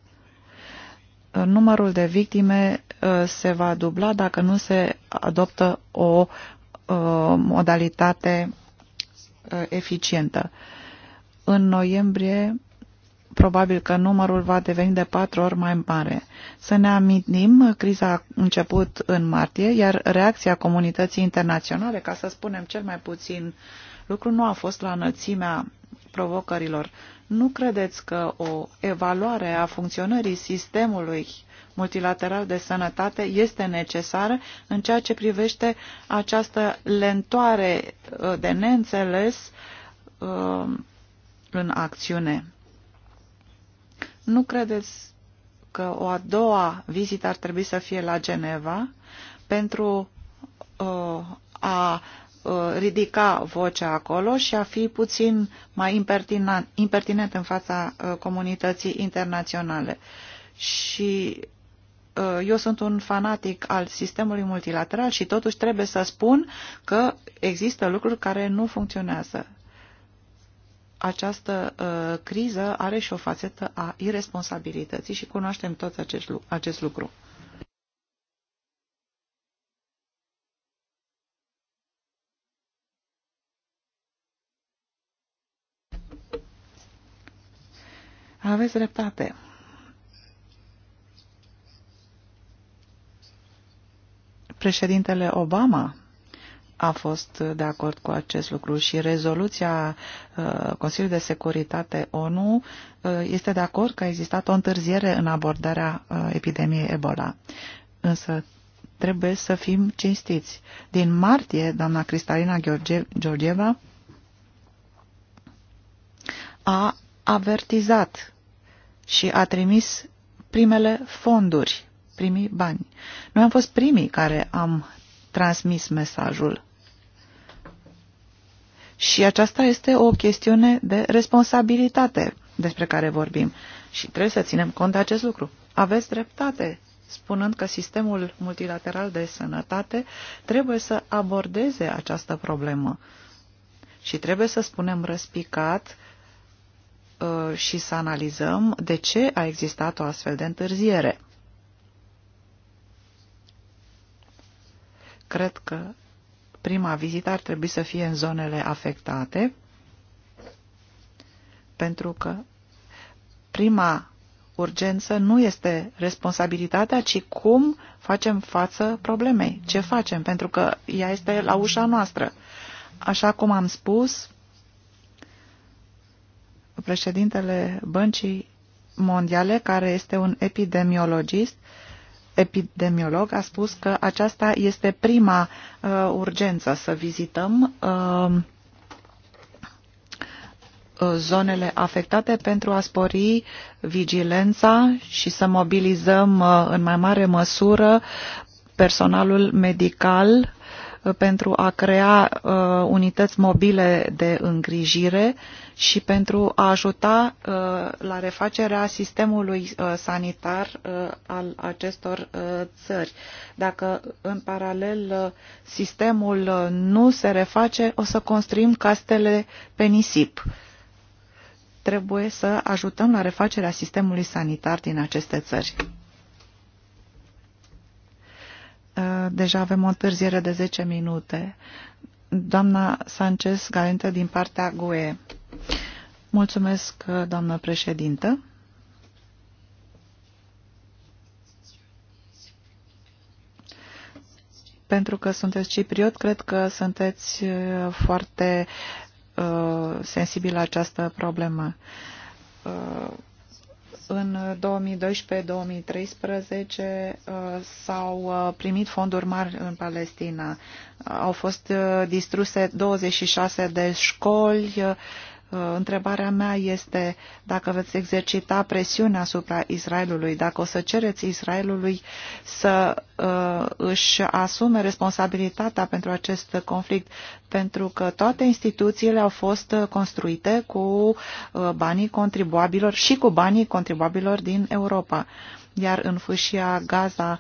numărul de victime uh, se va dubla dacă nu se adoptă o uh, modalitate uh, eficientă. În noiembrie, probabil că numărul va deveni de patru ori mai mare. Să ne amintim, criza a început în martie, iar reacția comunității internaționale, ca să spunem cel mai puțin lucru, nu a fost la înălțimea provocărilor. Nu credeți că o evaluare a funcționării sistemului multilateral de sănătate este necesară în ceea ce privește această lentoare uh, de neînțeles uh, în acțiune? Nu credeți că o a doua vizită ar trebui să fie la Geneva pentru uh, a Uh, ridica vocea acolo și a fi puțin mai impertinent, în fața uh, comunității internaționale. Și uh, eu sunt un fanatic al sistemului multilateral și totuși trebuie să spun că există lucruri care nu funcționează. Această uh, criză are și o fațetă a irresponsabilității și cunoaștem toți acest, acest lucru. Aveți dreptate. Președintele Obama a fost de acord cu acest lucru și rezoluția uh, Consiliului de Securitate ONU uh, este de acord că a existat o întârziere în abordarea uh, epidemiei Ebola. Însă trebuie să fim cinstiți. Din martie, doamna Cristalina Georgieva a avertizat și a trimis primele fonduri, primii bani. Noi am fost primii care am transmis mesajul. Și aceasta este o chestiune de responsabilitate despre care vorbim și trebuie să ținem cont de acest lucru. Aveți dreptate spunând că sistemul multilateral de sănătate trebuie să abordeze această problemă și trebuie să spunem răspicat Uh, și să analizăm de ce a existat o astfel de întârziere. Cred că prima vizită ar trebui să fie în zonele afectate, pentru că prima urgență nu este responsabilitatea, ci cum facem față problemei, ce facem, pentru că ea este la ușa noastră. Așa cum am spus, președintele Băncii Mondiale, care este un epidemiologist, epidemiolog, a spus că aceasta este prima uh, urgență să vizităm uh, uh zonele afectate pentru a spori vigilența și să mobilizăm uh, în mai mare măsură personalul medical Uh, pentru a crea uh, unități mobile de îngrijire și pentru a ajuta uh, la refacerea sistemului sanitar al acestor țări. Dacă în paralel sistemul nu se reface, o să construim castele pe nisip trebuie să ajutăm la refacerea sistemului sanitar din aceste țări. Uh, deja avem o întârziere de 10 minute. Doamna Sanchez Galente din partea GUE. Mulțumesc, uh, doamnă președintă. Pentru că sunteți cipriot, cred că sunteți uh, foarte uh, sensibil la această problemă. Uh, în 2012-2013 uh, s-au uh, primit fonduri mari în Palestina. Au fost uh, distruse 26 de școli, Uh, întrebarea mea este dacă veți exercita presiunea asupra Israelului, dacă o să cereți Israelului să uh, își asume responsabilitatea pentru acest conflict, pentru că toate instituțiile au fost construite cu uh, banii contribuabilor și cu banii contribuabilor din Europa. Iar în fâșia Gaza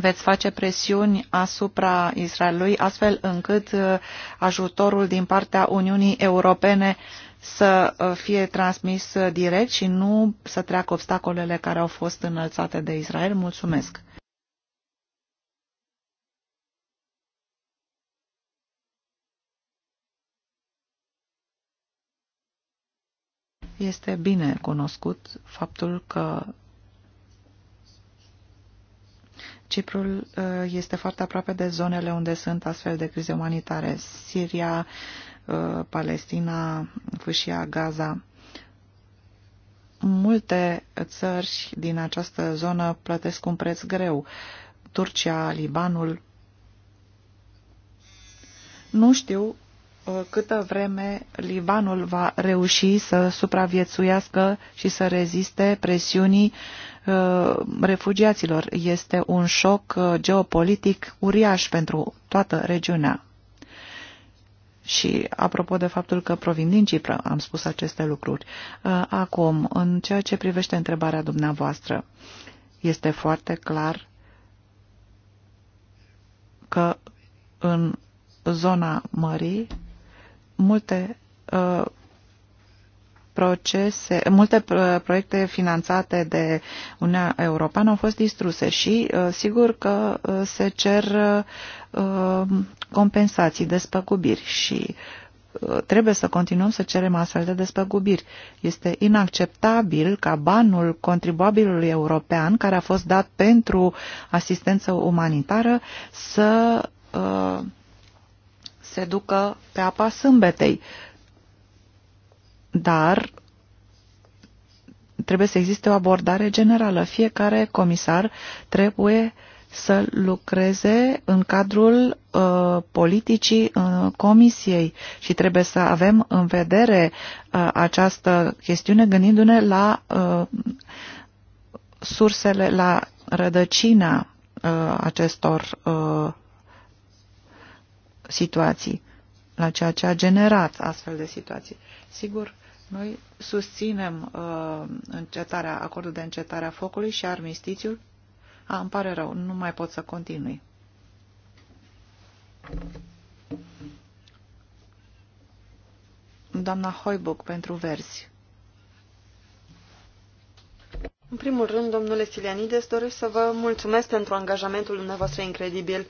veți face presiuni asupra Israelului, astfel încât uh, ajutorul din partea Uniunii Europene să uh, fie transmis uh, direct și nu să treacă obstacolele care au fost înălțate de Israel. Mulțumesc! Este bine cunoscut faptul că Ciprul uh, este foarte aproape de zonele unde sunt astfel de crize umanitare. Siria, uh, Palestina, Fâșia, Gaza. Multe țări din această zonă plătesc un preț greu. Turcia, Libanul. Nu știu uh, câtă vreme Libanul va reuși să supraviețuiască și să reziste presiunii uh, Uh, refugiaților. Este un șoc uh, geopolitic uriaș pentru toată regiunea. Și apropo de faptul că provin din Cipră, am spus aceste lucruri. Uh, acum, în ceea ce privește întrebarea dumneavoastră, este foarte clar că în zona mării multe procese, multe proiecte finanțate de Uniunea Europeană au fost distruse și uh, sigur că uh, se cer uh, compensații, despăgubiri și trebuie să continuăm să cerem astfel de despăgubiri. Este inacceptabil ca banul contribuabilului european care a fost dat pentru asistență umanitară să se ducă pe apa sâmbetei dar trebuie să existe o abordare generală. Fiecare comisar trebuie să lucreze în cadrul uh, politicii uh, comisiei și trebuie să avem în vedere uh, această chestiune gândindu-ne la uh, sursele, la rădăcina uh, acestor uh, situații, la ceea ce a generat astfel de situații. Sigur, uh, noi susținem uh, încetarea, acordul de încetare a focului și armistițiul. A, îmi pare rău, nu mai pot să continui. Doamna Hoibuc, pentru verzi. În primul rând, domnule Silianides, doresc să vă mulțumesc pentru angajamentul dumneavoastră incredibil.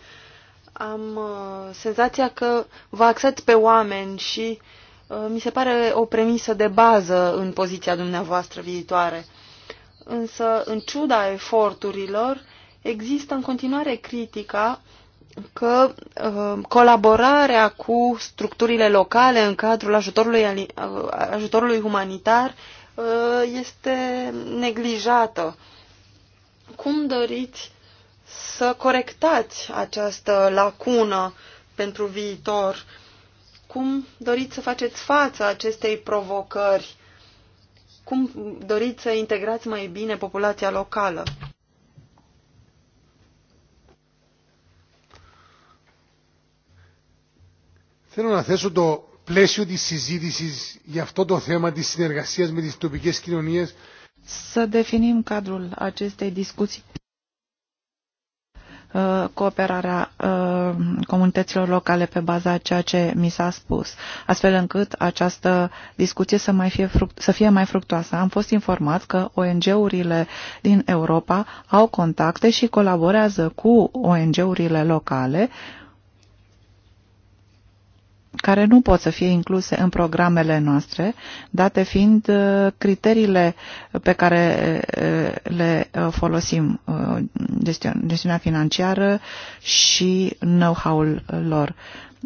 Am uh, senzația că vă axați pe oameni și uh, Uh, mi se pare o premisă de bază în poziția dumneavoastră viitoare. Însă, în ciuda eforturilor, există în continuare critica că uh, colaborarea cu structurile locale în cadrul ajutorului, uh, ajutorului humanitar uh, este neglijată. Cum doriți să corectați această lacună pentru viitor? Uh, cum doriți să faceți față acestei provocări? Cum doriți să integrați mai bine populația locală? Θέλω να θέσω το πλαίσιο της συζήτησης για αυτό το θέμα της συνεργασίας με τις τοπικές κοινωνίες. Să definim cadrul acestei discuții. Uh, cooperarea uh, comunităților locale pe baza ceea ce mi s-a spus, astfel încât această discuție să, mai fie, fruct, să fie mai fructoasă. Am fost informat că ONG-urile din Europa au contacte și colaborează cu ONG-urile locale uh, care nu pot să fie incluse în programele noastre, date fiind uh, criteriile pe care uh, le uh, folosim, gestiunea financiară și know-how-ul lor.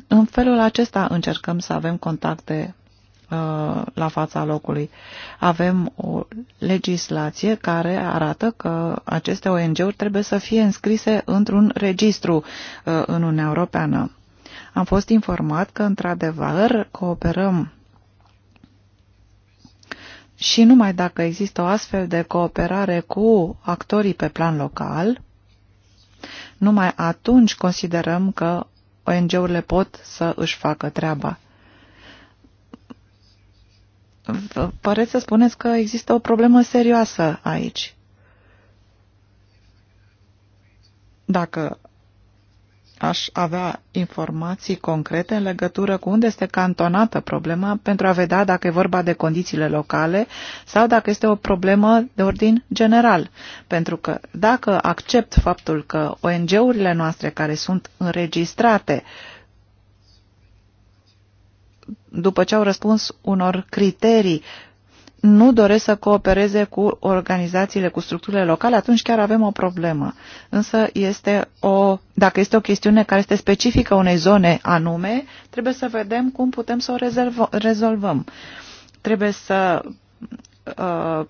În felul acesta încercăm să avem contacte la fața locului. Avem o legislație care arată că aceste ONG-uri trebuie să fie înscrise într-un registru în Uniunea Europeană. Am fost informat că, într-adevăr, cooperăm și numai dacă există o astfel de cooperare cu actorii pe plan local, numai atunci considerăm că ONG-urile pot să își facă treaba. Păreți să spuneți că există o problemă serioasă aici. Dacă aș avea informații concrete în legătură cu unde este cantonată problema pentru a vedea dacă e vorba de condițiile locale sau dacă este o problemă de ordin general. Pentru că dacă accept faptul că ONG-urile noastre care sunt înregistrate după ce au răspuns unor criterii nu doresc să coopereze cu organizațiile, cu structurile locale, atunci chiar avem o problemă. Însă este o, dacă este o chestiune care este specifică unei zone anume, trebuie să vedem cum putem să o rezolvă, rezolvăm. Trebuie să uh,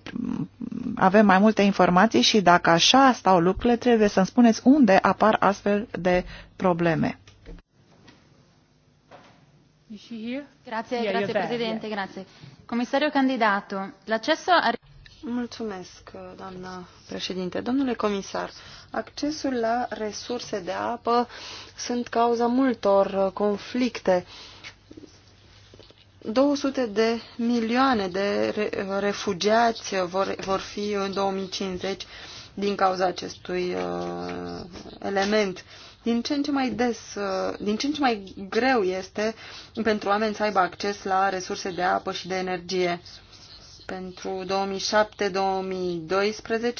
avem mai multe informații și dacă așa stau lucrurile, trebuie să-mi spuneți unde apar astfel de probleme. Grazie, yeah, grazie Presidente, grazie. Comisariu candidatul, l'accesso a... Mulțumesc, doamna președinte. Domnule comisar, accesul la resurse de apă sunt cauza multor uh, conflicte. 200 de milioane de uh, refugiați vor, vor fi în 2050 din cauza acestui uh, element. Uh, din ce în ce mai des, uh, din ce în ce mai greu este pentru oameni să aibă acces la resurse de apă și de energie. Pentru 2007-2012,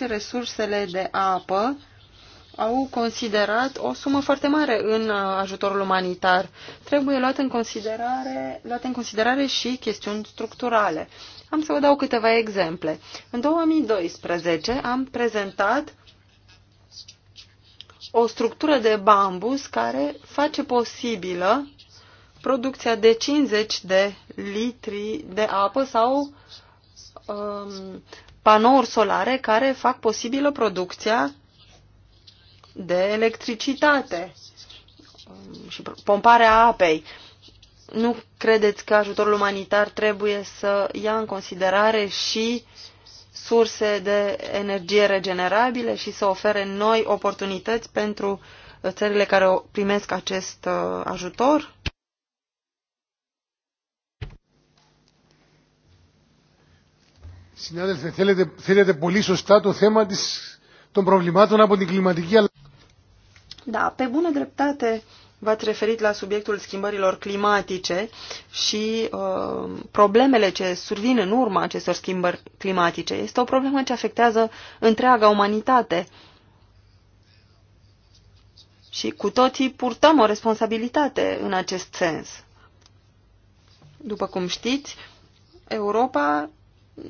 resursele de apă au considerat o sumă foarte mare în uh, ajutorul umanitar. Trebuie luat în considerare, luat în considerare și chestiuni structurale. Am să vă dau câteva exemple. În 2012 am prezentat o structură de bambus care face posibilă producția de 50 de litri de apă sau um, panouri solare care fac posibilă producția de electricitate um, și pomparea apei. Nu credeți că ajutorul umanitar trebuie să ia în considerare și uh, surse de energie regenerabile și să ofere noi oportunități pentru țările care primesc acest uh, ajutor? Συνάδελφε, θέλετε, θέλετε πολύ σωστά το θέμα της, των προβλημάτων από την κλιματική αλλαγή. Da, pe bună dreptate V-ați referit la subiectul schimbărilor climatice și uh, problemele ce survin în urma acestor schimbări climatice. Este o problemă ce afectează întreaga umanitate. Și cu toții purtăm o responsabilitate în acest sens. După cum știți, Europa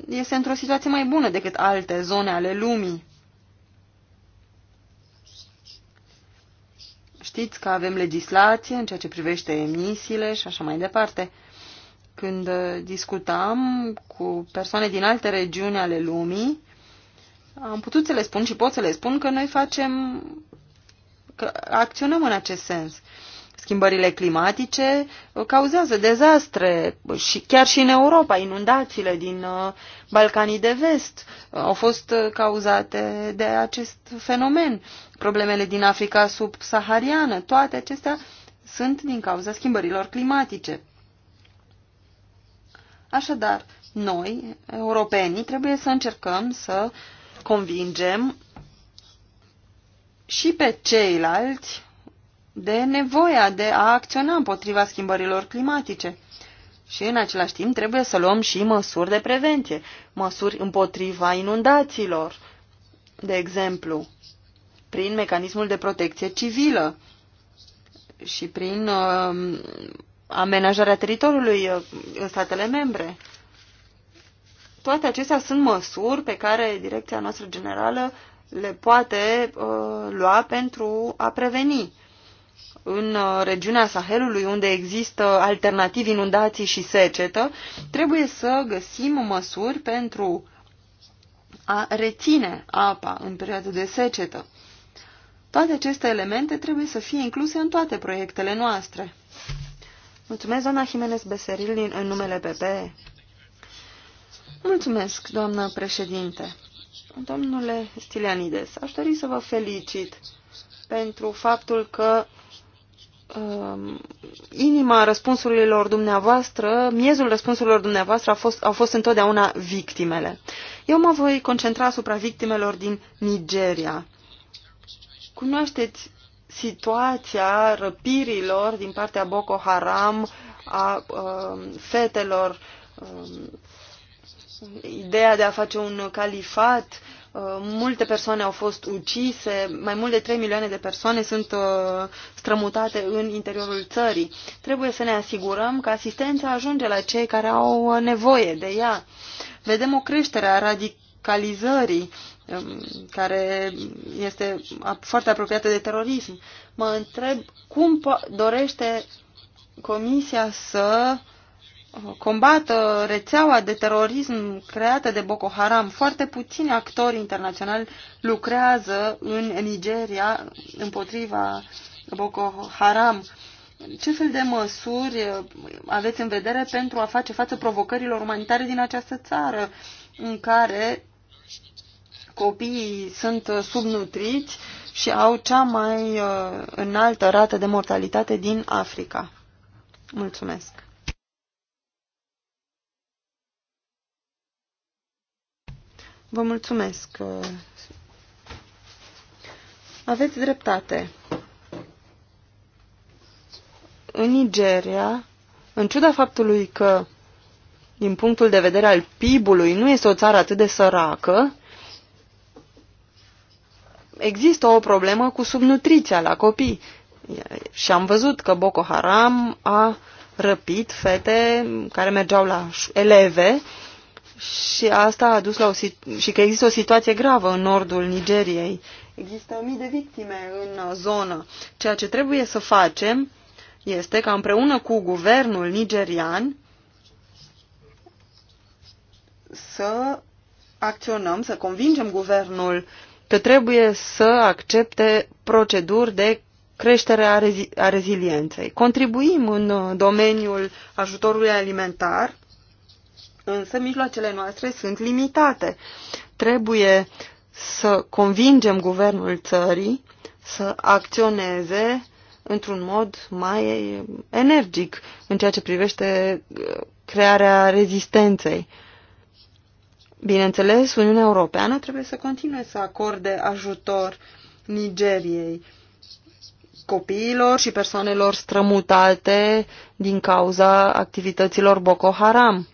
este într-o situație mai bună decât alte zone ale lumii. Știți că avem legislație în ceea ce privește emisiile și așa mai departe. Când uh, discutam cu persoane din alte regiuni ale lumii, am putut să le spun și pot să le spun că noi facem, că acționăm în acest sens. Uh, Schimbările climatice uh, cauzează dezastre și chiar și în Europa. Inundațiile din uh, Balcanii de Vest uh, au fost cauzate de acest fenomen. Problemele din Africa subsahariană, toate acestea sunt din cauza schimbărilor climatice. Așadar, noi, europenii, trebuie să încercăm să convingem și pe ceilalți de nevoia de a acționa împotriva schimbărilor climatice. Și în același timp trebuie să luăm și măsuri de prevenție, măsuri împotriva inundațiilor, de exemplu, prin mecanismul de protecție civilă și prin uh, amenajarea teritoriului uh, în statele membre. Toate acestea sunt măsuri pe care direcția noastră generală le poate uh, lua pentru a preveni în uh, regiunea Sahelului, unde există alternativ inundații și secetă, trebuie să găsim măsuri pentru a reține apa în perioada de secetă. Toate aceste elemente trebuie să fie incluse în toate proiectele noastre. Mulțumesc, doamna Jimenez Beseril, în numele PPE. Mulțumesc, doamnă președinte. Domnule Stilianides, aș dori să vă felicit pentru faptul că uh, inima răspunsurilor dumneavoastră, miezul răspunsurilor dumneavoastră a fost, au fost întotdeauna victimele. Eu mă voi concentra asupra victimelor din Nigeria. Cunoașteți situația răpirilor din partea Boko Haram, a uh, fetelor, uh, ideea de a face un califat, Uh, multe persoane au fost ucise, mai mult de 3 milioane de persoane sunt uh, strămutate în interiorul țării. Trebuie să ne asigurăm că asistența ajunge la cei care au uh, nevoie de ea. Vedem o creștere a radicalizării um, care este foarte apropiată de terorism. Mă întreb cum dorește Comisia să uh, combată rețeaua de terorism creată de Boko Haram. Foarte puțini actori internaționali lucrează în Nigeria împotriva Boko Haram. Ce fel de măsuri aveți în vedere pentru a face față provocărilor umanitare din această țară în care copiii sunt subnutriți și au cea mai uh, înaltă rată de mortalitate din Africa? Mulțumesc! Vă mulțumesc. Aveți dreptate. În Nigeria, în ciuda faptului că, din punctul de vedere al PIB-ului, nu este o țară atât de săracă, există o problemă cu subnutriția la copii. Și am văzut că Boko Haram a răpit fete care mergeau la eleve și asta a dus la o și că există o situație gravă în nordul Nigeriei. Există mii de victime în uh, zonă. Ceea ce trebuie să facem este ca împreună cu guvernul nigerian să acționăm, să convingem guvernul că trebuie să accepte proceduri de creștere a, rezi a rezilienței. Contribuim în uh, domeniul ajutorului alimentar Însă mijloacele noastre sunt limitate. Trebuie să convingem guvernul țării să acționeze într-un mod mai energic în ceea ce privește uh, crearea rezistenței. Bineînțeles, Uniunea Europeană trebuie să continue să acorde ajutor Nigeriei, copiilor și persoanelor strămutate din cauza activităților Boko Haram.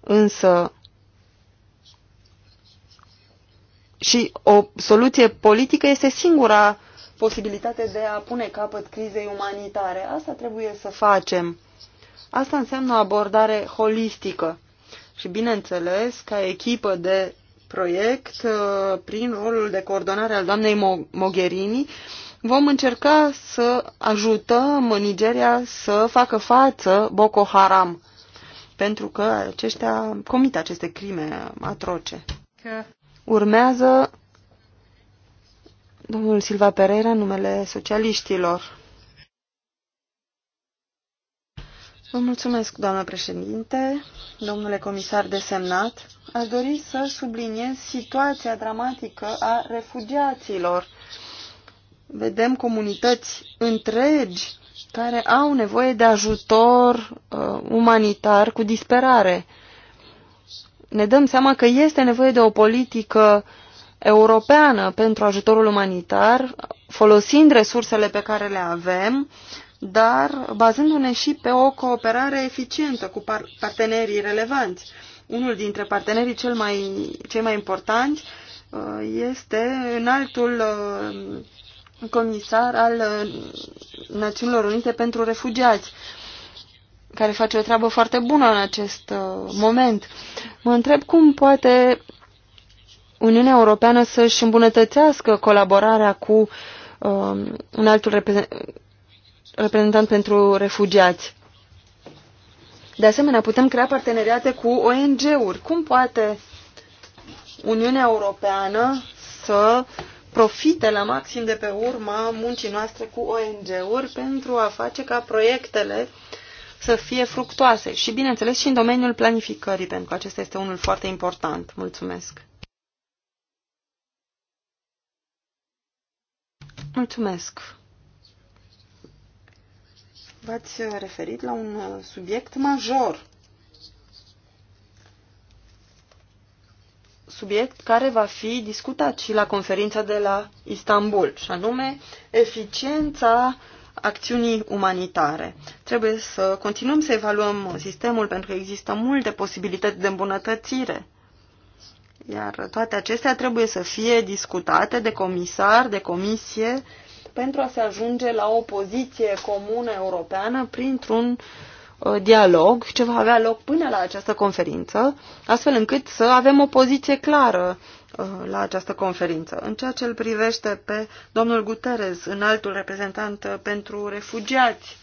Însă și o soluție politică este singura posibilitate de a pune capăt crizei umanitare. Asta trebuie să facem. Asta înseamnă o abordare holistică. Și bineînțeles, ca echipă de proiect, uh, prin rolul de coordonare al doamnei Mogherini, vom încerca să ajutăm Nigeria să facă față Boko Haram pentru că aceștia comit aceste crime atroce. Că... Urmează domnul Silva Pereira, numele socialiștilor. Vă mulțumesc, doamnă președinte, domnule comisar desemnat. Aș dori să subliniez situația dramatică a refugiaților. Vedem comunități întregi care au nevoie de ajutor uh, umanitar cu disperare. Ne dăm seama că este nevoie de o politică europeană pentru ajutorul umanitar, folosind resursele pe care le avem, dar bazându-ne și pe o cooperare eficientă cu par partenerii relevanți. Unul dintre partenerii cel mai, cei mai importanți uh, este altul. Uh, comisar al uh, Națiunilor Unite pentru Refugiați, care face o treabă foarte bună în acest uh, moment. Mă întreb cum poate Uniunea Europeană să-și îmbunătățească colaborarea cu um, un altul reprezentant pentru refugiați. De asemenea, putem crea parteneriate cu ONG-uri. Cum poate Uniunea Europeană să uh, profite la maxim de pe urma muncii noastre cu ONG-uri pentru a face ca proiectele să fie fructoase și, bineînțeles, și în domeniul planificării, pentru că acesta este unul foarte important. Mulțumesc! Mulțumesc! V-ați referit la un subiect major subiect care va fi discutat și la conferința de la Istanbul, și anume eficiența acțiunii umanitare. Trebuie să continuăm să evaluăm sistemul pentru că există multe posibilități de îmbunătățire. Iar toate acestea trebuie să fie discutate de comisar, de comisie, pentru a se ajunge la o poziție comună europeană printr-un uh, Uh, dialog ce va avea loc până la această conferință, astfel încât să avem o poziție clară uh, la această conferință. În ceea ce îl privește pe domnul Guterres, înaltul reprezentant uh, pentru refugiați,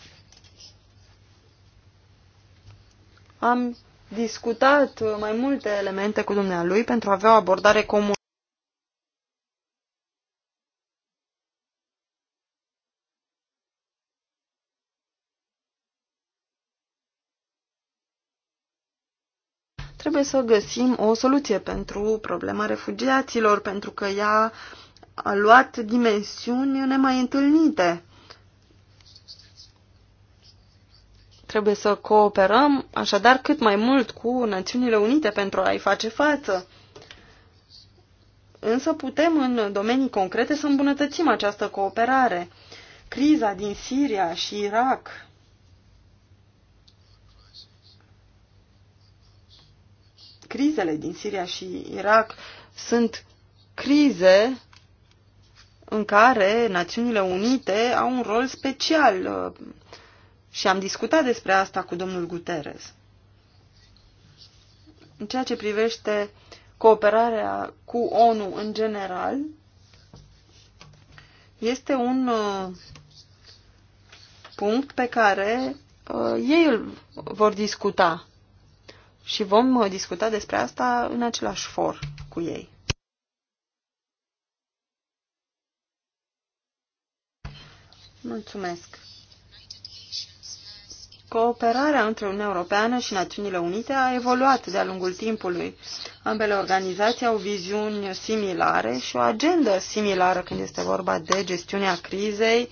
am discutat mai multe elemente cu dumnealui pentru a avea o abordare comună. Trebuie să găsim o soluție pentru problema refugiaților, pentru că ea a luat dimensiuni nemai întâlnite. Trebuie să cooperăm așadar cât mai mult cu Națiunile Unite pentru a-i face față. Însă putem în domenii concrete să îmbunătățim această cooperare. Criza din Siria și Irak crizele din Siria și Irak sunt crize în care Națiunile Unite au un rol special uh, și am discutat despre asta cu domnul Guterres. În ceea ce privește cooperarea cu ONU în general, este un uh, punct pe care uh, ei îl vor discuta și vom uh, discuta despre asta în același for cu ei. Mulțumesc. Cooperarea între Uniunea Europeană și Națiunile Unite a evoluat de-a lungul timpului. Ambele organizații au viziuni similare și o agendă similară când este vorba de gestiunea crizei,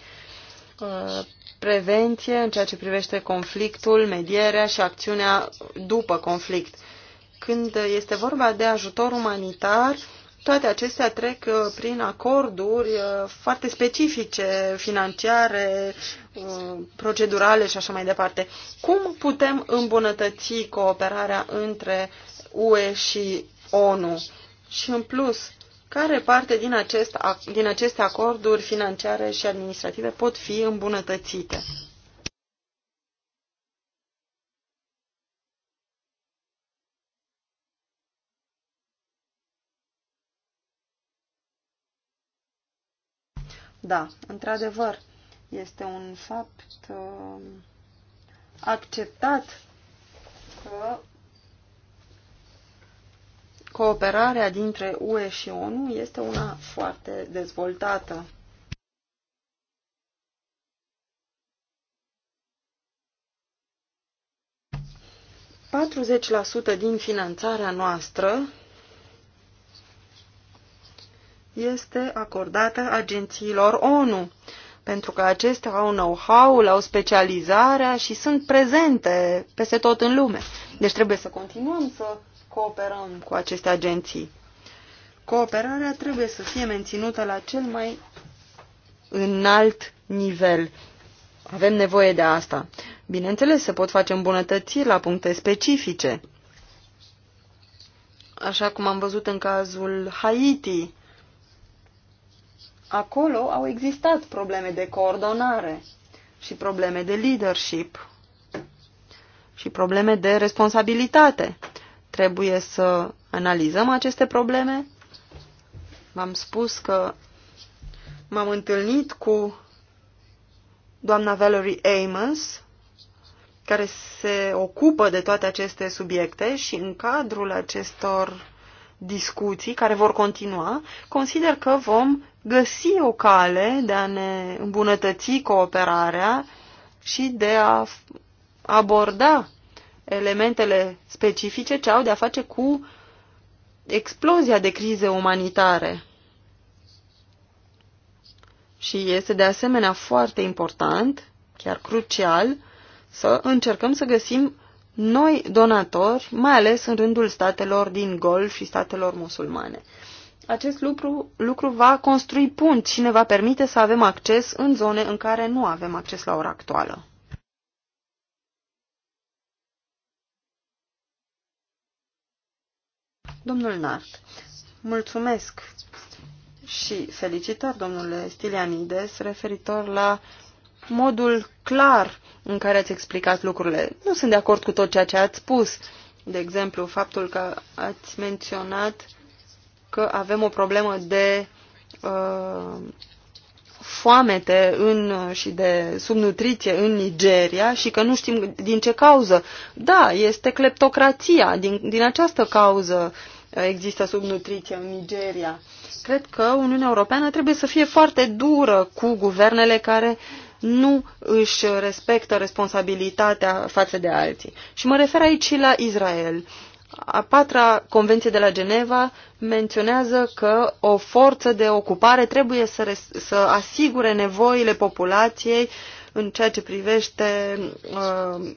uh, prevenție în ceea ce privește conflictul, medierea și acțiunea după conflict. Când este vorba de ajutor umanitar, toate acestea trec uh, prin acorduri uh, foarte specifice, financiare, uh, procedurale și așa mai departe. Cum putem îmbunătăți cooperarea între UE și ONU? Și în plus, care parte din, acest, din aceste acorduri financiare și administrative pot fi îmbunătățite? Da, într-adevăr, este un fapt uh, acceptat că Cooperarea dintre UE și ONU este una foarte dezvoltată. Patruzeci la sută din finanțarea noastră este acordată agențiilor ONU, pentru că acestea au know how au specializarea și sunt prezente peste tot în lume. Deci trebuie să continuăm să cooperăm cu aceste agenții. Cooperarea trebuie să fie menținută la cel mai înalt nivel. Avem nevoie de asta. Bineînțeles, se pot face îmbunătățiri la puncte specifice, așa cum am văzut în cazul Haiti. Acolo au existat probleme de coordonare și probleme de leadership și probleme de responsabilitate. Trebuie să analizăm aceste probleme. V-am spus că m-am întâlnit cu doamna Valerie Amos, care se ocupă de toate aceste subiecte și în cadrul acestor discuții care vor continua, consider că vom găsi o cale de a ne îmbunătăți cooperarea și de a aborda elementele specifice ce au de a face cu explozia de crize umanitare. Și este de asemenea foarte important, chiar crucial, să încercăm să găsim noi donatori, mai ales în rândul statelor din Golf și statelor musulmane. Acest lucru, lucru va construi punți și ne va permite să avem acces în zone în care nu avem acces la ora actuală. Domnul Nart, mulțumesc și felicitări, domnule Stilianides, referitor la modul clar în care ați explicat lucrurile. Nu sunt de acord cu tot ceea ce ați spus. De exemplu, faptul că ați menționat că avem o problemă de uh, foamete în, și de subnutriție în Nigeria și că nu știm din ce cauză. Da, este cleptocrația. Din, din această cauză uh, există subnutriție în Nigeria. Cred că Uniunea Europeană trebuie să fie foarte dură cu guvernele care nu își respectă responsabilitatea față de alții. Și mă refer aici și la Israel. A patra convenție de la Geneva menționează că o forță de ocupare trebuie să, să asigure nevoile populației în ceea ce privește uh,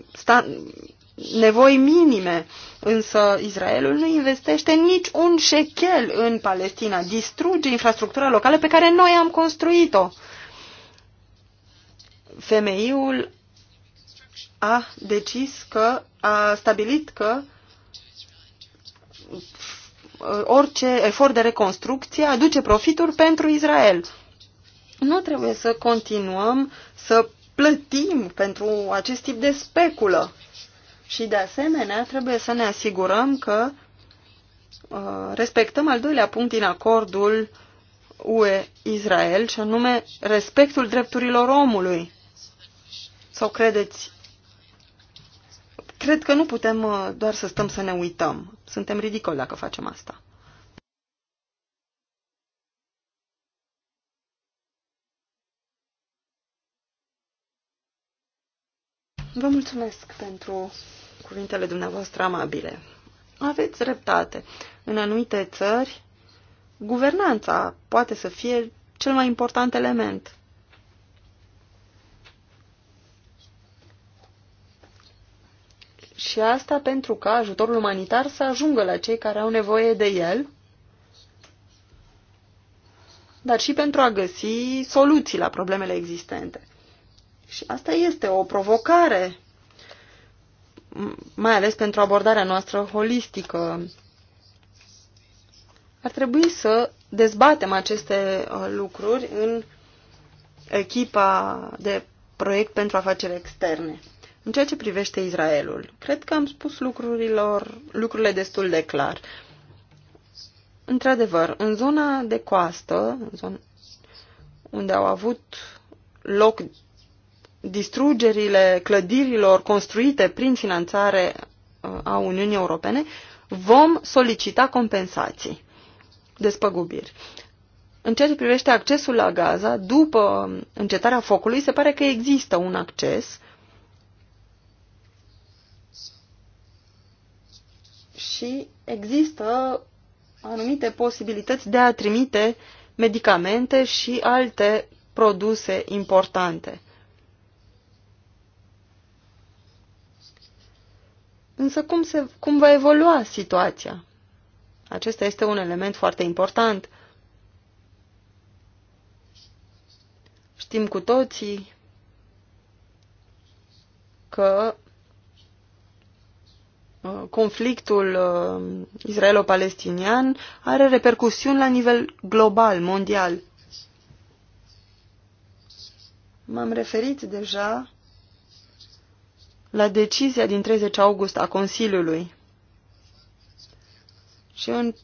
nevoi minime, însă Israelul nu investește nici un șechel în Palestina, distruge infrastructura locală pe care noi am construit-o. Femeiul a decis că, a stabilit că uh, orice efort de reconstrucție aduce profituri pentru Israel. Nu trebuie să continuăm să plătim pentru acest tip de speculă. Și de asemenea trebuie să ne asigurăm că uh, respectăm al doilea punct din acordul UE-Israel și anume respectul drepturilor omului. Sau credeți? Cred că nu putem uh, doar să stăm să ne uităm. Suntem ridicoli dacă facem asta. Vă mulțumesc pentru cuvintele dumneavoastră amabile. Aveți dreptate. În anumite țări, guvernanța poate să fie cel mai important element. Și asta pentru ca ajutorul umanitar să ajungă la cei care au nevoie de el, dar și pentru a găsi soluții la problemele existente. Și asta este o provocare mai ales pentru abordarea noastră holistică. Ar trebui să dezbatem aceste uh, lucruri în echipa de proiect pentru afaceri externe. În ceea ce privește Israelul, cred că am spus lucrurilor, lucrurile destul de clar. Într-adevăr, în zona de coastă, în zona unde au avut loc distrugerile clădirilor construite prin finanțare uh, a Uniunii Europene, vom solicita compensații, despăgubiri. În ceea ce privește accesul la Gaza, după încetarea focului, se pare că există un acces și există anumite posibilități de a trimite medicamente și alte produse importante. Însă cum, se, cum va evolua situația? Acesta este un element foarte important. Știm cu toții că uh, conflictul uh, israelo-palestinian are repercusiuni la nivel global, mondial. M-am referit deja la decizia din 30 august a Consiliului. Și în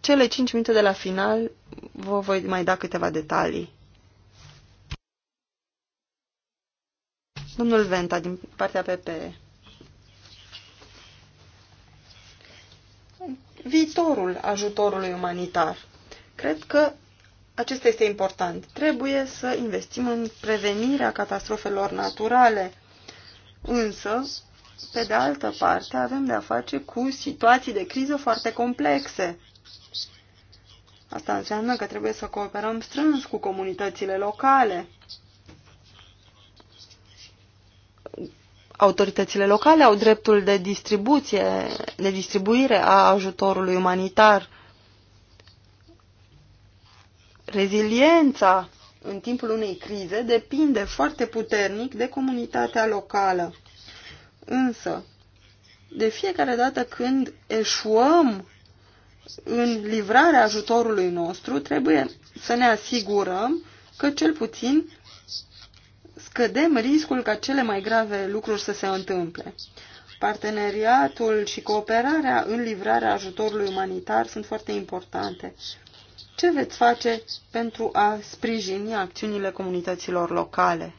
cele 5 minute de la final vă voi mai da câteva detalii. Domnul Venta, din partea PPE. Viitorul ajutorului umanitar. Cred că acesta este important. Trebuie să investim în prevenirea catastrofelor naturale Însă, pe de altă parte, avem de-a face cu situații de criză foarte complexe. Asta înseamnă că trebuie să cooperăm strâns cu comunitățile locale. Autoritățile locale au dreptul de distribuție, de distribuire a ajutorului umanitar. Reziliența în timpul unei crize depinde foarte puternic de comunitatea locală. Însă, de fiecare dată când eșuăm în livrarea ajutorului nostru, trebuie să ne asigurăm că cel puțin scădem riscul ca cele mai grave lucruri să se întâmple. Parteneriatul și cooperarea în livrarea ajutorului umanitar sunt foarte importante. Ce veți face pentru a sprijini acțiunile comunităților locale?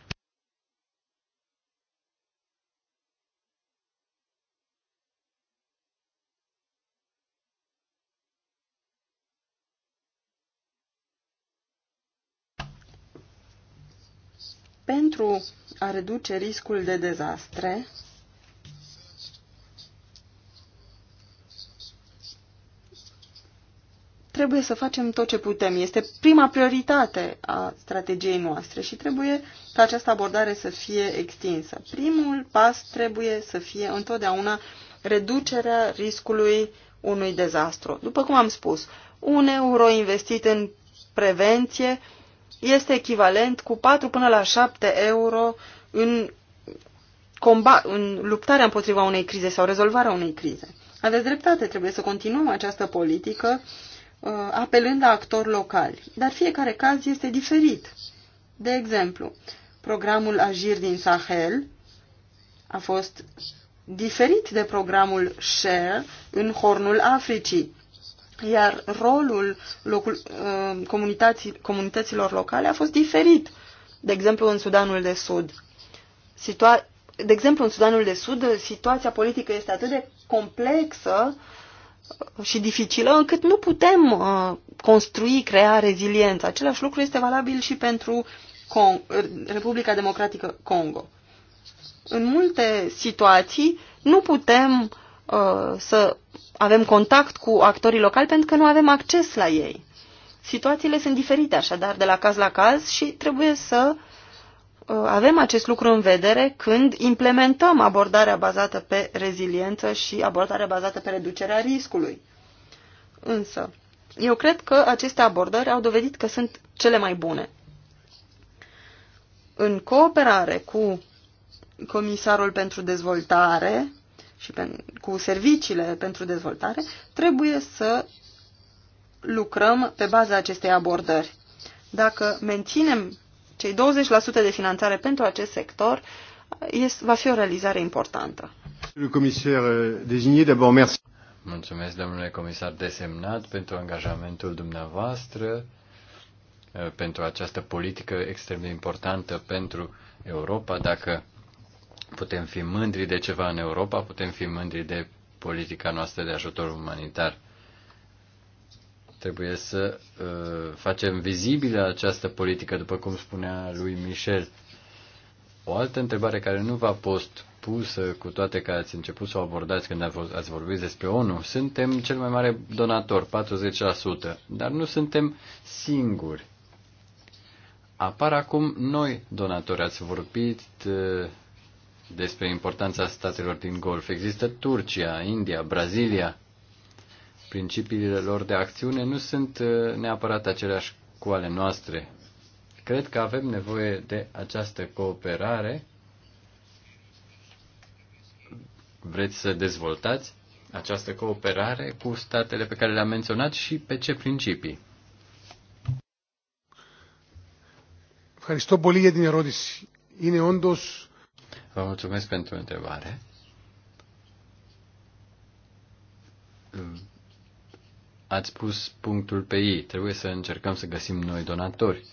Pentru a reduce riscul de dezastre, trebuie să facem tot ce putem. Este prima prioritate a strategiei noastre și trebuie ca această abordare să fie extinsă. Primul pas trebuie să fie întotdeauna reducerea riscului unui dezastru. După cum am spus, un euro investit în prevenție este echivalent cu 4 până la 7 euro în, combat, în luptarea împotriva unei crize sau rezolvarea unei crize. Aveți dreptate, trebuie să continuăm această politică Uh, apelând la actori locali. Dar fiecare caz este diferit. De exemplu, programul Agir din Sahel a fost diferit de programul Share în Hornul Africii, iar rolul locul, uh, comunităților locale a fost diferit. De exemplu, în Sudanul de Sud. Situa de exemplu, în Sudanul de Sud, situația politică este atât de complexă și dificilă încât nu putem uh, construi, crea reziliență. Același lucru este valabil și pentru Cong- Republica Democratică Congo. În multe situații nu putem uh, să avem contact cu actorii locali pentru că nu avem acces la ei. Situațiile sunt diferite așadar de la caz la caz și trebuie să uh, Uh, avem acest lucru în vedere când implementăm abordarea bazată pe reziliență și abordarea bazată pe reducerea riscului. Însă, eu cred că aceste abordări au dovedit că sunt cele mai bune. În cooperare cu Comisarul pentru Dezvoltare și pe, cu serviciile pentru dezvoltare, trebuie să lucrăm pe baza acestei abordări. Dacă menținem cei 20% de finanțare pentru acest sector va fi o realizare importantă. Mulțumesc, domnule comisar desemnat, pentru angajamentul dumneavoastră, eh, pentru această politică extrem de importantă pentru Europa. Dacă putem fi mândri de ceva în Europa, putem fi mândri de politica noastră de ajutor umanitar. Trebuie să uh, facem vizibilă această politică, după cum spunea lui Michel. O altă întrebare care nu v-a fost pusă, cu toate că ați început să o abordați când ați vorbit despre ONU, suntem cel mai mare donator, 40%, dar nu suntem singuri. Apar acum noi donatori. Ați vorbit uh, despre importanța statelor din Golf. Există Turcia, India, Brazilia principiile lor de acțiune nu sunt uh, neapărat aceleași cu ale noastre. Cred că avem nevoie de această cooperare. Vreți să dezvoltați această cooperare cu statele pe care le-am menționat și pe ce principii? Ευχαριστώ din για την ερώτηση. Είναι όντως... Vă mulțumesc pentru întrebare ați pus punctul pe ei. Trebuie să încercăm să găsim noi donatori.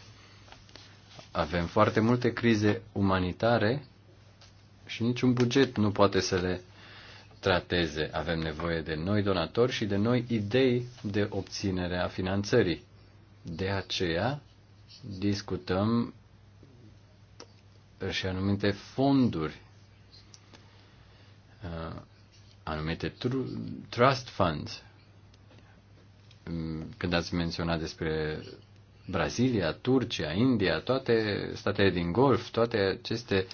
Avem foarte multe crize umanitare și niciun buget nu poate să le trateze. Avem nevoie de noi donatori și de noi idei de obținere a finanțării. De aceea discutăm și anumite fonduri, uh, anumite trust funds, când ați menționat despre Brazilia, Turcia, India, toate statele din Golf, toate aceste,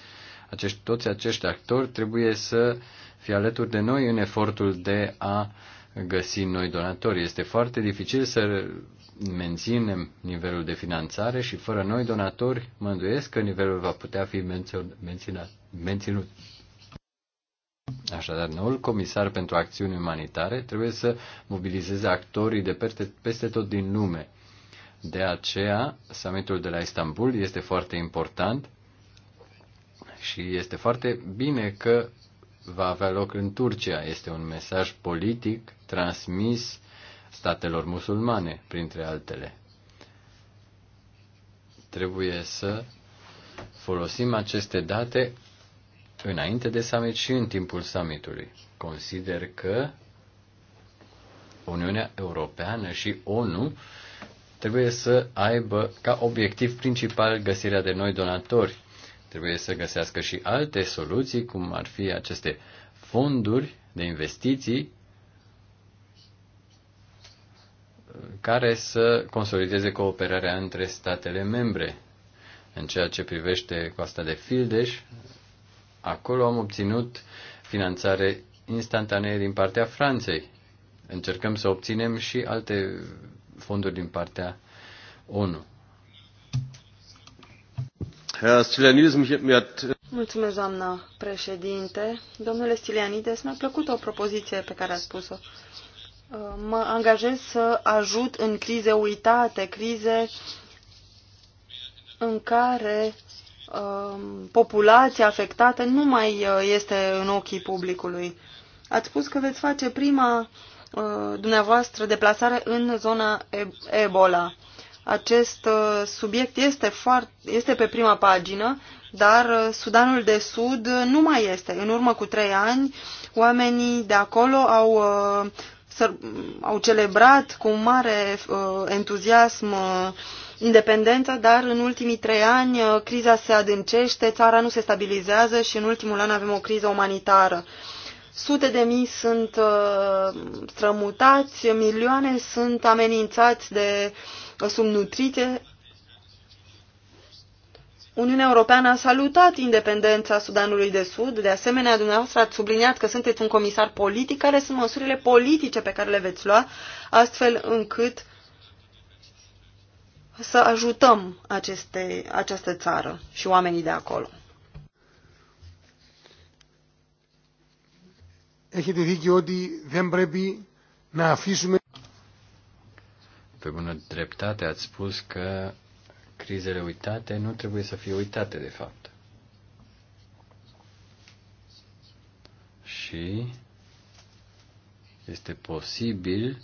acești, toți acești actori trebuie să fie alături de noi în efortul de a găsi noi donatori. Este foarte dificil să menținem nivelul de finanțare și fără noi donatori mă că nivelul va putea fi menținut. Așadar, noul comisar pentru acțiuni umanitare trebuie să mobilizeze actorii de peste, peste tot din lume. De aceea, summitul de la Istanbul este foarte important și este foarte bine că va avea loc în Turcia. Este un mesaj politic transmis statelor musulmane, printre altele. Trebuie să folosim aceste date înainte de summit și în timpul summitului. Consider că Uniunea Europeană și ONU trebuie să aibă ca obiectiv principal găsirea de noi donatori. Trebuie să găsească și alte soluții, cum ar fi aceste fonduri de investiții care să consolideze cooperarea între statele membre. În ceea ce privește coasta de Fildeș, Acolo am obținut finanțare instantanee din partea Franței. Încercăm să obținem și alte fonduri din partea ONU. Mulțumesc, doamnă președinte. Domnule Stilianides, mi-a plăcut o propoziție pe care a spus-o. Uh, mă angajez să ajut în crize uitate, crize în care Um, populația afectată nu mai uh, este în ochii publicului. Ați spus că veți face prima uh, dumneavoastră deplasare în zona Ebola. Acest uh, subiect este, foarte, este pe prima pagină, dar Sudanul de Sud nu mai este. În urmă cu trei ani, oamenii de acolo au, au celebrat cu mare entuziasm independență, dar în ultimii trei ani uh, criza se adâncește, țara nu se stabilizează și în ultimul an avem o criză umanitară. Sute de mii sunt uh, strămutați, milioane sunt amenințați de subnutriție. Uniunea Europeană a salutat independența Sudanului de Sud. De asemenea, dumneavoastră ați subliniat că sunteți un comisar politic. Care sunt măsurile politice pe care le veți lua, astfel încât să ajutăm aceste, această țară și oamenii de acolo. Pe bună dreptate ați spus că crizele uitate nu trebuie să fie uitate, de fapt. Și este posibil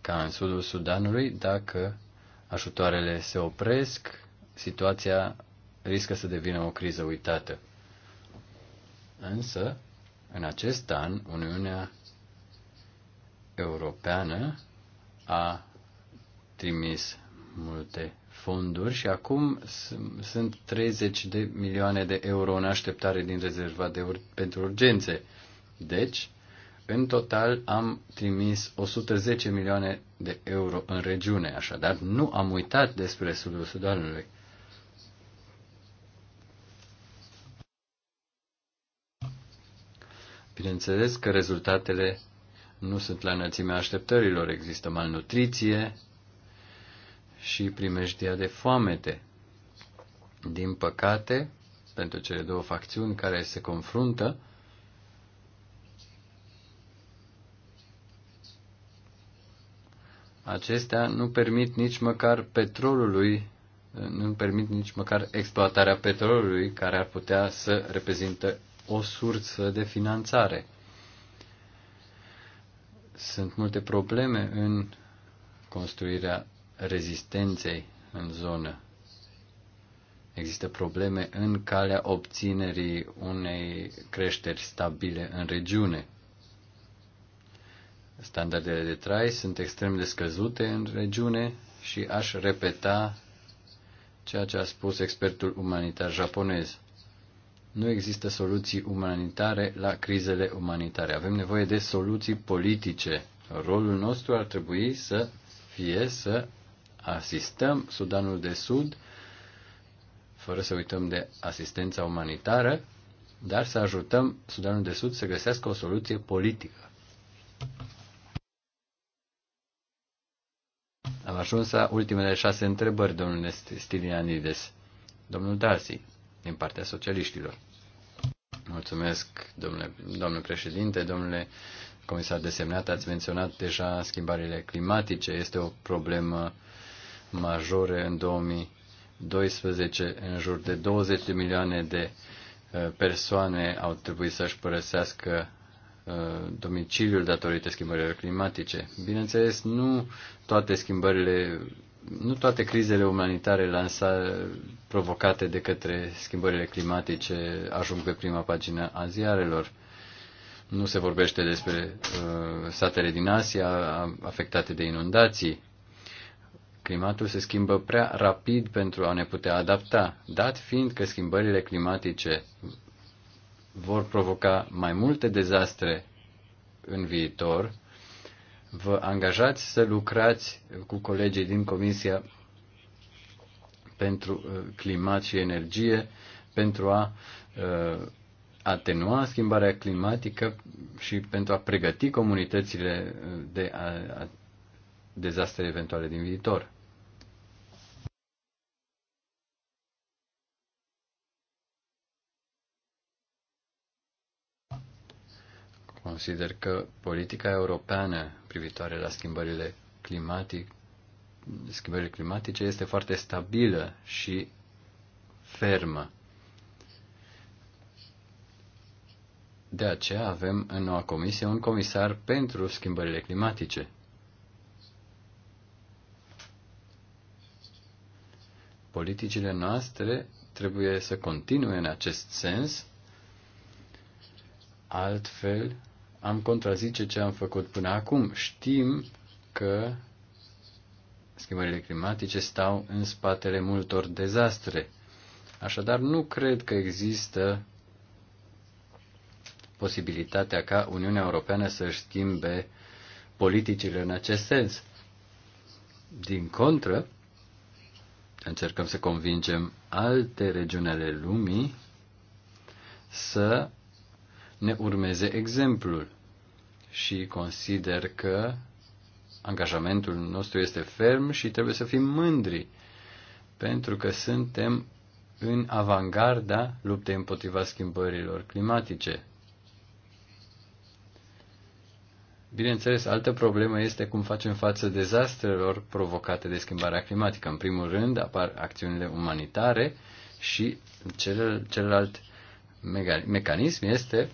ca în sudul Sudanului, dacă ajutoarele se opresc, situația riscă să devină o criză uitată. Însă, în acest an, Uniunea Europeană a trimis multe fonduri și acum sunt 30 de milioane de euro în așteptare din rezerva de ur- pentru urgențe. Deci, în total am trimis 110 milioane de euro în regiune, așadar nu am uitat despre sudul Sudanului. Bineînțeles că rezultatele nu sunt la înălțimea așteptărilor. Există malnutriție și primejdia de foamete. Din păcate, pentru cele două facțiuni care se confruntă, acestea nu permit nici măcar petrolului, nu permit nici măcar exploatarea petrolului, care ar putea să reprezintă o sursă de finanțare. Sunt multe probleme în construirea rezistenței în zonă. Există probleme în calea obținerii unei creșteri stabile în regiune. Standardele de trai sunt extrem de scăzute în regiune și aș repeta ceea ce a spus expertul umanitar japonez. Nu există soluții umanitare la crizele umanitare. Avem nevoie de soluții politice. Rolul nostru ar trebui să fie să asistăm Sudanul de Sud, fără să uităm de asistența umanitară, dar să ajutăm Sudanul de Sud să găsească o soluție politică. Am ajuns la ultimele șase întrebări, domnule Stilianides. Domnul Darcy, din partea socialiștilor. Mulțumesc, domnule, domnule președinte, domnule comisar desemnat. Ați menționat deja schimbările climatice. Este o problemă majoră în 2012. În jur de 20 de milioane de uh, persoane au trebuit să-și părăsească Uh, domiciliul datorită schimbărilor climatice. Bineînțeles, nu toate schimbările, nu toate crizele umanitare lansa, provocate de către schimbările climatice ajung pe prima pagină a ziarelor. Nu se vorbește despre uh, satele din Asia afectate de inundații. Climatul se schimbă prea rapid pentru a ne putea adapta, dat fiind că schimbările climatice vor provoca mai multe dezastre în viitor. Vă angajați să lucrați cu colegii din Comisia pentru uh, Climat și Energie pentru a uh, atenua schimbarea climatică și pentru a pregăti comunitățile uh, de a, a, dezastre eventuale din viitor. Consider că politica europeană privitoare la schimbările climatic, schimbările climatice este foarte stabilă și fermă. De aceea avem în noua comisie un comisar pentru schimbările climatice. Politicile noastre trebuie să continue în acest sens, altfel am contrazice ce am făcut până acum. Știm că schimbările climatice stau în spatele multor dezastre. Așadar, nu cred că există posibilitatea ca Uniunea Europeană să-și schimbe politicile în acest sens. Din contră, încercăm să convingem alte regiuni ale lumii să ne urmeze exemplul și consider că angajamentul nostru este ferm și trebuie să fim mândri, pentru că suntem în avangarda luptei împotriva schimbărilor climatice. Bineînțeles, altă problemă este cum facem față dezastrelor provocate de schimbarea climatică. În primul rând apar acțiunile umanitare și celălalt mecanism este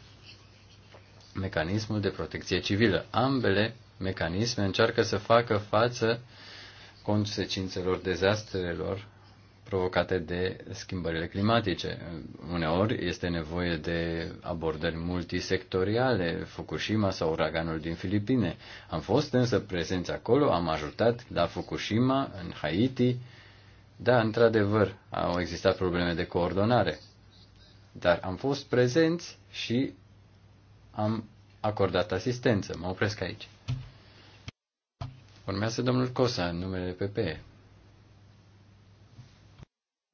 mecanismul de protecție civilă. Ambele mecanisme încearcă să facă față consecințelor dezastrelor provocate de schimbările climatice. Uneori este nevoie de abordări multisectoriale, Fukushima sau uraganul din Filipine. Am fost însă prezenți acolo, am ajutat la Fukushima, în Haiti. Da, într-adevăr, au existat probleme de coordonare. Dar am fost prezenți și am acordat asistență. Mă opresc aici. Urmează domnul Cosa în numele PP.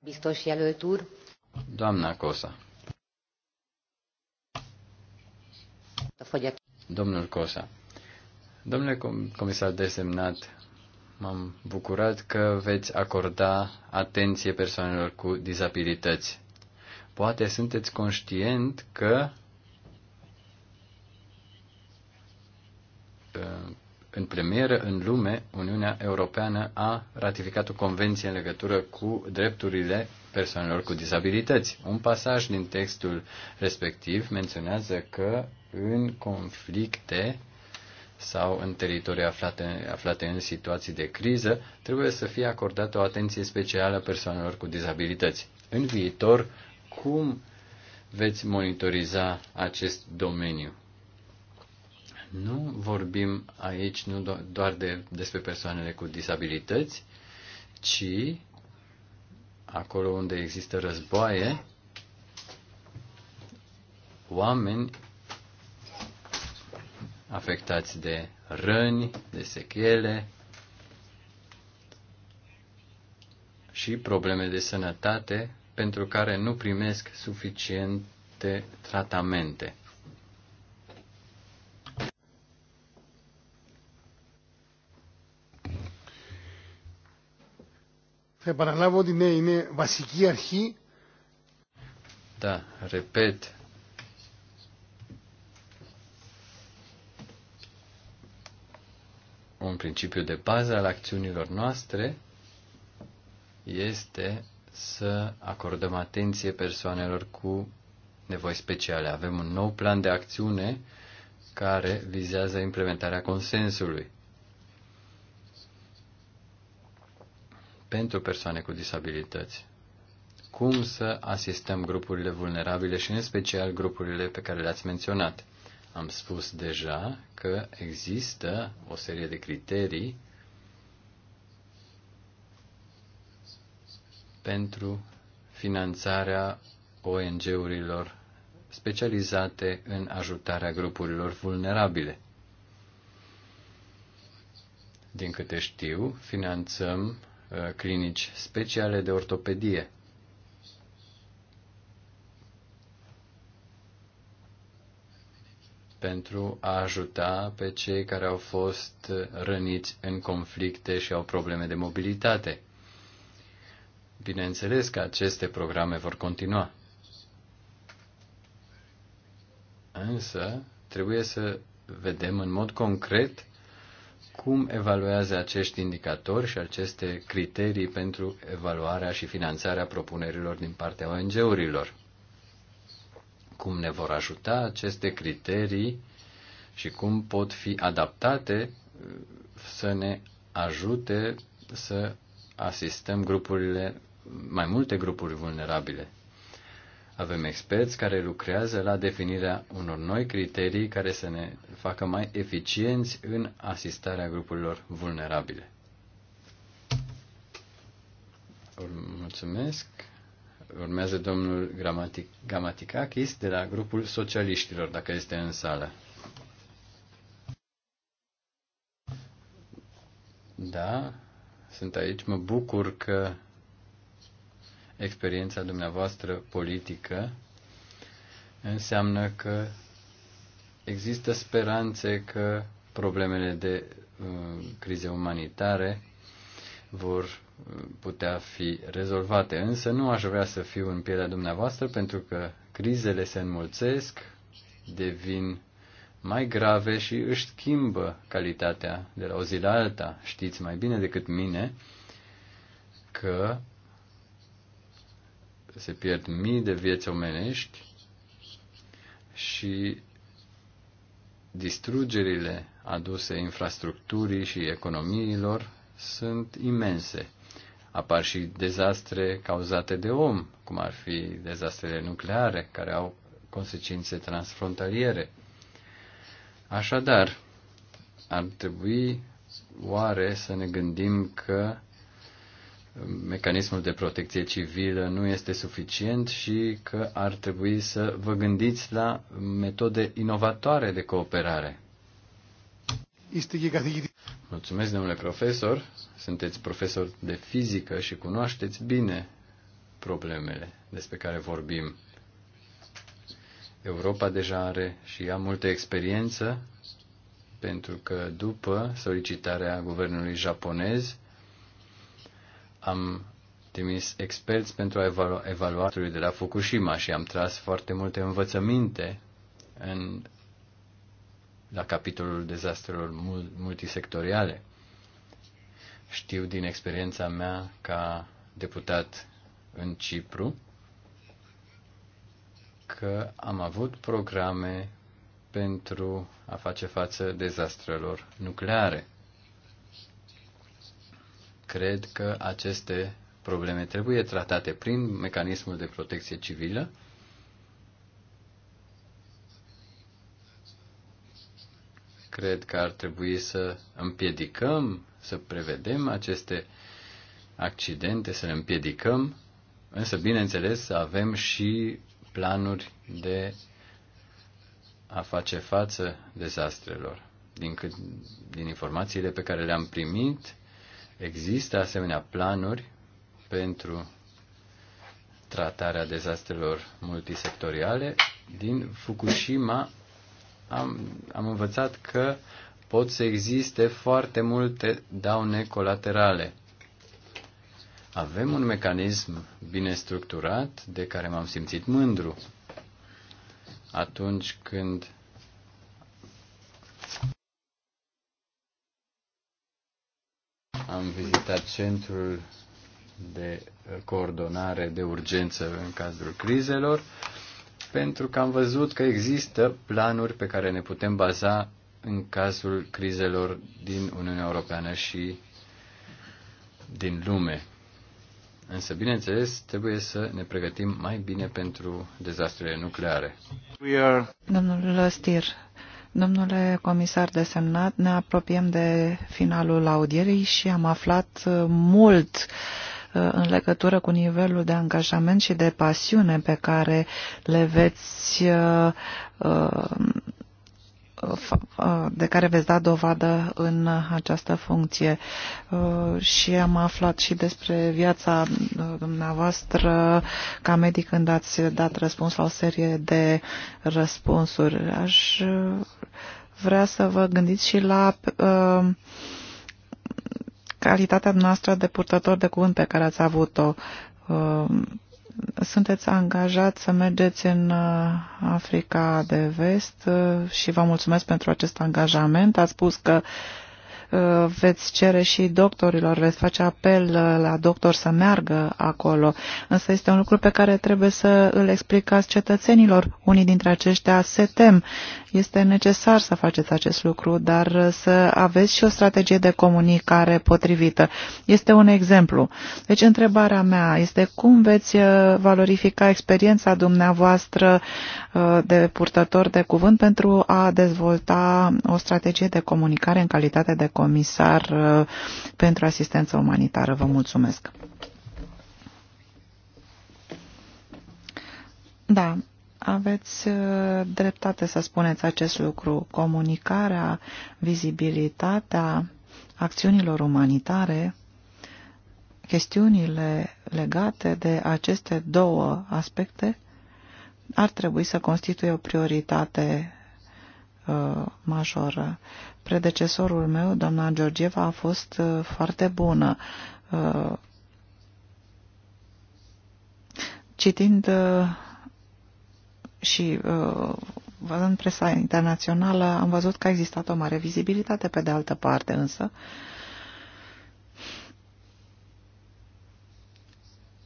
Biztos jelölt Doamna Cosa. Domnul Cosa. Domnule comisar desemnat, m-am bucurat că veți acorda atenție persoanelor cu dizabilități. Poate sunteți conștient că Uh, în premieră în lume, Uniunea Europeană a ratificat o convenție în legătură cu drepturile persoanelor cu dizabilități. Un pasaj din textul respectiv menționează că în conflicte sau în teritorii aflate, aflate în situații de criză, trebuie să fie acordată o atenție specială persoanelor cu dizabilități. În viitor, cum veți monitoriza acest domeniu? Nu vorbim aici nu do- doar de, despre persoanele cu disabilități, ci acolo unde există războaie, oameni afectați de răni, de sechele și probleme de sănătate pentru care nu primesc suficiente tratamente. Θα επαναλάβω ότι ναι, είναι βασική αρχή. Da, repet. Un principiu de bază al acțiunilor noastre este să acordăm atenție persoanelor cu nevoi speciale. Avem un nou plan de acțiune care vizează implementarea consensului. pentru persoane cu disabilități. Cum să asistăm grupurile vulnerabile și în special grupurile pe care le-ați menționat? Am spus deja că există o serie de criterii pentru finanțarea ONG-urilor specializate în ajutarea grupurilor vulnerabile. Din câte știu, finanțăm Uh, clinici speciale de ortopedie. pentru a ajuta pe cei care au fost răniți în conflicte și au probleme de mobilitate. Bineînțeles că aceste programe vor continua. Însă, trebuie să vedem în mod concret cum evaluează acești indicatori și aceste criterii pentru evaluarea și finanțarea propunerilor din partea ONG-urilor. Cum ne vor ajuta aceste criterii și cum pot fi adaptate să ne ajute să asistăm grupurile, mai multe grupuri vulnerabile. Avem experți care lucrează la definirea unor noi criterii care să ne facă mai eficienți în asistarea grupurilor vulnerabile. Mulțumesc. Urmează domnul Gramatic, Gramaticakis de la grupul socialiștilor, dacă este în sală. Da, sunt aici. Mă bucur că experiența dumneavoastră politică înseamnă că există speranțe că problemele de uh, crize umanitare vor uh, putea fi rezolvate. Însă nu aș vrea să fiu în pielea dumneavoastră pentru că crizele se înmulțesc, devin mai grave și își schimbă calitatea de la o zi la alta. Știți mai bine decât mine că se pierd mii de vieți omenești și distrugerile aduse infrastructurii și economiilor sunt imense. Apar și dezastre cauzate de om, cum ar fi dezastrele nucleare, care au consecințe transfrontaliere. Așadar, ar trebui oare să ne gândim că mecanismul de protecție civilă nu este suficient și că ar trebui să vă gândiți la metode inovatoare de cooperare. Mulțumesc, domnule profesor. Sunteți profesor de fizică și cunoașteți bine problemele despre care vorbim. Europa deja are și ea multă experiență, pentru că după solicitarea guvernului japonez, am trimis experți pentru a evalua, evalua de la Fukushima și am tras foarte multe învățăminte în, la capitolul dezastrelor multisectoriale. Știu din experiența mea ca deputat în Cipru că am avut programe pentru a face față dezastrelor nucleare cred că aceste probleme trebuie tratate prin mecanismul de protecție civilă. Cred că ar trebui să împiedicăm, să prevedem aceste accidente, să le împiedicăm, însă, bineînțeles, să avem și planuri de a face față dezastrelor. Din, cât, din informațiile pe care le-am primit, Există asemenea planuri pentru tratarea dezastrelor multisectoriale. Din Fukushima am, am învățat că pot să existe foarte multe daune colaterale. Avem un mecanism bine structurat de care m-am simțit mândru atunci când Am vizitat centrul de uh, coordonare de urgență în cazul crizelor, pentru că am văzut că există planuri pe care ne putem baza în cazul crizelor din Uniunea Europeană și din lume. Însă, bineînțeles, trebuie să ne pregătim mai bine pentru dezastrele nucleare. Domnul Lăstir, Domnule comisar desemnat, ne apropiem de finalul audierii și am aflat uh, mult uh, în legătură cu nivelul de angajament și de pasiune pe care le veți uh, de care veți da dovadă în această funcție. Și am aflat și despre viața dumneavoastră ca medic când ați dat răspuns la o serie de răspunsuri. Aș vrea să vă gândiți și la calitatea noastră de purtător de cuvânt pe care ați avut-o sunteți angajat să mergeți în uh, Africa de Vest uh, și vă mulțumesc pentru acest angajament. Ați spus că Uh, veți cere și doctorilor, veți face apel uh, la doctor să meargă acolo. Însă este un lucru pe care trebuie să îl explicați cetățenilor. Unii dintre aceștia se tem. Este necesar să faceți acest lucru, dar să aveți și o strategie de comunicare potrivită. Este un exemplu. Deci întrebarea mea este cum veți uh, valorifica experiența dumneavoastră de purtător de cuvânt pentru a dezvolta o strategie de comunicare în calitate de comisar uh, pentru asistență umanitară. Vă mulțumesc. Da, aveți uh, dreptate să spuneți acest lucru. Comunicarea, vizibilitatea acțiunilor umanitare, chestiunile legate de aceste două aspecte ar trebui să constituie o prioritate uh, majoră. Predecesorul meu, doamna Georgieva, a fost uh, foarte bună. Uh, citind uh, și văzând presa internațională, am văzut că a existat o mare vizibilitate pe de altă parte, însă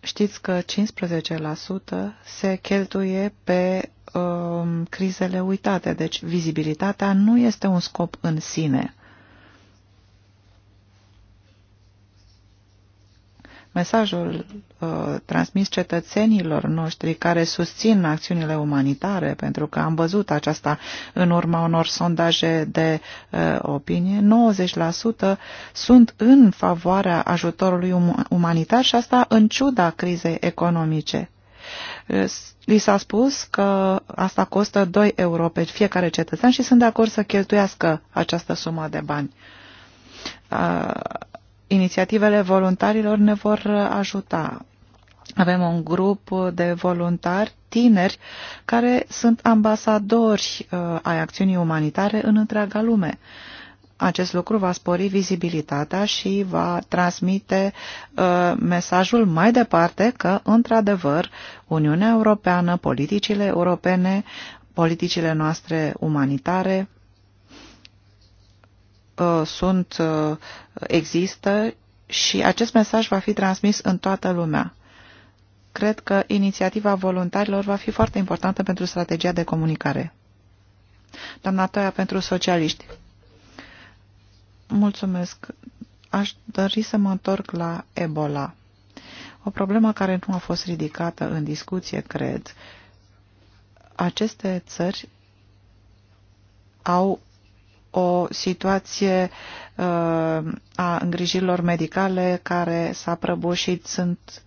Știți că 15% se cheltuie pe Um, crizele uitate. Deci vizibilitatea nu este un scop în sine. Mesajul uh, transmis cetățenilor noștri care susțin acțiunile umanitare, pentru că am văzut aceasta în urma unor sondaje de uh, opinie, 90% sunt în favoarea ajutorului um umanitar și asta în ciuda crizei economice. Li s-a spus că asta costă 2 euro pe fiecare cetățean și sunt de acord să cheltuiască această sumă de bani. Inițiativele voluntarilor ne vor ajuta. Avem un grup de voluntari tineri care sunt ambasadori ai acțiunii umanitare în întreaga lume. Uh, acest lucru va spori vizibilitatea și va transmite uh, mesajul mai departe că, într-adevăr, Uniunea Europeană, politicile europene, politicile noastre umanitare uh, sunt, uh, există și acest mesaj va fi transmis în toată lumea. Cred că inițiativa voluntarilor va fi foarte importantă pentru strategia de comunicare. Doamna Toia pentru socialiști. Mulțumesc. Aș dori să mă întorc la Ebola. O problemă care nu a fost ridicată în discuție, cred. Aceste țări au o situație uh, a îngrijirilor medicale care s-a prăbușit. Sunt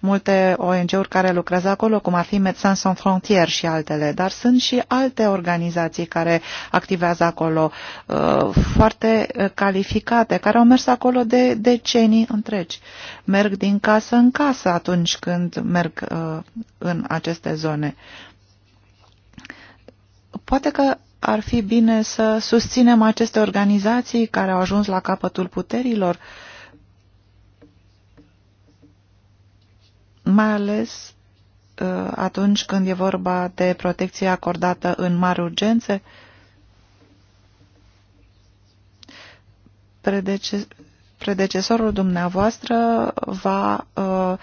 multe ONG-uri care lucrează acolo, cum ar fi Médecins Sans Frontières și altele, dar sunt și alte organizații care activează acolo, uh, foarte uh, calificate, care au mers acolo de decenii întregi. Merg din casă în casă atunci când merg uh, în aceste zone. Poate că ar fi bine să susținem aceste organizații care au ajuns la capătul puterilor uh, mai ales ă, atunci când e vorba de protecție acordată în mari urgențe, predece predecesorul dumneavoastră va uh,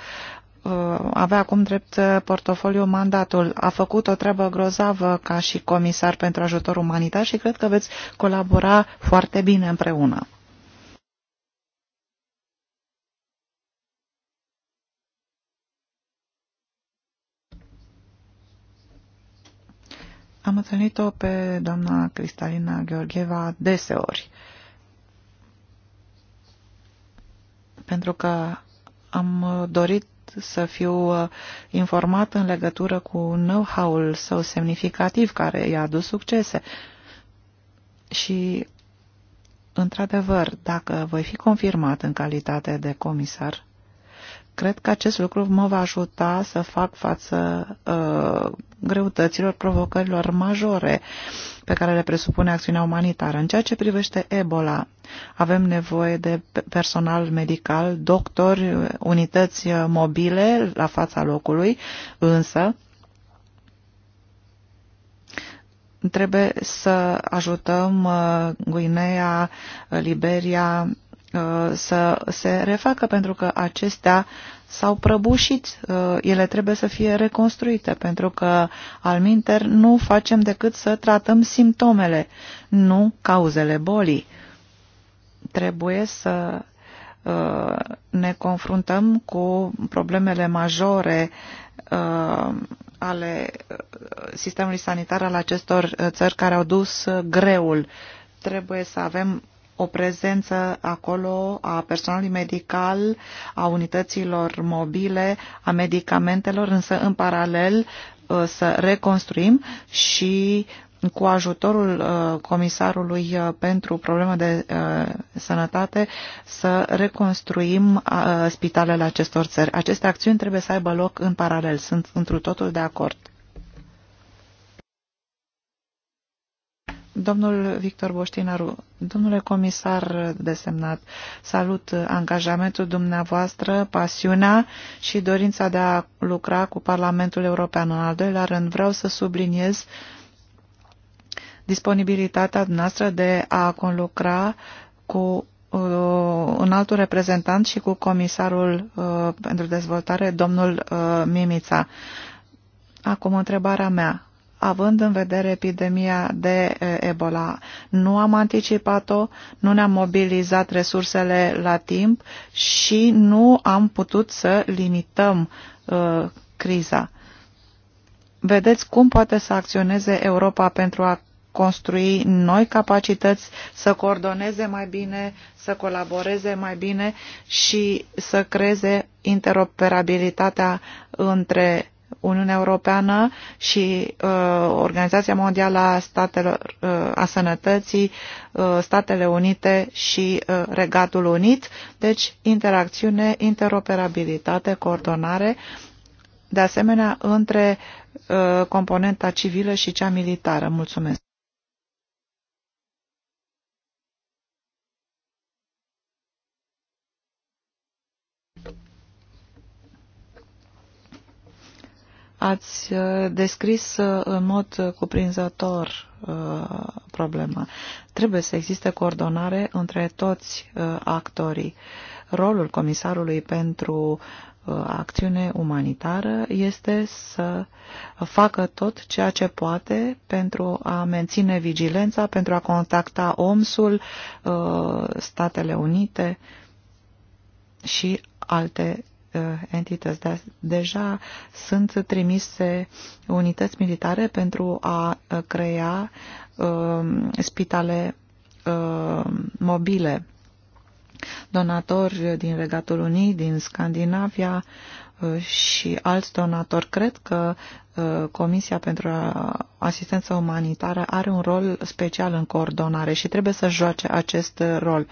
avea acum drept portofoliu mandatul. A făcut o treabă grozavă ca și comisar pentru ajutor umanitar și cred că veți colabora foarte bine împreună. Am întâlnit-o pe doamna Cristalina Gheorgheva deseori. Pentru că am dorit să fiu uh, informat în legătură cu know-how-ul său semnificativ care i-a adus succese. Și, într-adevăr, dacă voi fi confirmat în calitate de comisar, Cred că acest lucru mă va ajuta să fac față uh, greutăților, provocărilor majore pe care le presupune acțiunea umanitară. În ceea ce privește Ebola, avem nevoie de personal medical, doctori, unități uh, mobile la fața locului, însă trebuie să ajutăm uh, Guinea, Liberia, Uh, să se refacă, pentru că acestea s-au prăbușit, uh, ele trebuie să fie reconstruite, pentru că al minter nu facem decât să tratăm simptomele, nu cauzele bolii. Trebuie să uh, ne confruntăm cu problemele majore ale sistemului sanitar al acestor țări care au dus greul. Trebuie să avem o prezență acolo a personalului medical, a unităților mobile, a medicamentelor, însă în paralel uh, să reconstruim și cu ajutorul uh, comisarului uh, pentru probleme de sănătate să reconstruim spitalele acestor țări. Aceste acțiuni trebuie să aibă loc în paralel. Sunt întru totul de acord. Domnul Victor Boștinaru, domnule comisar desemnat, salut angajamentul dumneavoastră, pasiunea și dorința de a lucra cu Parlamentul European. În al doilea rând, vreau să subliniez disponibilitatea noastră de a conlucra cu uh, un altul reprezentant și cu comisarul uh, pentru dezvoltare, domnul uh, Mimița. Acum, întrebarea mea având în vedere epidemia de Ebola. Nu am anticipat-o, nu ne-am mobilizat resursele la timp și nu am putut să limităm uh, criza. Vedeți cum poate să acționeze Europa pentru a construi noi capacități, să coordoneze mai bine, să colaboreze mai bine și să creeze interoperabilitatea între Uniunea Europeană și uh, Organizația Mondială a, Statelor, uh, a Sănătății, uh, Statele Unite și uh, Regatul Unit. Deci, interacțiune, interoperabilitate, coordonare, de asemenea, între uh, componenta civilă și cea militară. Mulțumesc! Ați uh, descris uh, în mod cuprinzător uh, problema. Trebuie să existe coordonare între toți actorii. Rolul comisarului pentru acțiune umanitară este să facă tot ceea ce poate pentru a menține vigilența, pentru a contacta OMS-ul, Statele Unite și alte Uh, entități. De deja sunt trimise unități militare pentru a uh, crea um, spitale um, mobile. Donatori din Regatul Unit, din Scandinavia uh, și alți donatori. Cred că Comisia pentru Asistență Umanitară are un rol special în coordonare și trebuie să joace acest rol.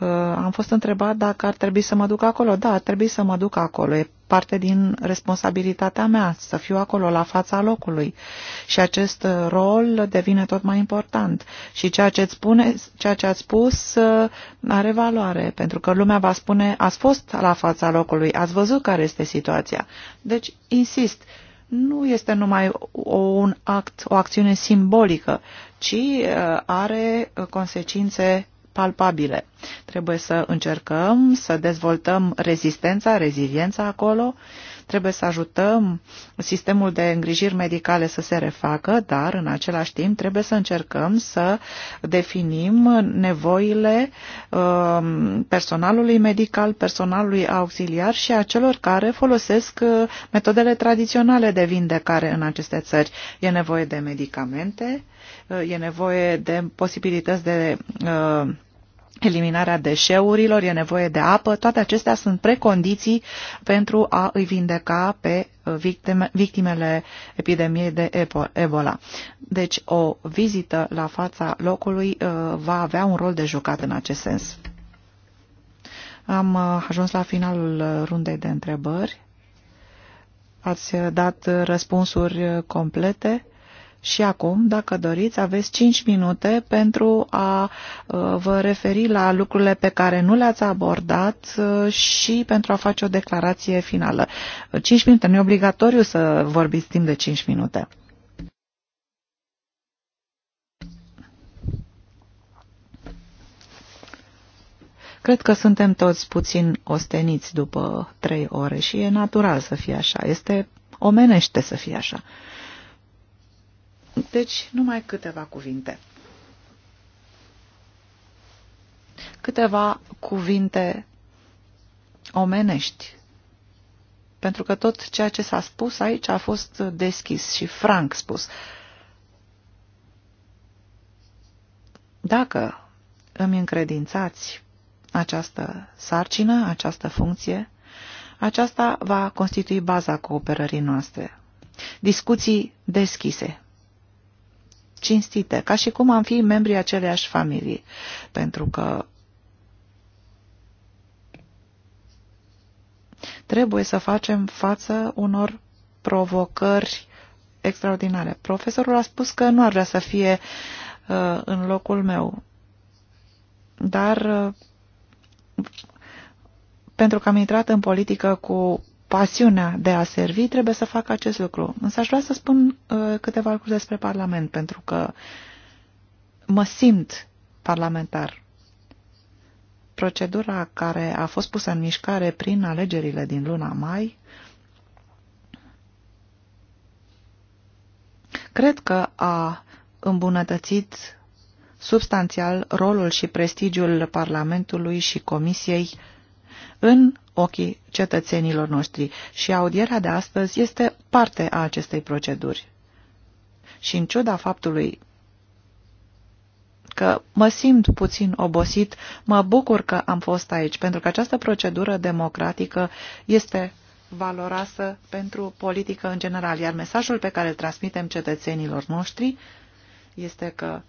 Uh, am fost întrebat dacă ar trebui să mă duc acolo. Da, ar trebui să mă duc acolo. E parte din responsabilitatea mea să fiu acolo, la fața locului. Și acest uh, rol devine tot mai important. Și ceea ce, îți spune, ceea ce ați spus uh, are valoare, pentru că lumea va spune, ați fost la fața locului, ați văzut care este situația. Deci, insist, nu este numai o, un act, o acțiune simbolică, ci are consecințe palpabile. Trebuie să încercăm să dezvoltăm rezistența, reziliența acolo, trebuie să ajutăm sistemul de îngrijiri medicale să se refacă, dar în același timp trebuie să încercăm să definim nevoile um, personalului medical, personalului auxiliar și a celor care folosesc uh, metodele tradiționale de vindecare în aceste țări. E nevoie de medicamente, Uh, e nevoie de posibilități de uh, eliminarea deșeurilor, e nevoie de apă, toate acestea sunt precondiții pentru a îi vindeca pe uh, victime, victimele epidemiei de Ebola. Deci o vizită la fața locului va avea un rol de jucat în acest sens. Am ajuns la finalul rundei de întrebări. Ați dat răspunsuri complete și acum, dacă doriți, aveți 5 minute pentru a uh, vă referi la lucrurile pe care nu le-ați abordat uh, și pentru a face o declarație finală. 5 minute, nu e obligatoriu să vorbiți timp de 5 minute. Cred că suntem toți puțin osteniți după trei ore și e natural să fie așa. Este omenește să fie așa. Deci, numai câteva cuvinte. Câteva cuvinte omenești. Pentru că tot ceea ce s-a spus aici a fost deschis și franc spus. Dacă îmi încredințați această sarcină, această funcție, aceasta va constitui baza cooperării noastre. Discuții deschise, cinstite, ca și cum am fi membrii aceleași familii, pentru că trebuie să facem față unor provocări extraordinare. Profesorul a spus că nu ar vrea să fie uh, în locul meu, dar uh, pentru că am intrat în politică cu pasiunea de a servi, trebuie să facă acest lucru. Însă aș vrea să spun uh, câteva lucruri despre Parlament, pentru că mă simt parlamentar. Procedura care a fost pusă în mișcare prin alegerile din luna mai, cred că a îmbunătățit substanțial rolul și prestigiul Parlamentului și Comisiei uh, în ochii cetățenilor noștri și audierea de astăzi este parte a acestei proceduri. Și în ciuda faptului că mă simt puțin obosit, mă bucur că am fost aici, pentru că această procedură democratică este valoroasă pentru politică în general, iar mesajul pe care îl transmitem cetățenilor noștri este că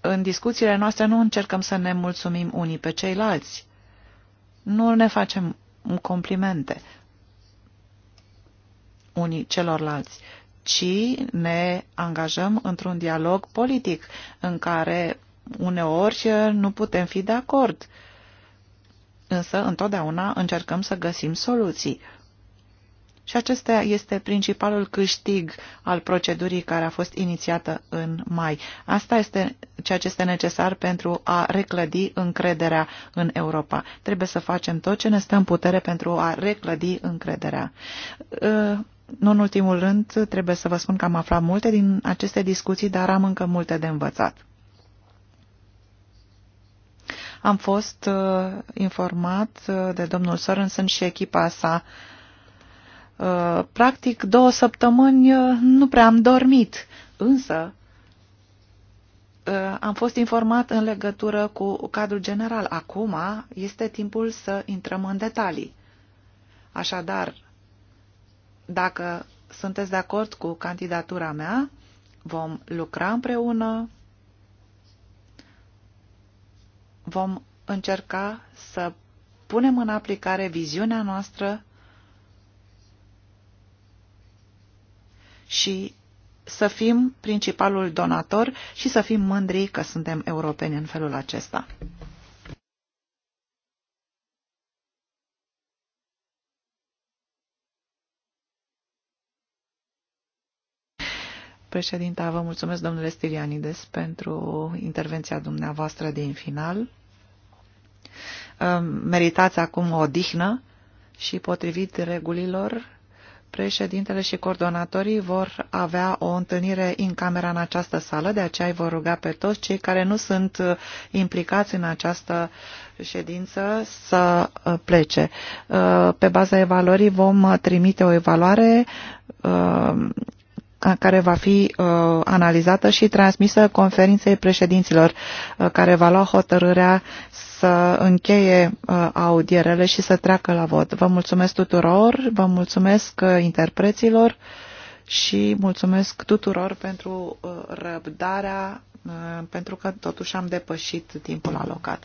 în discuțiile noastre nu încercăm să ne mulțumim unii pe ceilalți, nu ne facem complimente unii celorlalți, ci ne angajăm într-un dialog politic în care uneori nu putem fi de acord. Însă, întotdeauna încercăm să găsim soluții. Și acesta este principalul câștig al procedurii care a fost inițiată în mai. Asta este ceea ce este necesar pentru a reclădi încrederea în Europa. Trebuie să facem tot ce ne stă în putere pentru a reclădi încrederea. Ă, nu în ultimul rând, trebuie să vă spun că am aflat multe din aceste discuții, dar am încă multe de învățat. Am fost ă, informat ă, de domnul Sorensen și echipa sa uh, Uh, practic două săptămâni uh, nu prea am dormit, însă uh, am fost informat în legătură cu cadrul general. Acum este timpul să intrăm în detalii. Așadar, dacă sunteți de acord cu candidatura mea, vom lucra împreună, vom încerca să punem în aplicare viziunea noastră și să fim principalul donator și să fim mândri că suntem europeni în felul acesta. Președinta, vă mulțumesc, domnule Stilianides, pentru intervenția dumneavoastră din final. Meritați acum o dihnă și, potrivit regulilor, președintele și coordonatorii vor avea o întâlnire în camera în această sală, de aceea îi vor ruga pe toți cei care nu sunt uh, implicați în această ședință să uh, plece. Uh, pe baza evaluării vom trimite o evaluare care va fi uh, analizată și transmisă conferinței președinților, uh, care va lua hotărârea să încheie uh, audierele și să treacă la vot. Vă mulțumesc tuturor, vă mulțumesc interpreților și mulțumesc tuturor pentru răbdarea, pentru că totuși am depășit timpul alocat.